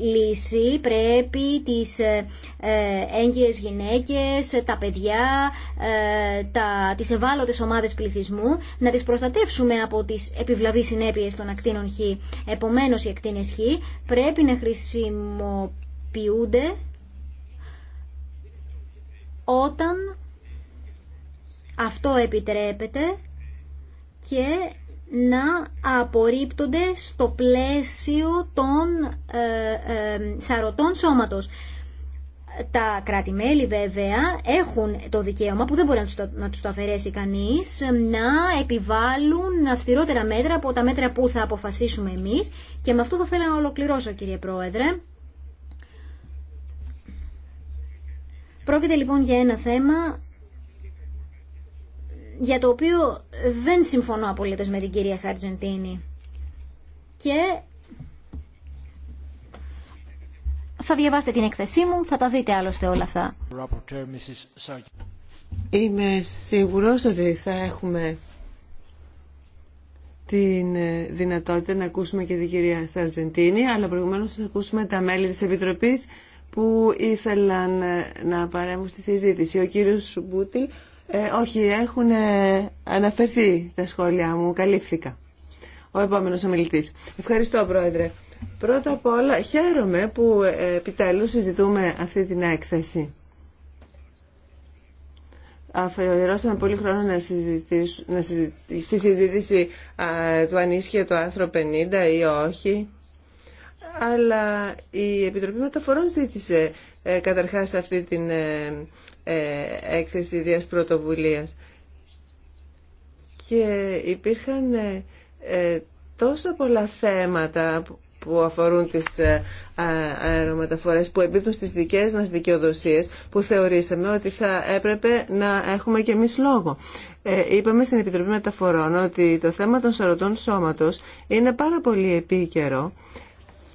λύση. Πρέπει τις ε, ε, έγκυες γυναίκες, τα παιδιά, ε, τα, τις ευάλωτες ομάδες πληθυσμού να τις προστατεύσουμε από τις επιβλαβείς συνέπειες των ακτίνων χ. Επομένως οι ακτίνες χ πρέπει να χρησιμοποιούνται όταν αυτό επιτρέπεται και να απορρίπτονται στο πλαίσιο των ε, ε, σαρωτών σώματος. Τα κράτη-μέλη βέβαια έχουν το δικαίωμα που δεν μπορεί να τους το αφαιρέσει κανείς να επιβάλλουν αυστηρότερα μέτρα από τα μέτρα που θα αποφασίσουμε εμείς και με αυτό θα θέλω να ολοκληρώσω κύριε Πρόεδρε. Πρόκειται λοιπόν για ένα θέμα για το οποίο δεν συμφωνώ απολύτως με την κυρία Σαρτζεντίνη. Και θα διαβάσετε την έκθεσή μου, θα τα δείτε άλλωστε όλα αυτά. Είμαι σίγουρος ότι θα έχουμε την ε, δυνατότητα να ακούσουμε και την κυρία Σαρτζεντίνη, αλλά προηγουμένως θα ακούσουμε τα μέλη της Επιτροπής που ήθελαν ε, να παρέμβουν στη συζήτηση. Ο κύριος Σουμπούτη, ε, όχι, έχουν ε, αναφερθεί τα σχόλια μου, καλύφθηκα. Ο επόμενος ομιλητής. Ευχαριστώ, Πρόεδρε. Πρώτα απ' όλα, χαίρομαι που ε, επιτέλους συζητούμε αυτή την έκθεση. Αφιερώσαμε πολύ χρόνο να να στη συζήτηση του αν το άρθρο 50 ή όχι. Αλλά η Επιτροπή Μεταφορών ζήτησε ε, καταρχάς αυτή την ε, ε, έκθεση ιδίας πρωτοβουλίας. Και υπήρχαν τόσα πολλά θέματα που αφορούν τις αερομεταφορές που εμπίπτουν στις δικές μας δικαιοδοσίες που θεωρήσαμε ότι θα έπρεπε να έχουμε και εμείς λόγο. Ε, είπαμε στην Επιτροπή Μεταφορών ότι το θέμα των σαρωτών σώματος είναι πάρα πολύ επίκαιρο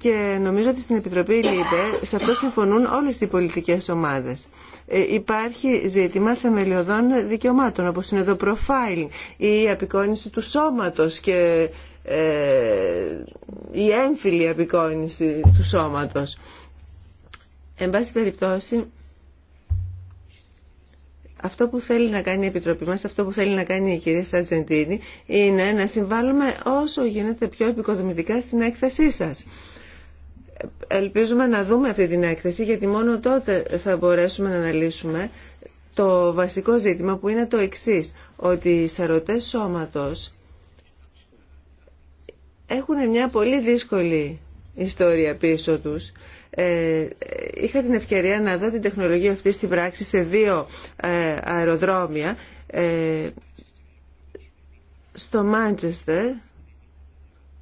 και νομίζω ότι στην Επιτροπή ΛΥΠΕ σε αυτό συμφωνούν όλες οι πολιτικές ομάδες. Ε, υπάρχει ζήτημα θεμελιωδών δικαιωμάτων όπως είναι το profiling, η απεικόνιση του σώματος και ε, η έμφυλη απεικόνιση του σώματος. Εν πάση περιπτώσει, αυτό που θέλει να κάνει η Επιτροπή μας, αυτό που θέλει να κάνει η κυρία Σαρτζεντίνη, είναι να συμβάλλουμε όσο γίνεται πιο επικοδομητικά στην έκθεσή σας ελπίζουμε να δούμε αυτή την έκθεση γιατί μόνο τότε θα μπορέσουμε να αναλύσουμε το βασικό ζήτημα που είναι το εξής, ότι οι σαρωτές σώματος έχουν μια πολύ δύσκολη ιστορία πίσω τους. Ε, είχα την ευκαιρία να δω την τεχνολογία αυτή στην πράξη σε δύο ε, αεροδρόμια ε, στο Μάντσεστερ,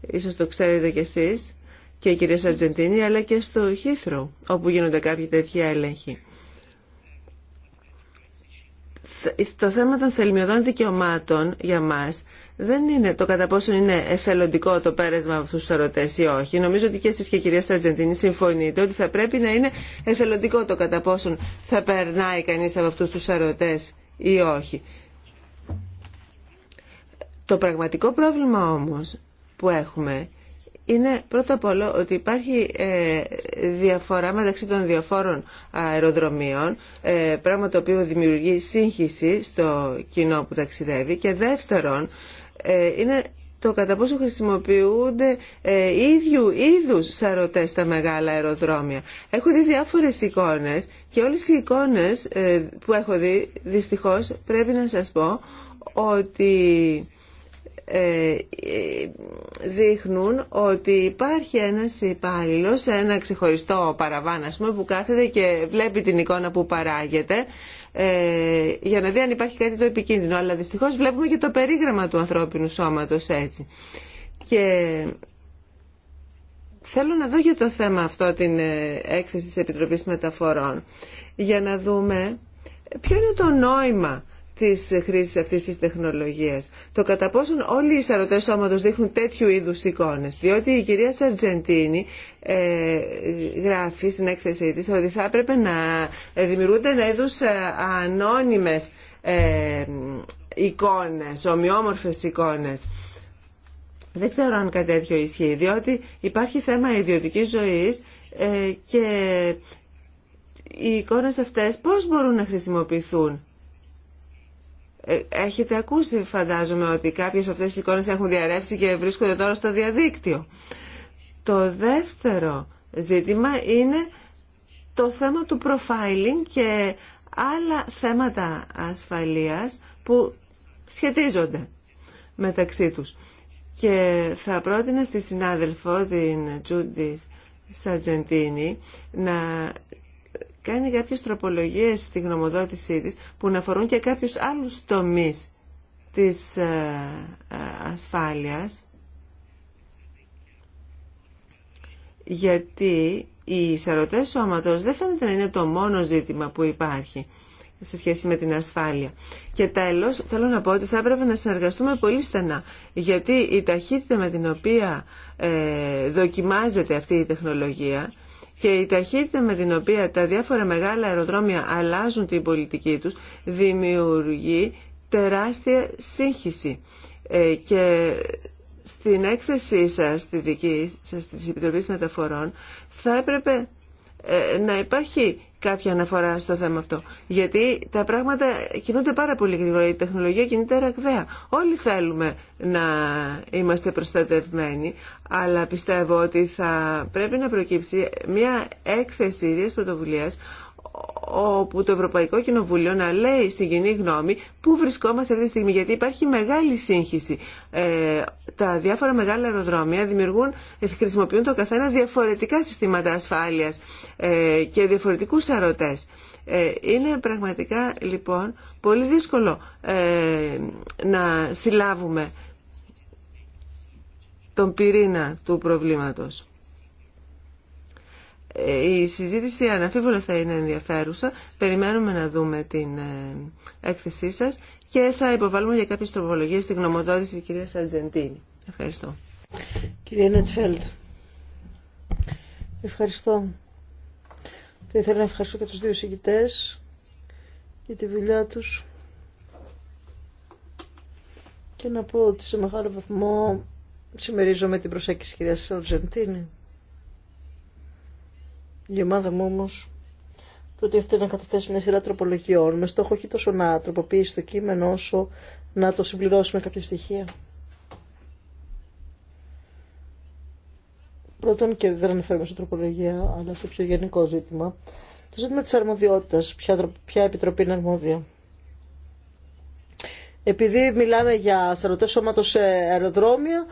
ίσως το ξέρετε κι εσείς, και η κυρία Σαρτζεντίνη, αλλά και στο Χήθρο, όπου γίνονται κάποιοι τέτοια έλεγχοι. Το θέμα των θελμιωδών δικαιωμάτων για μας δεν είναι το κατά πόσο είναι εθελοντικό το πέρασμα από του ερωτές ή όχι. Νομίζω ότι και εσείς και η κυρία Σαρτζεντίνη συμφωνείτε ότι θα πρέπει να είναι εθελοντικό το κατά πόσο θα περνάει κανεί από αυτού του ερωτές ή όχι. Το πραγματικό πρόβλημα όμως που έχουμε είναι πρώτα απ' όλο ότι υπάρχει ε, διαφορά μεταξύ των διαφόρων αεροδρομίων, ε, πράγμα το οποίο δημιουργεί σύγχυση στο κοινό που ταξιδεύει και δεύτερον ε, είναι το κατά πόσο χρησιμοποιούνται ίδιου είδους σαρωτές στα μεγάλα αεροδρόμια. Έχω δει διάφορες εικόνες και όλες οι εικόνες που έχω δει δυστυχώς πρέπει να σας πω ότι ε, ε, δείχνουν ότι υπάρχει ένας υπάλληλο, ένα ξεχωριστό παραβάνασμα που κάθεται και βλέπει την εικόνα που παράγεται ε, για να δει αν υπάρχει κάτι το επικίνδυνο. Αλλά δυστυχώς βλέπουμε και το περίγραμμα του ανθρώπινου σώματος έτσι. Και θέλω να δω για το θέμα αυτό την έκθεση της Επιτροπής Μεταφορών για να δούμε ποιο είναι το νόημα της χρήση αυτής της τεχνολογίας. Το κατά πόσον όλοι οι σαρωτές σώματο δείχνουν τέτοιου είδους εικόνες. Διότι η κυρία Σαρτζεντίνη ε, γράφει στην έκθεσή της ότι θα έπρεπε να δημιουργούνται ένα είδους ε, ανώνυμες ε, εικόνες, ομοιόμορφες εικόνες. Δεν ξέρω αν κάτι τέτοιο ισχύει, διότι υπάρχει θέμα ιδιωτικής ζωής ε, και οι εικόνες αυτές πώς μπορούν να χρησιμοποιηθούν ε, έχετε ακούσει φαντάζομαι ότι κάποιες αυτές τις εικόνες έχουν διαρρεύσει και βρίσκονται τώρα στο διαδίκτυο. Το δεύτερο ζήτημα είναι το θέμα του profiling και άλλα θέματα ασφαλείας που σχετίζονται μεταξύ τους. Και θα πρότεινα στη συνάδελφο την Τζούντιθ Σαρτζεντίνη να κάνει κάποιες τροπολογίες στη γνωμοδότησή της που να αφορούν και κάποιους άλλους τομείς της ε, ε, ασφάλειας γιατί οι σαρωτές σώματος δεν φαίνεται να είναι το μόνο ζήτημα που υπάρχει σε σχέση με την ασφάλεια. Και τέλος, θέλω να πω ότι θα έπρεπε να συνεργαστούμε πολύ στενά, γιατί η ταχύτητα με την οποία ε, δοκιμάζεται αυτή η τεχνολογία και η ταχύτητα με την οποία τα διάφορα μεγάλα αεροδρόμια αλλάζουν την πολιτική τους δημιουργεί τεράστια σύγχυση. Ε, και στην έκθεσή σας, στη δική σας, της Επιτροπής Μεταφορών, θα έπρεπε ε, να υπάρχει κάποια αναφορά στο θέμα αυτό. Γιατί τα πράγματα κινούνται πάρα πολύ γρήγορα, η τεχνολογία κινείται ραγδαία. Όλοι θέλουμε να είμαστε προστατευμένοι, αλλά πιστεύω ότι θα πρέπει να προκύψει μια έκθεση ίδιας πρωτοβουλίας όπου το Ευρωπαϊκό Κοινοβούλιο να λέει στην κοινή γνώμη πού βρισκόμαστε αυτή τη στιγμή, γιατί υπάρχει μεγάλη σύγχυση. Ε, τα διάφορα μεγάλα αεροδρόμια δημιουργούν, χρησιμοποιούν το καθένα διαφορετικά συστήματα ασφάλειας ε, και διαφορετικούς αρωτές. Ε, είναι πραγματικά λοιπόν πολύ δύσκολο ε, να συλλάβουμε τον πυρήνα του προβλήματος η συζήτηση αναφίβολα θα είναι ενδιαφέρουσα. Περιμένουμε να δούμε την ε, έκθεσή σας και θα υποβάλουμε για κάποιες τροπολογίες τη γνωμοδότηση της κυρίας Αργεντίνη. Ευχαριστώ. Κυρία Νετφέλτ, ευχαριστώ. Θα ήθελα να ευχαριστώ και τους δύο συγκητές για τη δουλειά τους και να πω ότι σε μεγάλο βαθμό συμμερίζομαι την προσέγγιση κυρίας Αργεντίνη. Η ομάδα μου όμω. προτίθεται να καταθέσει μια σειρά τροπολογιών με στόχο όχι τόσο να τροποποιήσει το κείμενο όσο να το συμπληρώσει με κάποια στοιχεία. Πρώτον, και δεν αναφέρομαι σε τροπολογία, αλλά σε πιο γενικό ζήτημα, το ζήτημα της αρμοδιότητας, ποια, ποια επιτροπή είναι αρμόδια. Επειδή μιλάμε για σαρωτέ σώματο σε αεροδρόμια,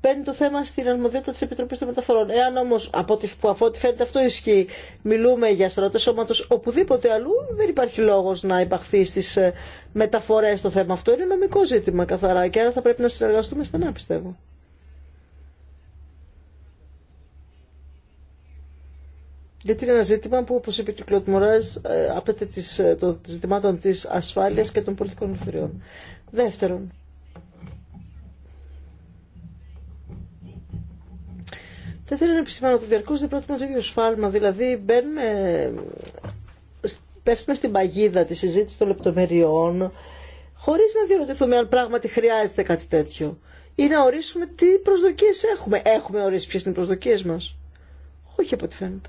παίρνει το θέμα στην αρμοδιότητα τη Επιτροπή των Μεταφορών. Εάν όμω, από, ό,τι φαίνεται αυτό ισχύει, μιλούμε για στρατό σώματο οπουδήποτε αλλού, δεν υπάρχει λόγο να υπαχθεί στι ε, μεταφορέ το θέμα αυτό. Είναι νομικό ζήτημα καθαρά και άρα θα πρέπει να συνεργαστούμε στενά, πιστεύω. Γιατί είναι ένα ζήτημα που, όπω είπε και ο Κλωτ Μωρέ, ε, απέτειται των ε, ζητημάτων τη ασφάλεια και των πολιτικών ελευθεριών. Δεύτερον, Θα θέλω να επισημάνω ότι διαρκώ δεν πρότεινα το ίδιο σφάλμα. Δηλαδή, μπαίνουμε, πέφτουμε στην παγίδα τη συζήτηση των λεπτομεριών, χωρί να διαρωτηθούμε αν πράγματι χρειάζεται κάτι τέτοιο. Ή να ορίσουμε τι προσδοκίε έχουμε. Έχουμε ορίσει ποιε είναι οι προσδοκίε μα. Όχι από ό,τι φαίνεται.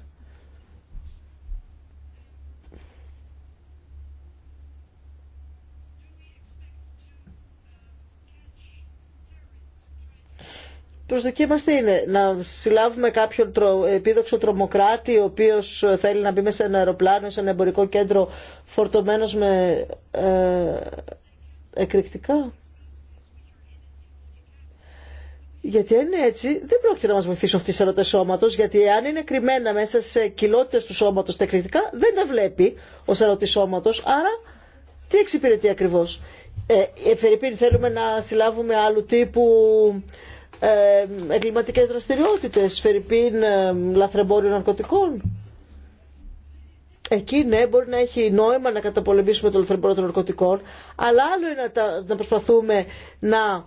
προσδοκία μας τι είναι, να συλλάβουμε κάποιον τρο, επίδοξο τρομοκράτη ο οποίος θέλει να μπει μέσα σε ένα αεροπλάνο, σε ένα εμπορικό κέντρο φορτωμένος με ε, εκρηκτικά. Γιατί αν είναι έτσι, δεν πρόκειται να μας βοηθήσουν αυτοί οι σαρωτέ γιατί αν είναι κρυμμένα μέσα σε κοιλότητες του σώματος τα εκρηκτικά, δεν τα βλέπει ο σαρωτή σώματος, Άρα, τι εξυπηρετεί ακριβώς. Ε, ε θέλουμε να συλλάβουμε άλλου τύπου ε, εγκληματικές δραστηριότητες, φερρυπίν ε, λαθρεμπόριων ναρκωτικών. Εκεί ναι, μπορεί να έχει νόημα να καταπολεμήσουμε το λαθρεμπόριο των ναρκωτικών, αλλά άλλο είναι να, να προσπαθούμε να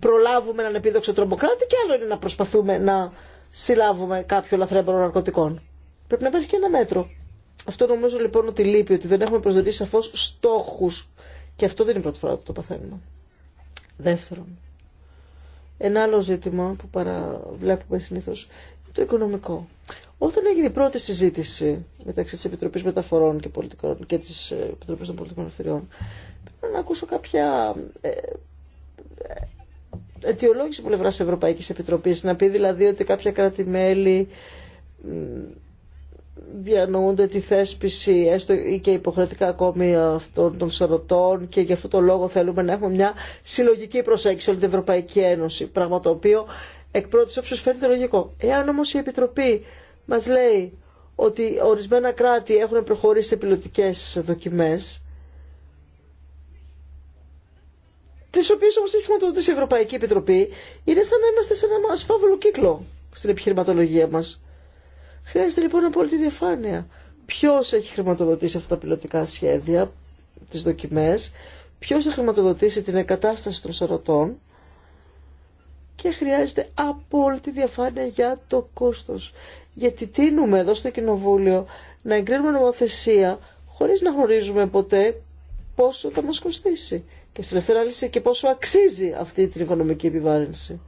προλάβουμε έναν επίδοξο τρομοκράτη και άλλο είναι να προσπαθούμε να συλλάβουμε κάποιο λαθρέμπορο ναρκωτικών. Πρέπει να υπάρχει και ένα μέτρο. Αυτό νομίζω λοιπόν ότι λείπει, ότι δεν έχουμε προσδιορίσει σαφώ στόχου. Και αυτό δεν είναι η πρώτη φορά που το παθαίνουμε. Δεύτερον, ένα άλλο ζήτημα που παραβλέπουμε συνήθως είναι το οικονομικό. Όταν έγινε η πρώτη συζήτηση μεταξύ της Επιτροπής Μεταφορών και, Πολιτικών, και της ε, Επιτροπής των Πολιτικών Ευθυριών, πρέπει να ακούσω κάποια ε, ε, αιτιολόγηση πλευρά Ευρωπαίκη Επιτροπής, να πει δηλαδή ότι κάποια κράτη-μέλη διανοούνται τη θέσπιση έστω και υποχρεωτικά ακόμη αυτών των σαρωτών και γι' αυτό το λόγο θέλουμε να έχουμε μια συλλογική προσέγγιση όλη την Ευρωπαϊκή Ένωση, πράγμα το οποίο εκ πρώτης όψης φαίνεται λογικό. Εάν όμως η Επιτροπή μας λέει ότι ορισμένα κράτη έχουν προχωρήσει σε πιλωτικές δοκιμές, τι οποίε όμω έχει χρηματοδοτήσει η Ευρωπαϊκή Επιτροπή, είναι σαν να είμαστε σε ένα ασφάβολο κύκλο στην επιχειρηματολογία μας Χρειάζεται λοιπόν απόλυτη διαφάνεια. Ποιο έχει χρηματοδοτήσει αυτά τα πιλωτικά σχέδια, τι δοκιμέ, ποιο θα χρηματοδοτήσει την εγκατάσταση των σαρωτών και χρειάζεται απόλυτη διαφάνεια για το κόστο. Γιατί τίνουμε εδώ στο Κοινοβούλιο να εγκρίνουμε νομοθεσία χωρί να γνωρίζουμε ποτέ πόσο θα μα κοστίσει. Και στην ελευθερία και πόσο αξίζει αυτή την οικονομική επιβάρυνση.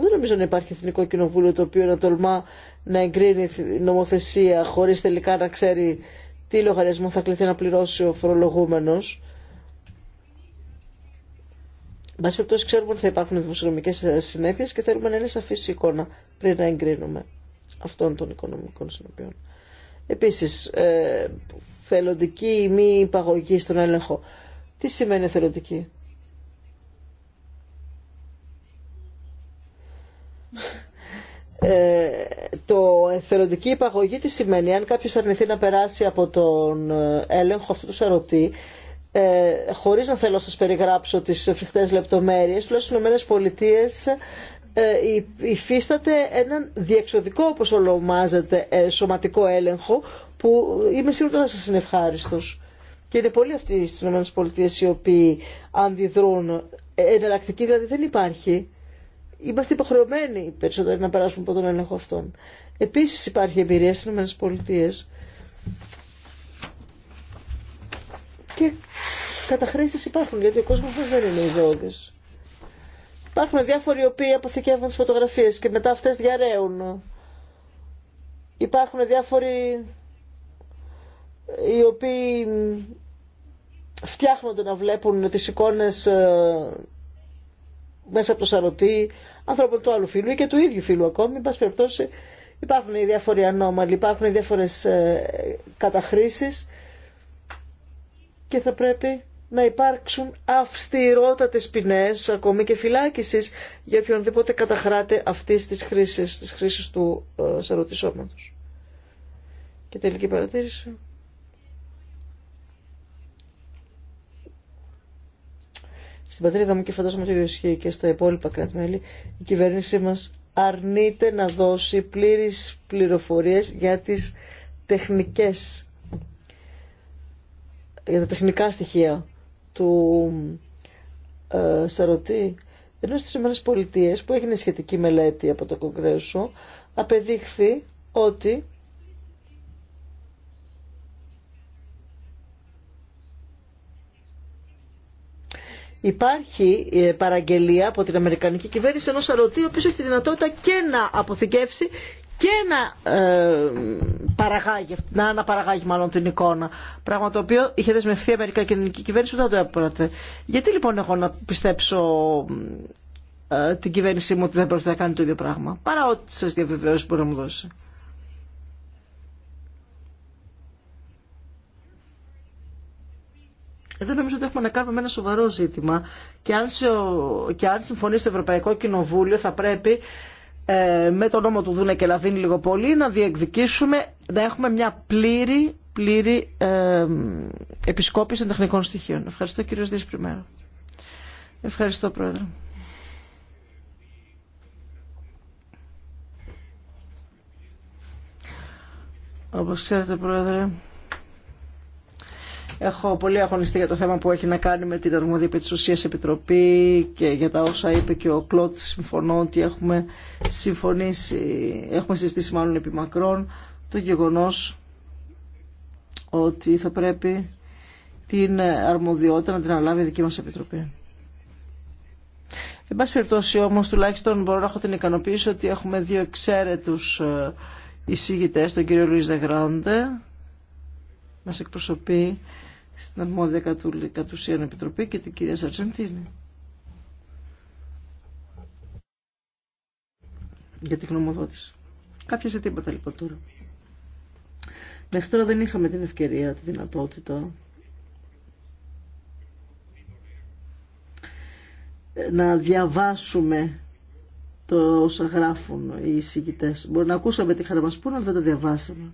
Δεν νομίζω να υπάρχει Εθνικό Κοινοβούλιο το οποίο να τολμά να εγκρίνει νομοθεσία χωρί τελικά να ξέρει τι λογαριασμό θα κληθεί να πληρώσει ο φορολογούμενος. Μπα περιπτώσει ξέρουμε ότι θα υπάρχουν δημοσιονομικέ ε, συνέπειε και θέλουμε να είναι σαφή η εικόνα πριν να εγκρίνουμε αυτών των οικονομικών συνοπιών. Επίση, ε, θελοντική ή μη υπαγωγή στον έλεγχο. Τι σημαίνει θελοντική. Ε, το εθελοντική υπαγωγή τι σημαίνει, αν κάποιος αρνηθεί να περάσει από τον ε, έλεγχο αυτού του σαρωτή, ε, χωρίς να θέλω να σας περιγράψω τις φρικτές λεπτομέρειες, τουλάχιστον στις Πολιτείες ε, υφίσταται έναν διεξοδικό, όπως ονομάζεται, ε, σωματικό έλεγχο, που είμαι σίγουρη ότι θα σας είναι ευχάριστος. Και είναι πολλοί αυτοί στις ΗΠΑ οι οποίοι αντιδρούν. Εναλλακτική δηλαδή δεν υπάρχει είμαστε υποχρεωμένοι περισσότερο να περάσουμε από τον έλεγχο αυτών. Επίσης υπάρχει εμπειρία στις Πολιτείες και καταχρήσεις υπάρχουν γιατί ο κόσμος μας δεν είναι ιδιώδης. Υπάρχουν διάφοροι οι οποίοι αποθηκεύουν τις φωτογραφίες και μετά αυτές διαραίουν. Υπάρχουν διάφοροι οι οποίοι φτιάχνονται να βλέπουν τις εικόνες ε, μέσα από το σαρωτή ανθρώπων του άλλου φίλου ή και του ίδιου φίλου ακόμη. Εν πάση περιπτώσει υπάρχουν οι διάφοροι ανώμαλοι, υπάρχουν οι διάφορες ε, καταχρήσεις και θα πρέπει να υπάρξουν αυστηρότατες ποινές, ακόμη και φυλάκιση για οποιονδήποτε καταχράται αυτή τη χρήση του ε, Και τελική παρατήρηση. στην πατρίδα μου και φαντάζομαι το ίδιο ισχύει και στα υπόλοιπα κράτη-μέλη η κυβέρνησή μας αρνείται να δώσει πλήρε πληροφορίες για τις τεχνικές, για τα τεχνικά στοιχεία του ε, Σαρωτή. Ενώ στις Ηνωμένες Πολιτείες που έγινε σχετική μελέτη από το Κογκρέσο απεδείχθη ότι Υπάρχει ε, παραγγελία από την Αμερικανική κυβέρνηση ενός αρωτή ο οποίος έχει τη δυνατότητα και να αποθηκεύσει και να ε, παραγάγει, να αναπαραγάγει μάλλον την εικόνα. Πράγμα το οποίο είχε δεσμευθεί η Αμερικανική κυβέρνηση όταν το έπρεπε. Γιατί λοιπόν έχω να πιστέψω ε, την κυβέρνησή μου ότι δεν πρόκειται να κάνει το ίδιο πράγμα. Παρά ό,τι σας διαβεβαιώσει μπορεί να μου δώσει. Εδώ νομίζω ότι έχουμε να κάνουμε με ένα σοβαρό ζήτημα και αν, και αν συμφωνεί στο Ευρωπαϊκό Κοινοβούλιο θα πρέπει ε, με το νόμο του Δούνε και Λαβίνη λίγο πολύ να διεκδικήσουμε να έχουμε μια πλήρη, πλήρη ε, επισκόπηση των τεχνικών στοιχείων. Ευχαριστώ κύριο πρώτα. Ευχαριστώ πρόεδρε. Όπως ξέρετε πρόεδρε, Έχω πολύ αγωνιστεί για το θέμα που έχει να κάνει με την αρμόδια της ουσίας επιτροπή και για τα όσα είπε και ο Κλώτ συμφωνώ ότι έχουμε συμφωνήσει, έχουμε συζητήσει μάλλον επί μακρόν το γεγονός ότι θα πρέπει την αρμοδιότητα να την αναλάβει η δική μας επιτροπή. Εν πάση περιπτώσει όμως τουλάχιστον μπορώ να έχω την ικανοποίηση ότι έχουμε δύο εξαίρετους ε, εισηγητές, τον κύριο Λουίς Δεγράντε, μας εκπροσωπεί στην αρμόδια κατ' επιτροπή και την κυρία Σαρτζεντίνη. Για τη γνωμοδότηση. Κάποια ζητήματα λοιπόν τώρα. Μέχρι τώρα δεν είχαμε την ευκαιρία, τη δυνατότητα να διαβάσουμε το όσα γράφουν οι εισηγητές. Μπορεί να ακούσαμε τι χαρά μας αλλά δεν τα διαβάσαμε.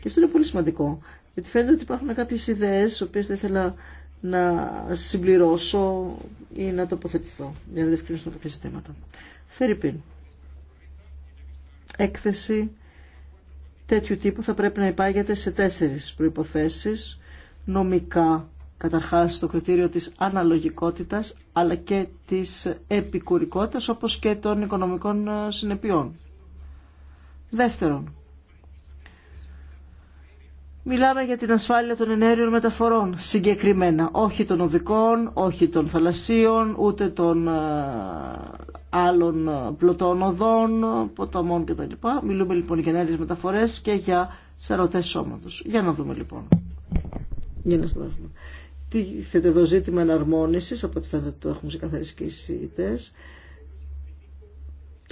Και αυτό είναι πολύ σημαντικό. Γιατί φαίνεται ότι υπάρχουν κάποιες ιδέες, οι οποίες δεν ήθελα να συμπληρώσω ή να τοποθετηθώ, για να διευκρινίσω κάποια ζητήματα. Φερρυπίν. Έκθεση τέτοιου τύπου θα πρέπει να υπάγεται σε τέσσερις προϋποθέσεις. Νομικά, καταρχάς το κριτήριο της αναλογικότητας, αλλά και της επικουρικότητας, όπως και των οικονομικών συνεπειών. Δεύτερον, Μιλάμε για την ασφάλεια των ενέργειων μεταφορών συγκεκριμένα, όχι των οδικών, όχι των θαλασσίων, ούτε των ε, άλλων ε, πλωτών οδών, ποταμών κτλ. Μιλούμε λοιπόν για ενέργειες μεταφορές και για σαρωτές σώματος. Για να δούμε λοιπόν. Για να Τι θέτε εδώ ζήτημα εναρμόνισης, από ό,τι φαίνεται το έχουν ξεκαθαρίσει και οι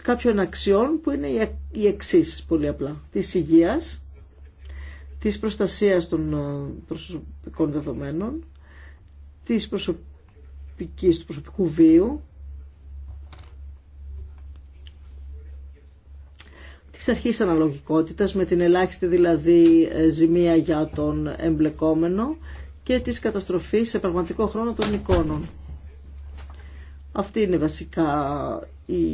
κάποιων αξιών που είναι οι εξή πολύ απλά. Της υγείας, της προστασίας των ε, προσωπικών δεδομένων, της προσωπικής, του προσωπικού βίου, της αρχής αναλογικότητας με την ελάχιστη δηλαδή ε, ζημία για τον εμπλεκόμενο και της καταστροφής σε πραγματικό χρόνο των εικόνων. Αυτή είναι βασικά η,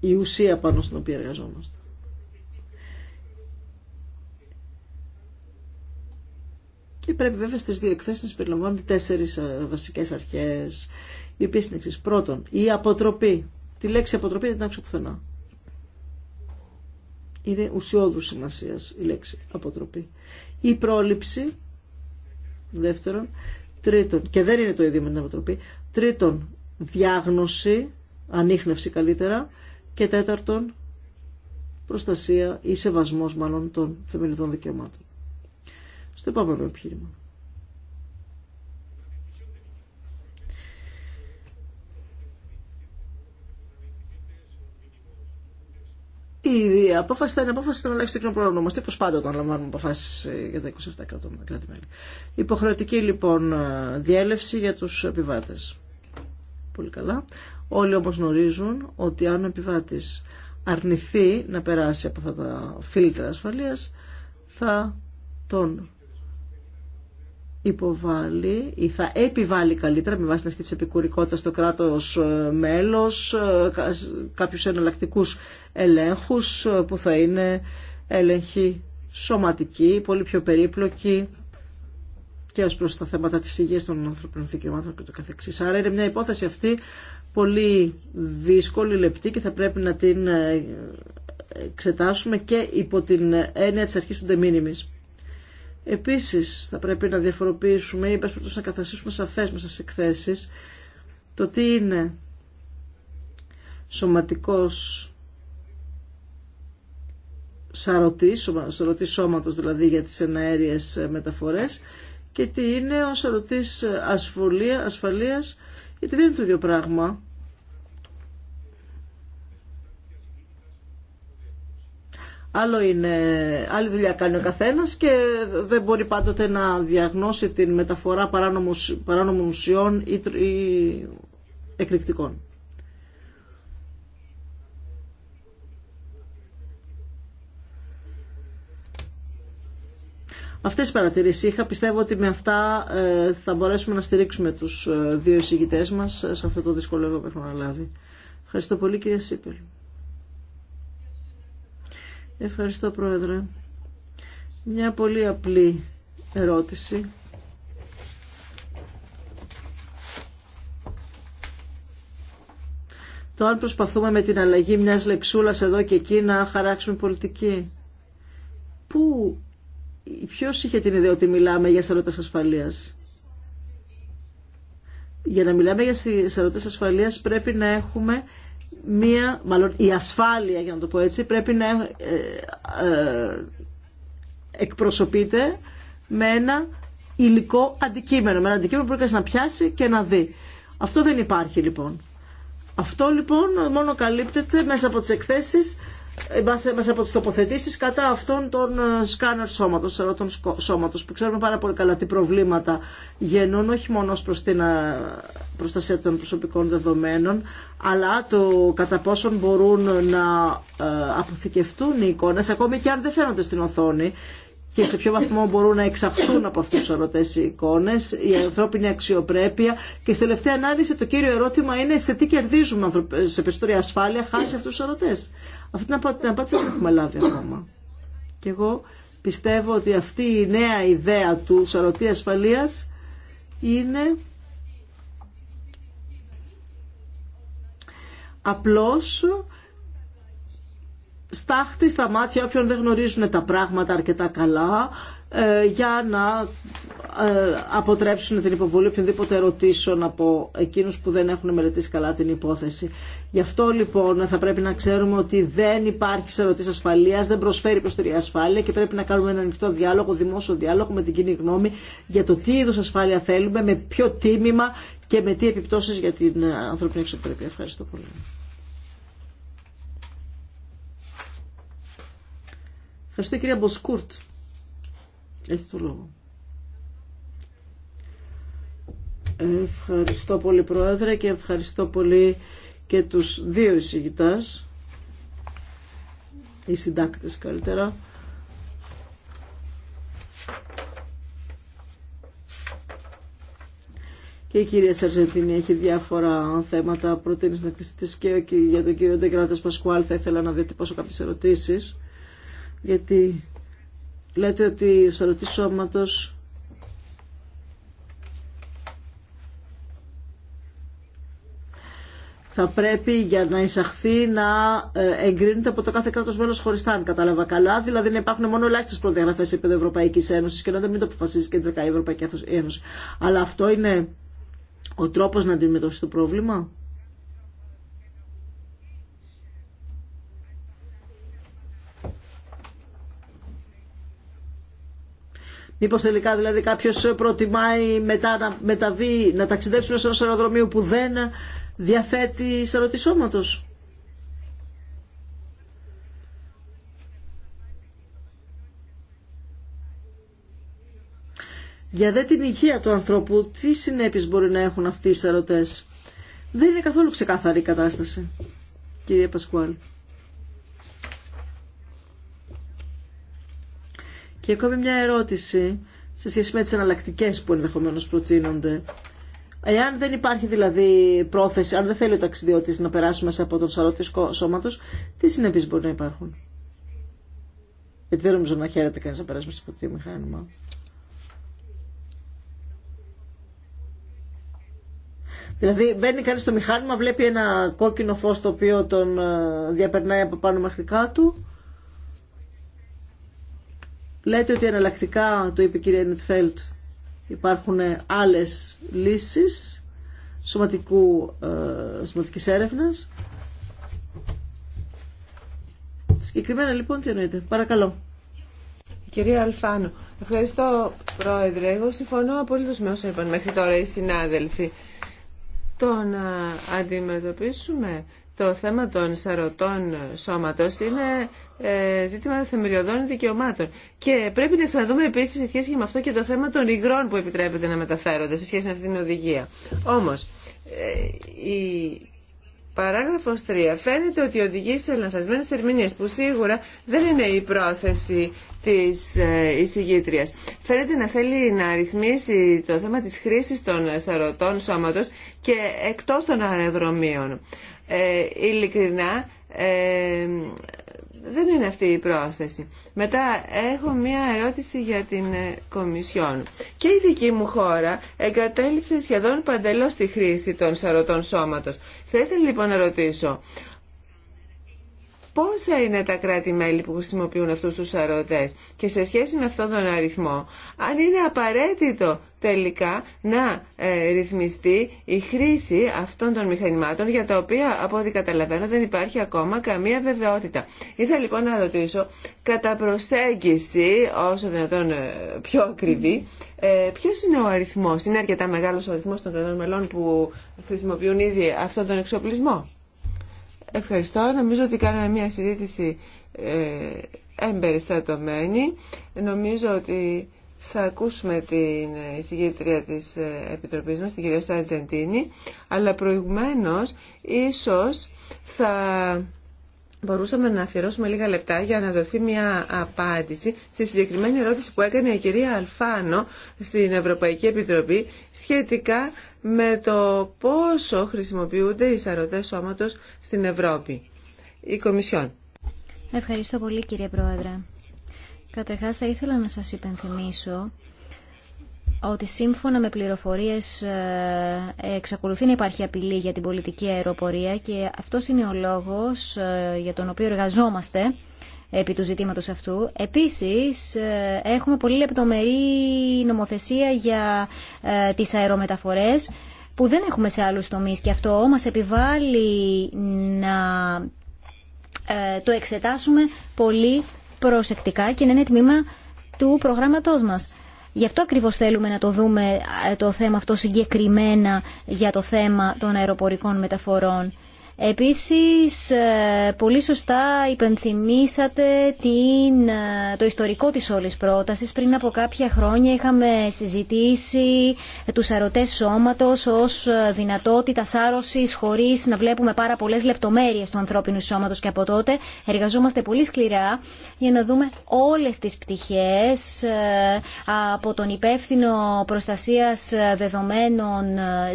η ουσία πάνω στην οποία εργαζόμαστε. Και πρέπει βέβαια στις δύο εκθέσεις να συμπεριλαμβάνουν τέσσερις ε, βασικές αρχές, η οποίες Πρώτον, η αποτροπή. Τη λέξη αποτροπή δεν την άκουσα πουθενά. Είναι ουσιώδου σημασία η λέξη αποτροπή. Η πρόληψη, δεύτερον, τρίτον, και δεν είναι το ίδιο με την αποτροπή, τρίτον, διάγνωση, ανείχνευση καλύτερα, και τέταρτον, προστασία ή σεβασμός μάλλον των θεμελιδών δικαιωμάτων στο επόμενο επιχείρημα. Η απόφαση θα είναι απόφαση των ελάχιστων κοινών προνομαστή, όπω πάντα όταν λαμβάνουμε αποφάσει ε, για τα 27 κράτη-μέλη. Υποχρεωτική λοιπόν ε, διέλευση για του επιβάτε. Πολύ καλά. Όλοι όμω γνωρίζουν ότι αν ο επιβάτη αρνηθεί να περάσει από αυτά τα φίλτρα ασφαλεία, θα τον υποβάλει ή θα επιβάλλει καλύτερα με βάση την αρχή της επικουρικότητας στο κράτος ε, μέλος ε, κάποιους εναλλακτικούς ελέγχους ε, που θα είναι έλεγχοι σωματικοί, πολύ πιο περίπλοκοι και ως προς τα θέματα της υγείας των ανθρωπινών δικαιωμάτων και το καθεξής. Άρα είναι μια υπόθεση αυτή πολύ δύσκολη, λεπτή και θα πρέπει να την εξετάσουμε και υπό την έννοια της αρχής του de Επίσης θα πρέπει να διαφοροποιήσουμε ή να καθασίσουμε σαφέ μέσα στι εκθέσει το τι είναι σωματικός σαρωτής, σαρωτής σώματος δηλαδή για τις εναέριες ε, μεταφορές και τι είναι ο σαρωτής ασφαλεία, γιατί δεν είναι το ίδιο πράγμα Άλλο είναι, άλλη δουλειά κάνει ο καθένας και δεν μπορεί πάντοτε να διαγνώσει την μεταφορά παράνομων ουσιών ή, ή εκρηκτικών. Αυτές οι παρατηρήσεις είχα. Πιστεύω ότι με αυτά ε, θα μπορέσουμε να στηρίξουμε τους ε, δύο εισηγητές μας ε, σε αυτό το δύσκολο έργο που έχουν αναλάβει. Ευχαριστώ πολύ κύριε Σίπελ. Ευχαριστώ Πρόεδρε. Μια πολύ απλή ερώτηση. Το αν προσπαθούμε με την αλλαγή μιας λεξούλας εδώ και εκεί να χαράξουμε πολιτική. Πού, ποιος είχε την ιδέα ότι μιλάμε για σαρωτές ασφαλείας. Για να μιλάμε για σαρωτές ασφαλείας πρέπει να έχουμε μία, μάλλον η ασφάλεια για να το πω έτσι, πρέπει να ε, ε, εκπροσωπείται με ένα υλικό αντικείμενο, με ένα αντικείμενο που πρέπει να πιάσει και να δει. Αυτό δεν υπάρχει λοιπόν. Αυτό λοιπόν μόνο καλύπτεται μέσα από τις εκθέσεις μέσα από τις τοποθετήσεις κατά αυτών των ε, σκάνερ σώματος, ερωτών σώματος, που ξέρουμε πάρα πολύ καλά τι προβλήματα γεννούν, όχι μόνο προς την ε, προστασία των προσωπικών δεδομένων, αλλά το κατά πόσον μπορούν να ε, αποθηκευτούν οι εικόνες, ακόμη και αν δεν φαίνονται στην οθόνη, και σε ποιο βαθμό μπορούν να εξαχθούν από αυτού του ερωτέ οι εικόνε, η ανθρώπινη αξιοπρέπεια. Και στη τελευταία ανάλυση το κύριο ερώτημα είναι σε τι κερδίζουμε σε περισσότερη ασφάλεια χάρη σε αυτού του ερωτέ. Αυτή την απάντηση δεν έχουμε λάβει ακόμα. Και εγώ πιστεύω ότι αυτή η νέα ιδέα του σαρωτή ασφαλείας είναι απλώς στάχτη στα μάτια όποιων δεν γνωρίζουν τα πράγματα αρκετά καλά, ε, για να ε, αποτρέψουν την υποβολή οποιονδήποτε ερωτήσεων από εκείνους που δεν έχουν μελετήσει καλά την υπόθεση. Γι' αυτό λοιπόν θα πρέπει να ξέρουμε ότι δεν υπάρχει σε ερωτήσει ασφαλείας, δεν προσφέρει προστηρία ασφάλεια και πρέπει να κάνουμε ένα ανοιχτό διάλογο, δημόσιο διάλογο με την κοινή γνώμη για το τι είδους ασφάλεια θέλουμε, με ποιο τίμημα και με τι επιπτώσει για την ε, ανθρώπινη εξωτερική. Ευχαριστώ πολύ. Ευχαριστώ κυρία Μποσκούρτ. Έχει το λόγο. Ευχαριστώ πολύ Πρόεδρε και ευχαριστώ πολύ και τους δύο εισηγητάς, οι συντάκτες καλύτερα. Και η κυρία Σαρζεντίνη έχει διάφορα θέματα προτείνει να κτιστείς και για τον κύριο Ντεγκράτας Πασκουάλ θα ήθελα να ποσο κάποιες ερωτήσεις γιατί λέτε ότι ο σαρωτής σώματος θα πρέπει για να εισαχθεί να ε, εγκρίνεται από το κάθε κράτος μέλος χωριστά, αν κατάλαβα καλά. Δηλαδή να υπάρχουν μόνο ελάχιστες προδιαγραφές σε επίπεδο Ευρωπαϊκής Ένωσης και να μην το αποφασίζει και η Ευρωπαϊκή Ένωση. Αλλά αυτό είναι ο τρόπος να αντιμετωπίσει το πρόβλημα. Μήπως τελικά δηλαδή κάποιος προτιμάει μετά να μεταβεί, να ταξιδέψει σε ενός αεροδρομίου που δεν διαθέτει σαρωτισώματος. Για δε την υγεία του ανθρώπου, τι συνέπειες μπορεί να έχουν αυτοί οι σαρωτές. Δεν είναι καθόλου ξεκάθαρη η κατάσταση, κυρία Πασκουάλ. Και ακόμη μια ερώτηση σε σχέση με τις εναλλακτικέ που ενδεχομένω προτείνονται. Εάν δεν υπάρχει δηλαδή πρόθεση, αν δεν θέλει ο ταξιδιώτης να περάσει μέσα από τον σαρωτή σώματος, τι συνέπειες μπορεί να υπάρχουν. Γιατί δεν νομίζω να χαίρεται κανείς να περάσει μέσα από το μηχάνημα. Δηλαδή μπαίνει κανεί στο μηχάνημα, βλέπει ένα κόκκινο φως το οποίο τον ε, διαπερνάει από πάνω μέχρι κάτω Λέτε ότι εναλλακτικά, το είπε η κυρία Νετφέλτ, υπάρχουν άλλες λύσεις σωματικού, ε, σωματικής έρευνας. Συγκεκριμένα λοιπόν τι εννοείτε. Παρακαλώ. Κυρία Αλφάνο, ευχαριστώ Πρόεδρε. Εγώ συμφωνώ απολύτως με όσα είπαν μέχρι τώρα οι συνάδελφοι. Το να αντιμετωπίσουμε το θέμα των σαρωτών σώματος είναι ε, ζήτημα θεμελιωδών δικαιωμάτων. Και πρέπει να ξαναδούμε επίση σε σχέση με αυτό και το θέμα των υγρών που επιτρέπεται να μεταφέρονται σε σχέση με αυτήν την οδηγία. Όμω, ε, η παράγραφος 3 φαίνεται ότι οδηγεί σε λανθασμένες ερμηνείες που σίγουρα δεν είναι η πρόθεση της ε, εισηγήτριας. Φαίνεται να θέλει να ρυθμίσει το θέμα της χρήσης των σαρωτών σώματος και εκτός των αεροδρομίων ε, ειλικρινά ε, δεν είναι αυτή η πρόθεση. Μετά έχω μία ερώτηση για την ε, Κομισιόν. Και η δική μου χώρα εγκατέλειψε σχεδόν παντελώς τη χρήση των σαρωτών σώματος. Θα ήθελα λοιπόν να ρωτήσω, πόσα είναι τα κράτη-μέλη που χρησιμοποιούν αυτούς τους σαρωτές και σε σχέση με αυτόν τον αριθμό, αν είναι απαραίτητο τελικά να ε, ρυθμιστεί η χρήση αυτών των μηχανημάτων για τα οποία από ό,τι καταλαβαίνω δεν υπάρχει ακόμα καμία βεβαιότητα. Ήθελα λοιπόν να ρωτήσω κατά προσέγγιση όσο δυνατόν ε, πιο ακριβή ε, ποιος είναι ο αριθμός, είναι αρκετά μεγάλος ο αριθμός των κρατών μελών που χρησιμοποιούν ήδη αυτόν τον εξοπλισμό. Ευχαριστώ. Νομίζω ότι κάναμε μια συζήτηση εμπεριστατωμένη. Νομίζω ότι θα ακούσουμε την εισηγήτρια της ε, Επιτροπής μας, την κυρία Σαρτζεντίνη, αλλά προηγουμένως ίσως θα μπορούσαμε να αφιερώσουμε λίγα λεπτά για να δοθεί μια απάντηση στη συγκεκριμένη ερώτηση που έκανε η κυρία Αλφάνο στην Ευρωπαϊκή Επιτροπή σχετικά με το πόσο χρησιμοποιούνται οι σαρωτές σώματος στην Ευρώπη. Η Κομισιόν. Ευχαριστώ πολύ κύριε Πρόεδρε. Καταρχάς θα ήθελα να σας υπενθυμίσω ότι σύμφωνα με πληροφορίες ε, εξακολουθεί να υπάρχει απειλή για την πολιτική αεροπορία και αυτό είναι ο λόγος ε, για τον οποίο εργαζόμαστε επί του ζητήματος αυτού. Επίσης, ε, έχουμε πολύ λεπτομερή νομοθεσία για τις αερομεταφορές που δεν έχουμε σε άλλους τομείς και αυτό μας επιβάλλει να το εξετάσουμε πολύ προσεκτικά και να είναι τμήμα του προγράμματό μα. Γι' αυτό ακριβώ θέλουμε να το δούμε ε, το θέμα αυτό συγκεκριμένα για το θέμα των αεροπορικών μεταφορών. Επίσης, ε, πολύ σωστά υπενθυμίσατε την, ε, το ιστορικό της όλης πρότασης. Πριν από κάποια χρόνια είχαμε συζητήσει τους αρωτές σώματος ως ε, δυνατότητα σάρωσης χωρίς να βλέπουμε πάρα πολλές λεπτομέρειες του ανθρώπινου σώματος και από τότε εργαζόμαστε πολύ σκληρά για να δούμε όλες τις πτυχές από τον υπεύθυνο προστασίας δεδομένων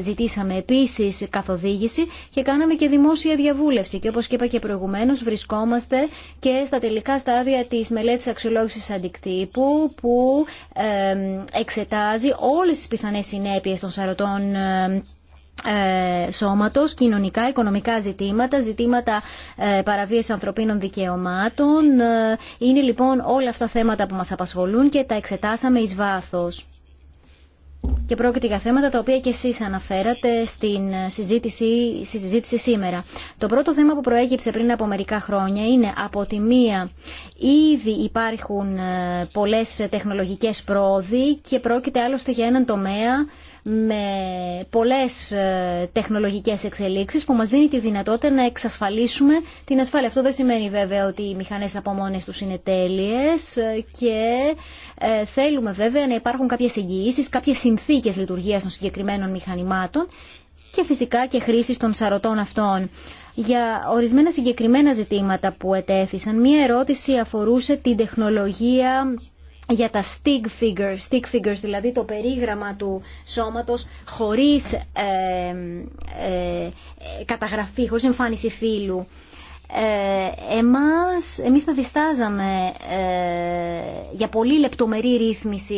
ζητήσαμε επίσης καθοδήγηση και κάναμε και δημόσια δημόσια Και όπω είπα και προηγουμένω, βρισκόμαστε και στα τελικά στάδια τη μελέτη αξιολόγηση αντικτύπου, που εξετάζει όλε τι πιθανέ συνέπειε των σαρωτών ε, σώματος, κοινωνικά, οικονομικά ζητήματα, ζητήματα ε, παραβίαση ανθρωπίνων δικαιωμάτων. Ε, είναι λοιπόν όλα αυτά θέματα που μας απασχολούν και τα εξετάσαμε εις βάθος και πρόκειται για θέματα τα οποία και εσείς αναφέρατε στην συζήτηση, στη συζήτηση σήμερα. Το πρώτο θέμα που προέγυψε πριν από μερικά χρόνια είναι από τη μία ήδη υπάρχουν ε, πολλές τεχνολογικές πρόοδοι και πρόκειται άλλωστε για έναν τομέα με πολλές ε, τεχνολογικές εξελίξεις που μας δίνει τη δυνατότητα να εξασφαλίσουμε την ασφάλεια. Αυτό δεν σημαίνει βέβαια ότι οι μηχανές από μόνες τους είναι τέλειες ε, και ε, θέλουμε βέβαια να υπάρχουν κάποιες εγγυήσεις, κάποιες συνθήκες λειτουργίας των συγκεκριμένων μηχανημάτων και φυσικά και χρήση των σαρωτών αυτών. Για ορισμένα συγκεκριμένα ζητήματα που ετέθησαν, μία ερώτηση αφορούσε την τεχνολογία για τα stick figures, stick figures δηλαδή το περίγραμμα του σώματος χωρίς ε, ε, ε καταγραφή, χωρίς εμφάνιση φύλου ε, εμάς, εμείς θα διστάζαμε ε, για πολύ λεπτομερή ρύθμιση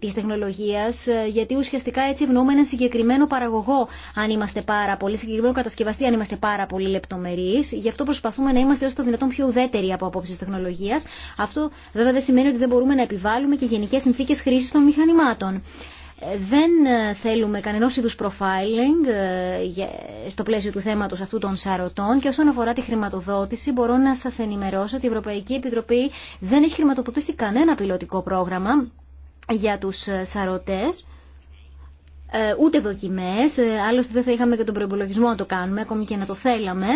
της τεχνολογίας ε, γιατί ουσιαστικά έτσι ευνοούμε έναν συγκεκριμένο παραγωγό αν είμαστε πάρα πολύ, συγκεκριμένο κατασκευαστή αν είμαστε πάρα πολύ λεπτομερείς γι' αυτό προσπαθούμε να είμαστε όσο το δυνατόν πιο ουδέτεροι από απόψεις της τεχνολογίας αυτό βέβαια δεν σημαίνει ότι δεν μπορούμε να επιβάλλουμε και γενικές συνθήκες χρήσης των μηχανημάτων δεν ε, θέλουμε κανένα είδους profiling ε, στο πλαίσιο του θέματος αυτού των σαρωτών και όσον αφορά τη χρηματοδότηση μπορώ να σας ενημερώσω ότι η Ευρωπαϊκή Επιτροπή δεν έχει χρηματοδοτήσει κανένα πιλωτικό πρόγραμμα για τους ε, σαρωτές ε, ούτε δοκιμές, ε, άλλωστε δεν θα είχαμε και τον προπολογισμό να το κάνουμε, ακόμη και να το θέλαμε.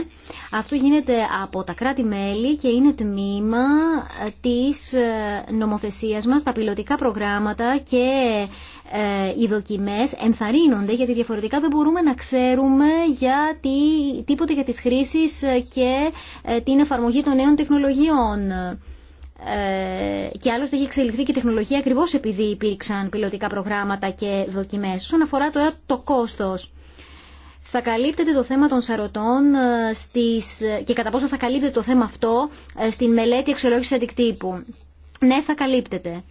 Αυτό γίνεται από τα κράτη-μέλη και είναι τμήμα ε, της νομοθεσία μας. Τα πιλωτικά προγράμματα και οι δοκιμές ενθαρρύνονται, γιατί διαφορετικά δεν μπορούμε να ξέρουμε για τι, τίποτε για τις χρήσει και την εφαρμογή των νέων τεχνολογιών. Ε, και άλλωστε έχει εξελιχθεί και η τεχνολογία ακριβώς επειδή υπήρξαν πιλωτικά προγράμματα και δοκιμές. Όσον αφορά τώρα το κόστος, θα καλύπτεται το θέμα των σαρωτών ε, στις, και κατά πόσο θα καλύπτεται το θέμα αυτό ε, στην μελέτη αξιολόγηση αντικτύπου. Ναι, θα καλύπτεται.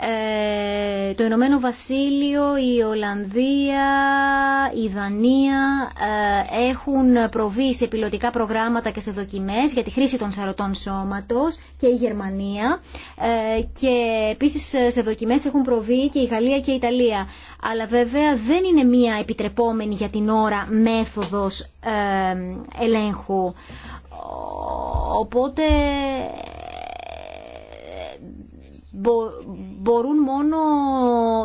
Ε, το Ηνωμένο Βασίλειο, η Ολλανδία, η Δανία ε, έχουν προβεί σε πιλωτικά προγράμματα και σε δοκιμές για τη χρήση των σαρωτών σώματος και η Γερμανία ε, και επίσης σε δοκιμές έχουν προβεί και η Γαλλία και η Ιταλία. Αλλά βέβαια δεν είναι μία επιτρεπόμενη για την ώρα μέθοδος ελέγχου. Οπότε μπορούν μόνο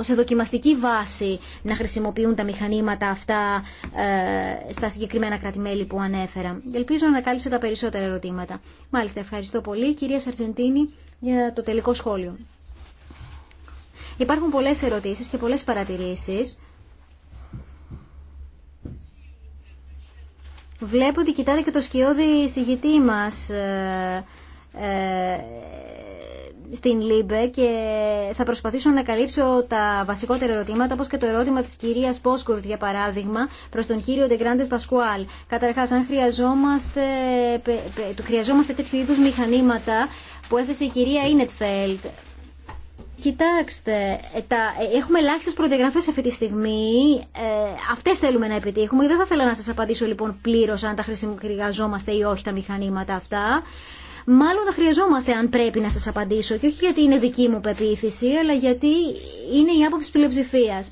σε δοκιμαστική βάση να χρησιμοποιούν τα μηχανήματα αυτά ε, στα συγκεκριμένα κρατημέλη που ανέφερα. Ελπίζω να ανακάλυψε τα περισσότερα ερωτήματα. Μάλιστα, ευχαριστώ πολύ. Κυρία Σαρτζεντίνη, για το τελικό σχόλιο. Υπάρχουν πολλές ερωτήσεις και πολλές παρατηρήσεις. Βλέπω ότι κοιτάτε και το σκιώδη συγητή μας. Ε, ε στην ΛΥΜΠΕ και θα προσπαθήσω να καλύψω τα βασικότερα ερωτήματα, όπω και το ερώτημα τη κυρία Πόσκορτ για παράδειγμα, προ τον κύριο Ντεγκράντε Πασκουάλ. Καταρχά, αν χρειαζόμαστε, χρειαζόμαστε τέτοιου είδου μηχανήματα που έθεσε η κυρία Ίνετφελτ, Κοιτάξτε, ε, τα, ε, έχουμε ελάχιστε προδιαγραφέ αυτή τη στιγμή. Ε, Αυτέ θέλουμε να επιτύχουμε. Δεν θα ήθελα να σα απαντήσω λοιπόν πλήρω αν τα χρειαζόμαστε ή όχι τα μηχανήματα αυτά. Μάλλον θα χρειαζόμαστε αν πρέπει να σας απαντήσω και όχι γιατί είναι δική μου πεποίθηση αλλά γιατί είναι η άποψη πλειοψηφίας.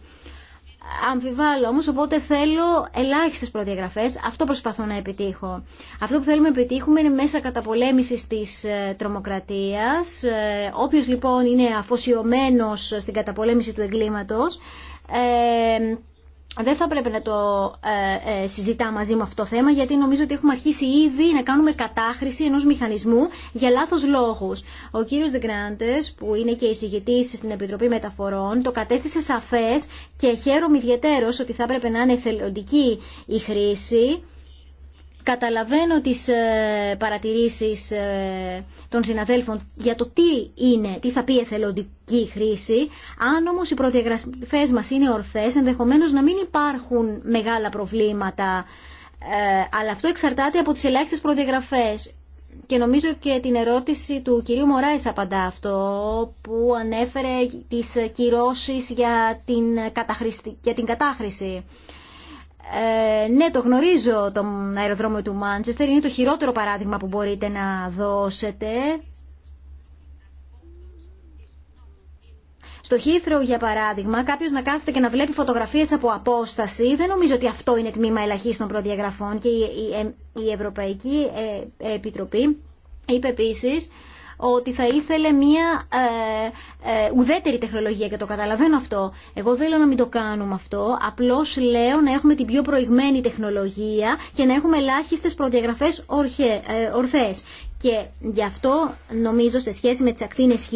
Αμφιβάλλω όμως, οπότε θέλω ελάχιστες προδιαγραφές. Αυτό προσπαθώ να επιτύχω. Αυτό που θέλουμε να επιτύχουμε είναι μέσα καταπολέμησης της ε, τρομοκρατίας. Ε, όποιος λοιπόν είναι αφοσιωμένος στην καταπολέμηση του εγκλήματος, ε, δεν θα πρέπει να το ε, ε μαζί με αυτό το θέμα γιατί νομίζω ότι έχουμε αρχίσει ήδη να κάνουμε κατάχρηση ενός μηχανισμού για λάθος λόγους. Ο κύριος Δεγκράντες που είναι και εισηγητής στην Επιτροπή Μεταφορών το κατέστησε σαφές και χαίρομαι ιδιαίτερος ότι θα πρέπει να είναι εθελοντική η χρήση Καταλαβαίνω τις ε, παρατηρήσεις ε, των συναδέλφων για το τι είναι, τι θα πει εθελοντική χρήση. Αν όμως οι προδιαγραφές μας είναι ορθές, ενδεχομένως να μην υπάρχουν μεγάλα προβλήματα. Ε, αλλά αυτό εξαρτάται από τις ελάχιστες προδιαγραφές. Και νομίζω και την ερώτηση του κυρίου Μωράης απαντά αυτό, που ανέφερε τις κυρώσεις για την, για την κατάχρηση. Ε, ναι, το γνωρίζω τον αεροδρόμιο του Μάντσεστερ. Είναι το χειρότερο παράδειγμα που μπορείτε να δώσετε. Στο Χίθρο, για παράδειγμα, κάποιο να κάθεται και να βλέπει φωτογραφίε από απόσταση, δεν νομίζω ότι αυτό είναι τμήμα ελαχίστων προδιαγραφών. Και η Ευρωπαϊκή ε, Επιτροπή είπε επίση ότι θα ήθελε μια ε, ε, ουδέτερη τεχνολογία και το καταλαβαίνω αυτό. Εγώ δεν να μην το κάνουμε αυτό, απλώς λέω να έχουμε την πιο προηγμένη τεχνολογία και να έχουμε ελάχιστε προδιαγραφές ορχε, ε, ορθές. Και γι' αυτό νομίζω σε σχέση με τις ακτίνες χ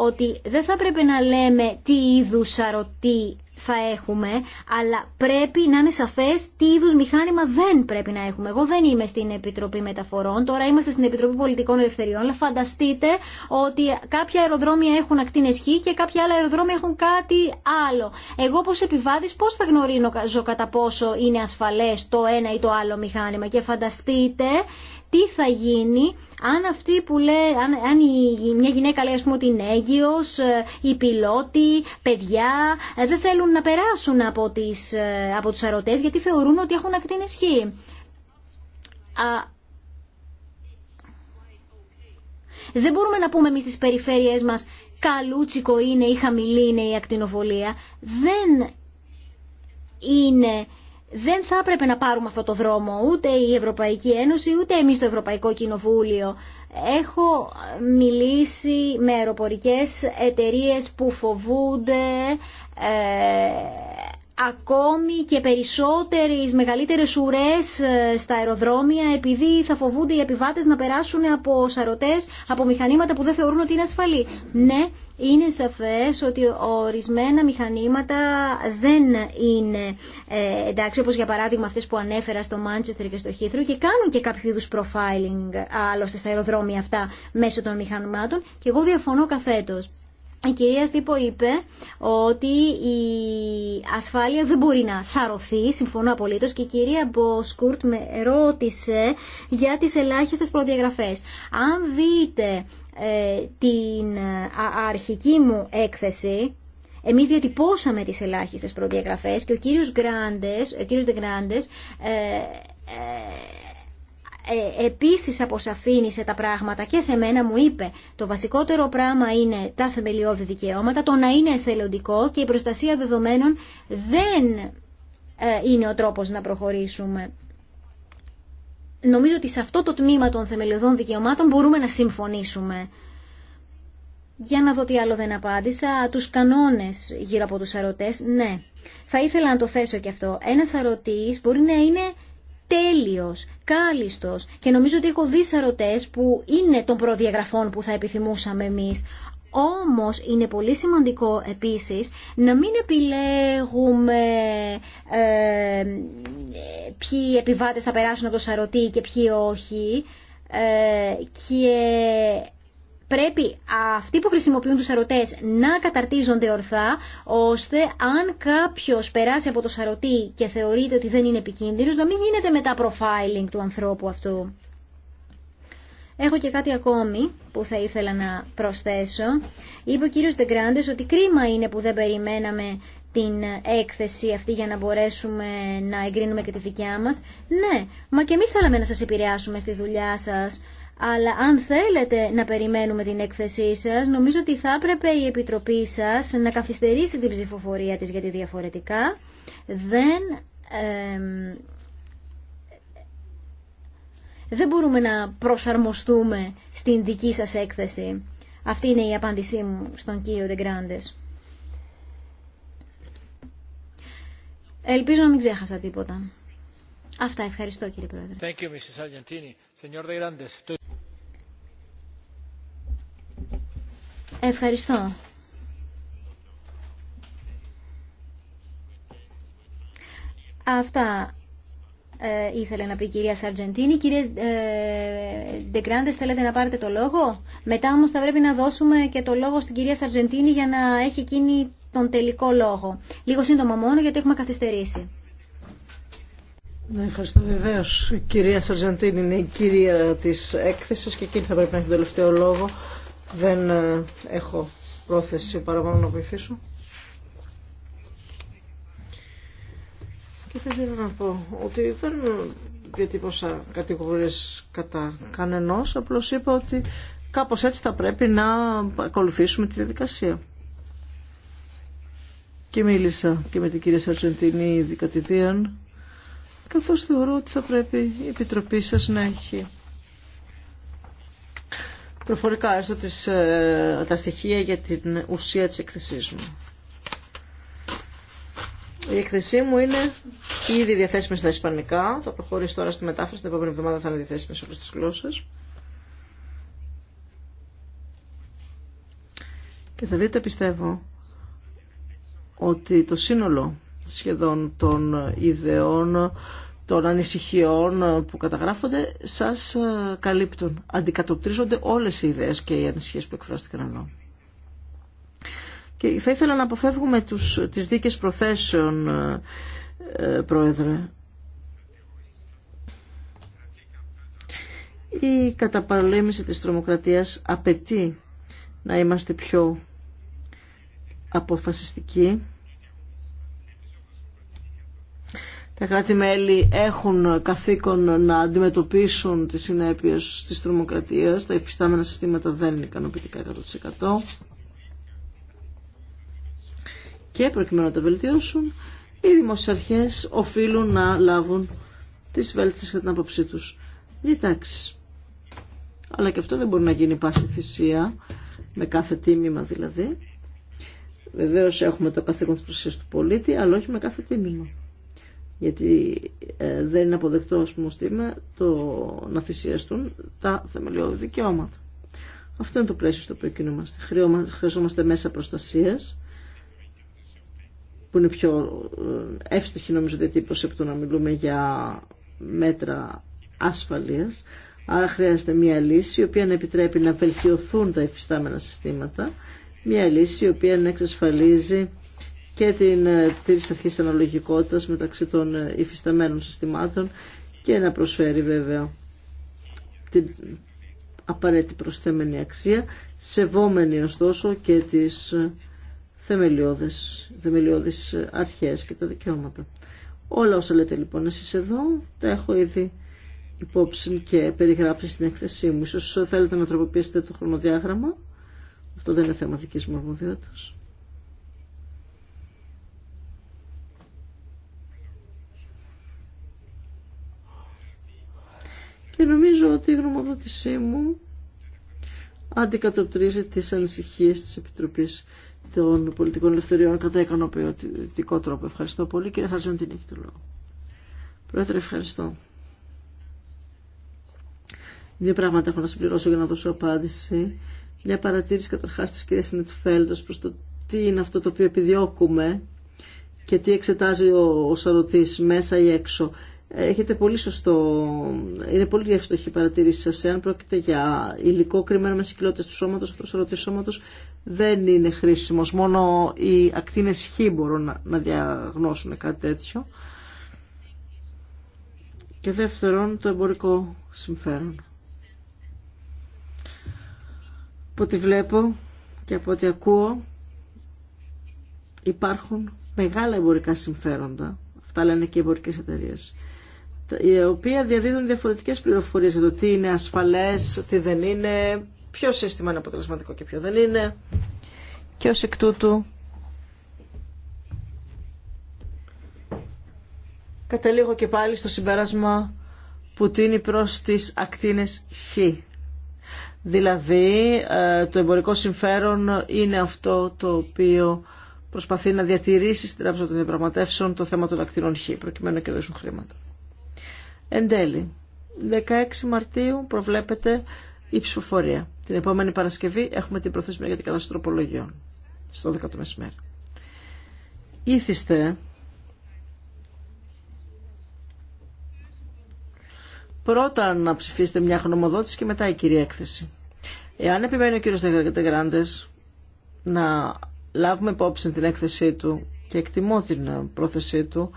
ότι δεν θα πρέπει να λέμε τι είδου σαρωτή θα έχουμε, αλλά πρέπει να είναι σαφέ τι είδου μηχάνημα δεν πρέπει να έχουμε. Εγώ δεν είμαι στην Επιτροπή Μεταφορών, τώρα είμαστε στην Επιτροπή Πολιτικών Ελευθεριών, αλλά φανταστείτε ότι κάποια αεροδρόμια έχουν ακτίνε χ και κάποια άλλα αεροδρόμια έχουν κάτι άλλο. Εγώ πως επιβάτη, πώς θα γνωρίζω κατά πόσο είναι ασφαλέ το ένα ή το άλλο μηχάνημα και φανταστείτε τι θα γίνει αν αυτή που λέει, αν, η, μια γυναίκα λέει ας πούμε ότι είναι έγκυος, ε, οι πιλότοι, παιδιά, ε, δεν θέλουν να περάσουν από, τις, ε, από τους αρωτές γιατί θεωρούν ότι έχουν ακτινισχύ. Α, δεν μπορούμε να πούμε εμείς στις περιφέρειές μας καλούτσικο είναι ή χαμηλή είναι η ακτινοβολία. Δεν είναι δεν θα έπρεπε να πάρουμε αυτό το δρόμο ούτε η Ευρωπαϊκή Ένωση ούτε εμείς το Ευρωπαϊκό Κοινοβούλιο. Έχω μιλήσει με αεροπορικές εταιρείες που φοβούνται ε, ακόμη και περισσότερες μεγαλύτερες ουρές ε, στα αεροδρόμια επειδή θα φοβούνται οι επιβάτες να περάσουν από σαρωτές, από μηχανήματα που δεν θεωρούν ότι είναι ασφαλή. Ναι, είναι σαφές ότι ορισμένα μηχανήματα δεν είναι ε, εντάξει, όπως για παράδειγμα αυτές που ανέφερα στο Μάντσεστερ και στο Χίθρο και κάνουν και κάποιο είδους προφάιλινγκ, άλλωστε στα αεροδρόμια αυτά μέσω των μηχανημάτων και εγώ διαφωνώ καθέτος η κυρία Στύπο είπε ότι η ασφάλεια δεν μπορεί να σαρωθεί, συμφωνώ απολύτω, και η κυρία Μποσκούρτ με ρώτησε για τις ελάχιστες προδιαγραφές. Αν δείτε ε, την αρχική μου έκθεση, εμείς διατυπώσαμε τις ελάχιστες προδιαγραφές και ο κύριος Γκράντες, ο κύριος Δεγκράντες, ε, ε, ε, επίσης αποσαφήνισε τα πράγματα και σε μένα μου είπε το βασικότερο πράγμα είναι τα θεμελιώδη δικαιώματα, το να είναι εθελοντικό και η προστασία δεδομένων δεν ε, είναι ο τρόπος να προχωρήσουμε. Νομίζω ότι σε αυτό το τμήμα των θεμελιωδών δικαιωμάτων μπορούμε να συμφωνήσουμε. Για να δω τι άλλο δεν απάντησα. Τους κανόνες γύρω από τους αρωτές, ναι. Θα ήθελα να το θέσω και αυτό. Ένας αρωτής μπορεί να είναι τέλειος, κάλιστος και νομίζω ότι έχω δει σαρωτές που είναι των προδιαγραφών που θα επιθυμούσαμε εμείς. Όμως είναι πολύ σημαντικό επίσης να μην επιλέγουμε ε, ποιοι επιβάτες θα περάσουν από το σαρωτή και ποιοι όχι ε, και πρέπει αυτοί που χρησιμοποιούν τους σαρωτές να καταρτίζονται ορθά, ώστε αν κάποιος περάσει από το σαρωτή και θεωρείται ότι δεν είναι επικίνδυνος, να μην γίνεται μετά προφάιλινγκ του ανθρώπου αυτού. Έχω και κάτι ακόμη που θα ήθελα να προσθέσω. Είπε ο κύριος Ντεγκράντες ότι κρίμα είναι που δεν περιμέναμε την έκθεση αυτή για να μπορέσουμε να εγκρίνουμε και τη δικιά μας. Ναι, μα και εμείς θέλαμε να σας επηρεάσουμε στη δουλειά σας αλλά αν θέλετε να περιμένουμε την έκθεσή σας, νομίζω ότι θα έπρεπε η Επιτροπή σας να καθυστερήσει την ψηφοφορία της, γιατί διαφορετικά δεν, δεν μπορούμε να προσαρμοστούμε στην δική σας έκθεση. Αυτή είναι η απάντησή μου στον κύριο Ντεγκράντες. Ελπίζω να μην ξέχασα τίποτα. Αυτά ευχαριστώ κύριε Πρόεδρε. Ευχαριστώ. Αυτά ε, ήθελε να πει η κυρία Σαρτζεντίνη. Κύριε Ντεγκράντες, θέλετε να πάρετε το λόγο. Μετά όμως θα πρέπει να δώσουμε και το λόγο στην κυρία Σαρτζεντίνη για να έχει εκείνη τον τελικό λόγο. Λίγο σύντομα μόνο γιατί έχουμε καθυστερήσει. Ναι, ευχαριστώ βεβαίω. Η κυρία Σαρζαντίν είναι η κυρία τη έκθεση και εκείνη θα πρέπει να έχει τον τελευταίο λόγο. Δεν ε, έχω πρόθεση παραπάνω να βοηθήσω. Και θα ήθελα να πω ότι δεν διατύπωσα κατηγορίε κατά κανενός, Απλώ είπα ότι κάπως έτσι θα πρέπει να ακολουθήσουμε τη διαδικασία. Και μίλησα και με την κυρία Σαρζεντινή, Δικατηδίαν καθώς θεωρώ ότι θα πρέπει η Επιτροπή σας να έχει προφορικά έστω τις, ε, τα στοιχεία για την ουσία της εκθεσής μου. Η εκθεσή μου είναι ήδη διαθέσιμη στα Ισπανικά. Θα προχωρήσει τώρα στη μετάφραση. Την επόμενη εβδομάδα θα είναι διαθέσιμη σε όλες τις γλώσσες. Και θα δείτε, πιστεύω, ότι το σύνολο σχεδόν των ιδεών, των ανησυχιών που καταγράφονται, σας ε, καλύπτουν. Αντικατοπτρίζονται όλες οι ιδέες και οι ανησυχίες που εκφράστηκαν εδώ. Και θα ήθελα να αποφεύγουμε τους, τις δίκες προθέσεων, ε, Πρόεδρε. Η καταπαλέμηση της τρομοκρατίας απαιτεί να είμαστε πιο αποφασιστικοί Τα κράτη-μέλη έχουν καθήκον να αντιμετωπίσουν τις συνέπειες της τρομοκρατίας. Τα υφιστάμενα συστήματα δεν είναι ικανοποιητικά 100%. Και προκειμένου να τα βελτιώσουν, οι δημοσιαρχές οφείλουν να λάβουν τις βέλτιστες κατά την άποψή τους διτάξεις. Αλλά και αυτό δεν μπορεί να γίνει πάση θυσία, με κάθε τίμημα δηλαδή. Βεβαίως έχουμε το καθήκον της του πολίτη, αλλά όχι με κάθε τίμημα γιατί ε, δεν είναι αποδεκτό ας πούμε, το να θυσιαστούν τα θεμελιώδη δικαιώματα. Αυτό είναι το πλαίσιο στο οποίο κινούμαστε. Χρειαζόμαστε μέσα προστασίας, που είναι πιο ε, εύστοχη νομίζω διατύπωση από το να μιλούμε για μέτρα ασφαλείας. Άρα χρειάζεται μια λύση η οποία να επιτρέπει να βελτιωθούν τα υφιστάμενα συστήματα, μια λύση η οποία να εξασφαλίζει και την ε, τήρηση αρχής αναλογικότητας μεταξύ των ε, υφισταμένων συστημάτων και να προσφέρει βέβαια την απαραίτητη προσθέμενη αξία, σεβόμενη ωστόσο και τις ε, θεμελιώδεις, θεμελιώδεις αρχές και τα δικαιώματα. Όλα όσα λέτε λοιπόν εσείς εδώ τα έχω ήδη υπόψη και περιγράψει στην έκθεσή μου. Ίσως θέλετε να τροποποιήσετε το χρονοδιάγραμμα. Αυτό δεν είναι θέμα δικής μου αρμοδιότητας. και νομίζω ότι η γνωμοδότησή μου αντικατοπτρίζει τις ανησυχίες της Επιτροπής των Πολιτικών Ελευθεριών κατά ικανοποιητικό τρόπο. Ευχαριστώ πολύ. Κύριε την έχει το λόγο. Πρόεδρε, ευχαριστώ. Δύο πράγματα έχω να συμπληρώσω για να δώσω απάντηση. Μια παρατήρηση καταρχά τη κυρία Σνετφέλντο προ το τι είναι αυτό το οποίο επιδιώκουμε και τι εξετάζει ο, ο σαρωτής μέσα ή έξω. Έχετε πολύ σωστό, είναι πολύ εύστοχη η παρατήρηση σας. Εάν πρόκειται για υλικό κρυμμένο με συγκυλότητες του σώματος, αυτός ο σώματος δεν είναι χρήσιμος. Μόνο οι ακτίνες χ μπορούν να, να διαγνώσουν κάτι τέτοιο. Και δεύτερον, το εμπορικό συμφέρον. Από ό,τι βλέπω και από ό,τι ακούω, υπάρχουν μεγάλα εμπορικά συμφέροντα. Αυτά λένε και οι εμπορικές εταιρείες οι οποία διαδίδουν διαφορετικές πληροφορίες για το τι είναι ασφαλές, τι δεν είναι, ποιο σύστημα είναι αποτελεσματικό και ποιο δεν είναι. Και ως εκ τούτου καταλήγω και πάλι στο συμπέρασμα που τίνει προς τις ακτίνες Χ. Δηλαδή ε, το εμπορικό συμφέρον είναι αυτό το οποίο προσπαθεί να διατηρήσει στην τράπεζα των διαπραγματεύσεων το θέμα των ακτίνων Χ, προκειμένου να κερδίσουν χρήματα. Εν τέλει, 16 Μαρτίου προβλέπεται η ψηφοφορία. Την επόμενη Παρασκευή έχουμε την προθεσμία για την καταστροπολογία. Στο 12 το μεσημέρι. Ήθιστε πρώτα να ψηφίσετε μια χρονομοδότηση και μετά η κυρία έκθεση. Εάν επιμένει ο κύριος Δεγραντεγράντες να λάβουμε υπόψη την έκθεσή του και εκτιμώ την πρόθεσή του,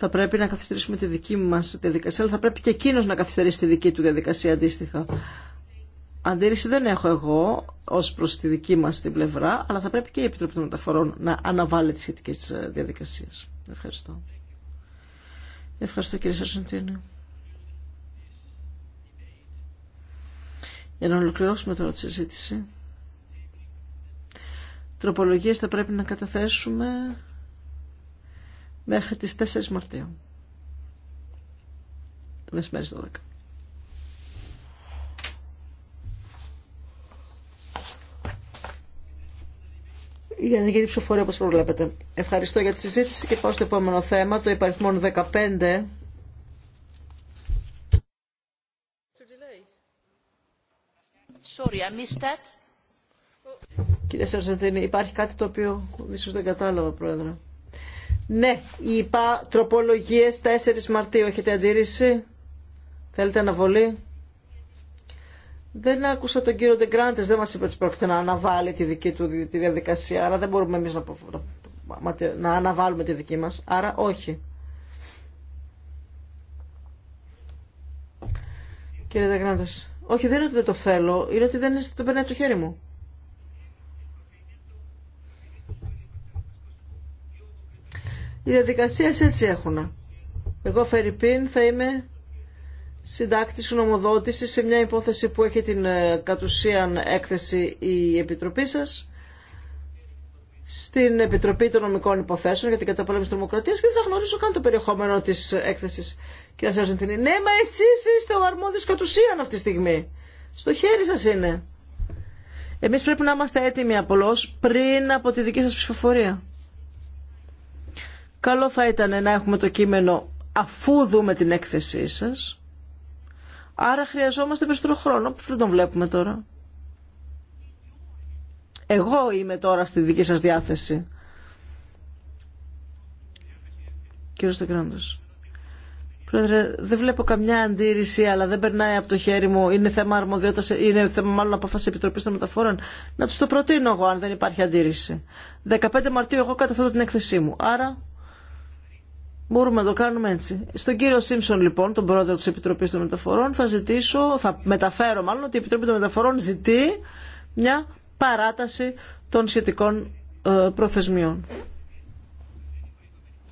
θα πρέπει να καθυστερήσουμε τη δική μας διαδικασία, αλλά θα πρέπει και εκείνος να καθυστερήσει τη δική του διαδικασία αντίστοιχα. Αντίρρηση δεν έχω εγώ ως προς τη δική μας την πλευρά, αλλά θα πρέπει και η Επιτροπή των Μεταφορών να αναβάλει τις σχετικές διαδικασίες. Ευχαριστώ. Ευχαριστώ κύριε Σαρσεντίνη. Για να ολοκληρώσουμε τώρα τη συζήτηση. Τροπολογίες θα πρέπει να καταθέσουμε μέχρι τις 4 Μαρτίου. Το μεσημέρι 12. για να γίνει ψηφοφορία όπως προβλέπετε. Ευχαριστώ για τη συζήτηση και πάω στο επόμενο θέμα, το υπαριθμόν 15. Sorry, I that. Κύριε Σαρζεντίνη, υπάρχει κάτι το οποίο ίσως δεν κατάλαβα, Πρόεδρε. Ναι, είπα τροπολογίες 4 Μαρτίου. Έχετε αντίρρηση. Θέλετε αναβολή. Δεν άκουσα τον κύριο Ντεγκράντε, δεν μα είπε ότι πρόκειται να αναβάλει τη δική του τη διαδικασία, άρα δεν μπορούμε εμείς να, να αναβάλουμε τη δική μας, άρα όχι. Κύριε Ντεγκράντε, όχι δεν είναι ότι δεν το θέλω, είναι ότι δεν, δεν περνάει το χέρι μου. Οι διαδικασίε έτσι έχουν. Εγώ, Φερρυπίν, θα είμαι συντάκτη γνωμοδότηση σε μια υπόθεση που έχει την ε, κατ' ουσίαν έκθεση η Επιτροπή σα στην Επιτροπή των Νομικών Υποθέσεων για την Καταπολέμηση τη Δημοκρατία και δεν θα γνωρίζω καν το περιεχόμενο τη έκθεση. Κυρία Σαρζεντινή, ναι, μα εσεί είστε ο αρμόδιο κατ' ουσίαν αυτή τη στιγμή. Στο χέρι σα είναι. Εμεί πρέπει να είμαστε έτοιμοι απολώ πριν από τη δική σα ψηφοφορία. Καλό θα ήταν να έχουμε το κείμενο αφού δούμε την έκθεσή σας. Άρα χρειαζόμαστε περισσότερο χρόνο που δεν τον βλέπουμε τώρα. Εγώ είμαι τώρα στη δική σας διάθεση. Κύριε Στεκράντος. Πρόεδρε, δεν βλέπω καμιά αντίρρηση, αλλά δεν περνάει από το χέρι μου. Είναι θέμα αρμοδιότητα, είναι θέμα μάλλον απόφαση Επιτροπή των Μεταφορών. Να του το προτείνω εγώ, αν δεν υπάρχει αντίρρηση. 15 Μαρτίου εγώ καταθέτω την έκθεσή μου. Άρα Μπορούμε να το κάνουμε έτσι. Στον κύριο Σίμψον, λοιπόν, τον πρόεδρο τη Επιτροπή των Μεταφορών, θα ζητήσω, θα μεταφέρω μάλλον ότι η Επιτροπή των Μεταφορών ζητεί μια παράταση των σχετικών ε, προθεσμιών.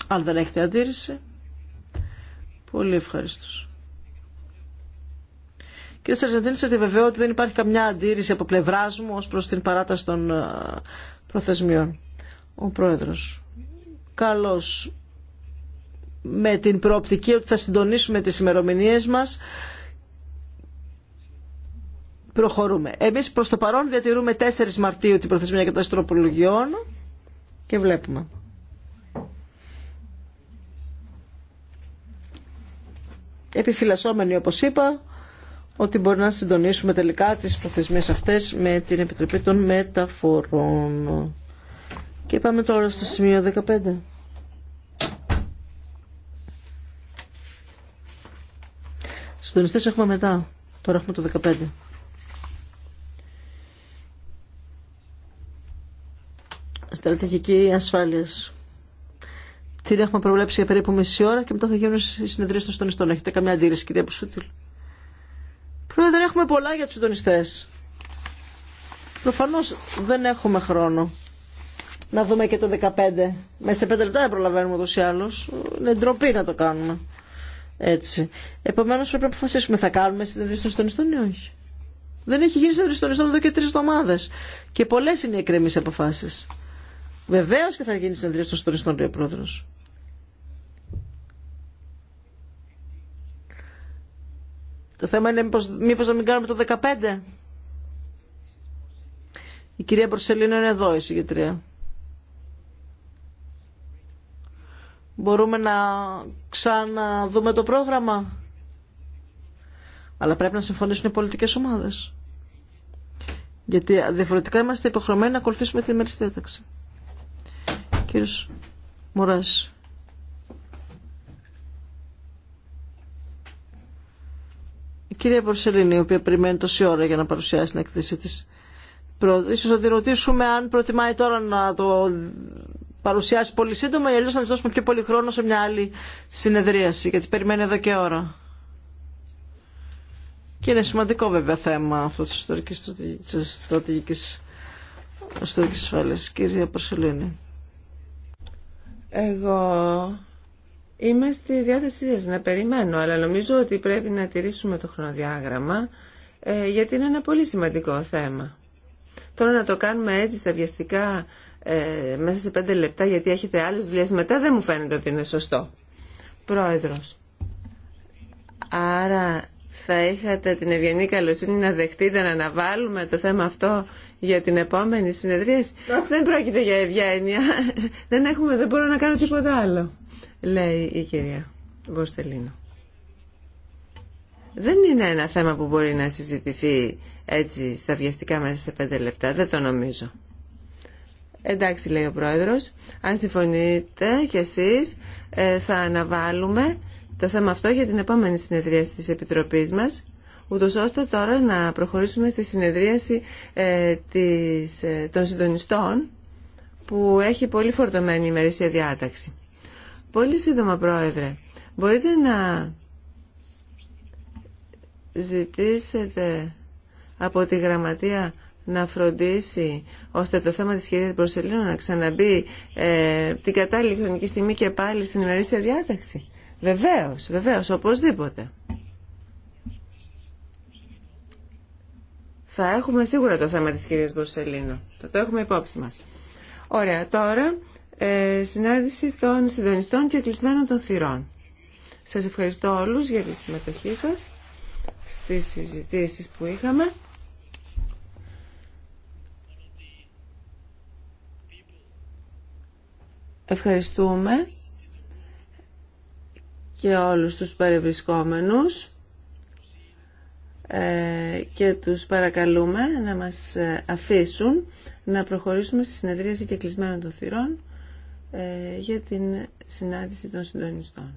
Αν δεν έχετε αντίρρηση, πολύ ευχαριστώ. Κύριε Σαρζαντίνη, σα διαβεβαιώ ότι δεν υπάρχει καμιά αντίρρηση από πλευρά μου ω προ την παράταση των ε, προθεσμιών. Ο πρόεδρο. Καλώς με την προοπτική ότι θα συντονίσουμε τις ημερομηνίε μας προχωρούμε. Εμείς προς το παρόν διατηρούμε 4 Μαρτίου την προθεσμία για και βλέπουμε. Επιφυλασσόμενοι όπως είπα ότι μπορεί να συντονίσουμε τελικά τις προθεσμίες αυτές με την Επιτροπή των Μεταφορών. Και πάμε τώρα στο σημείο 15. Συντονιστές έχουμε μετά. Τώρα έχουμε το 15. Στρατηγική ασφάλειας. Την έχουμε προβλέψει για περίπου μισή ώρα και μετά θα γίνουν οι συνεδρίε των συντονιστών. Έχετε καμιά αντίρρηση, κυρία Πουσούτιλ. Πρόεδρε, έχουμε πολλά για του συντονιστέ. Προφανώ δεν έχουμε χρόνο να δούμε και το 15. Μέσα σε 5 λεπτά δεν προλαβαίνουμε ούτω ή άλλω. Είναι ντροπή να το κάνουμε έτσι. Επομένω πρέπει να αποφασίσουμε, θα κάνουμε συνεδρίε των συντονιστών ή όχι. Δεν έχει γίνει συνεδρίε των συντονιστών εδώ και τρει εβδομάδε. Και πολλέ είναι οι εκκρεμίε αποφάσει. Βεβαίω και θα γίνει συνεδρίε των συντονιστών, λέει ο πρόεδρο. Το θέμα είναι μήπως, να μην κάνουμε το 15. Η κυρία Μπορσελίνο είναι εδώ η συγκεκριά. Μπορούμε να ξαναδούμε το πρόγραμμα. Αλλά πρέπει να συμφωνήσουν οι πολιτικές ομάδες. Γιατί διαφορετικά είμαστε υποχρεωμένοι να ακολουθήσουμε την μέρη διάταξη. Κύριος Μωράς. Η κυρία Πορσελίνη, η οποία περιμένει τόση ώρα για να παρουσιάσει την εκθέση της. Ίσως να τη ρωτήσουμε αν προτιμάει τώρα να το παρουσιάσει πολύ σύντομα ή αλλιώ να τη δώσουμε πιο πολύ χρόνο σε μια άλλη συνεδρίαση γιατί περιμένει εδώ και ώρα. Και είναι σημαντικό βέβαια θέμα αυτό τη ιστορική στρατηγική στρατηγικής, Κυρία Προσελίνη. Εγώ είμαι στη διάθεσή σα να περιμένω, αλλά νομίζω ότι πρέπει να τηρήσουμε το χρονοδιάγραμμα ε, γιατί είναι ένα πολύ σημαντικό θέμα. Τώρα να το κάνουμε έτσι στα βιαστικά ε, μέσα σε πέντε λεπτά γιατί έχετε άλλες δουλειές μετά δεν μου φαίνεται ότι είναι σωστό. Πρόεδρος. Άρα θα είχατε την ευγενή καλοσύνη να δεχτείτε να αναβάλουμε το θέμα αυτό για την επόμενη συνεδρία Δεν πρόκειται για ευγένεια. Δεν, έχουμε, δεν μπορώ να κάνω τίποτα άλλο, λέει η κυρία Μπορσελίνο. Δεν είναι ένα θέμα που μπορεί να συζητηθεί έτσι στα βιαστικά μέσα σε πέντε λεπτά. Δεν το νομίζω. Εντάξει, λέει ο Πρόεδρος, αν συμφωνείτε κι εσείς ε, θα αναβάλουμε το θέμα αυτό για την επόμενη συνεδρίαση της Επιτροπής μας, ούτως ώστε τώρα να προχωρήσουμε στη συνεδρίαση ε, ε, των συντονιστών που έχει πολύ φορτωμένη ημερήσια διάταξη. Πολύ σύντομα, Πρόεδρε, μπορείτε να ζητήσετε από τη Γραμματεία να φροντίσει ώστε το θέμα της κυρίας Μπορσελίνου να ξαναμπεί ε, την κατάλληλη χρονική στιγμή και πάλι στην ημερήσια διάταξη. Βεβαίως, βεβαίως, οπωσδήποτε. Θα έχουμε σίγουρα το θέμα της κυρίας Μπορσελίνου. Θα το έχουμε υπόψη μας. Ωραία, τώρα ε, συνάντηση των συντονιστών και κλεισμένων των θυρών. Σας ευχαριστώ όλους για τη συμμετοχή σας στις συζητήσεις που είχαμε. Ευχαριστούμε και όλους τους παρευρισκόμενους ε, και τους παρακαλούμε να μας ε, αφήσουν να προχωρήσουμε στη συνεδρίαση και κλεισμένων των θυρών ε, για την συνάντηση των συντονιστών.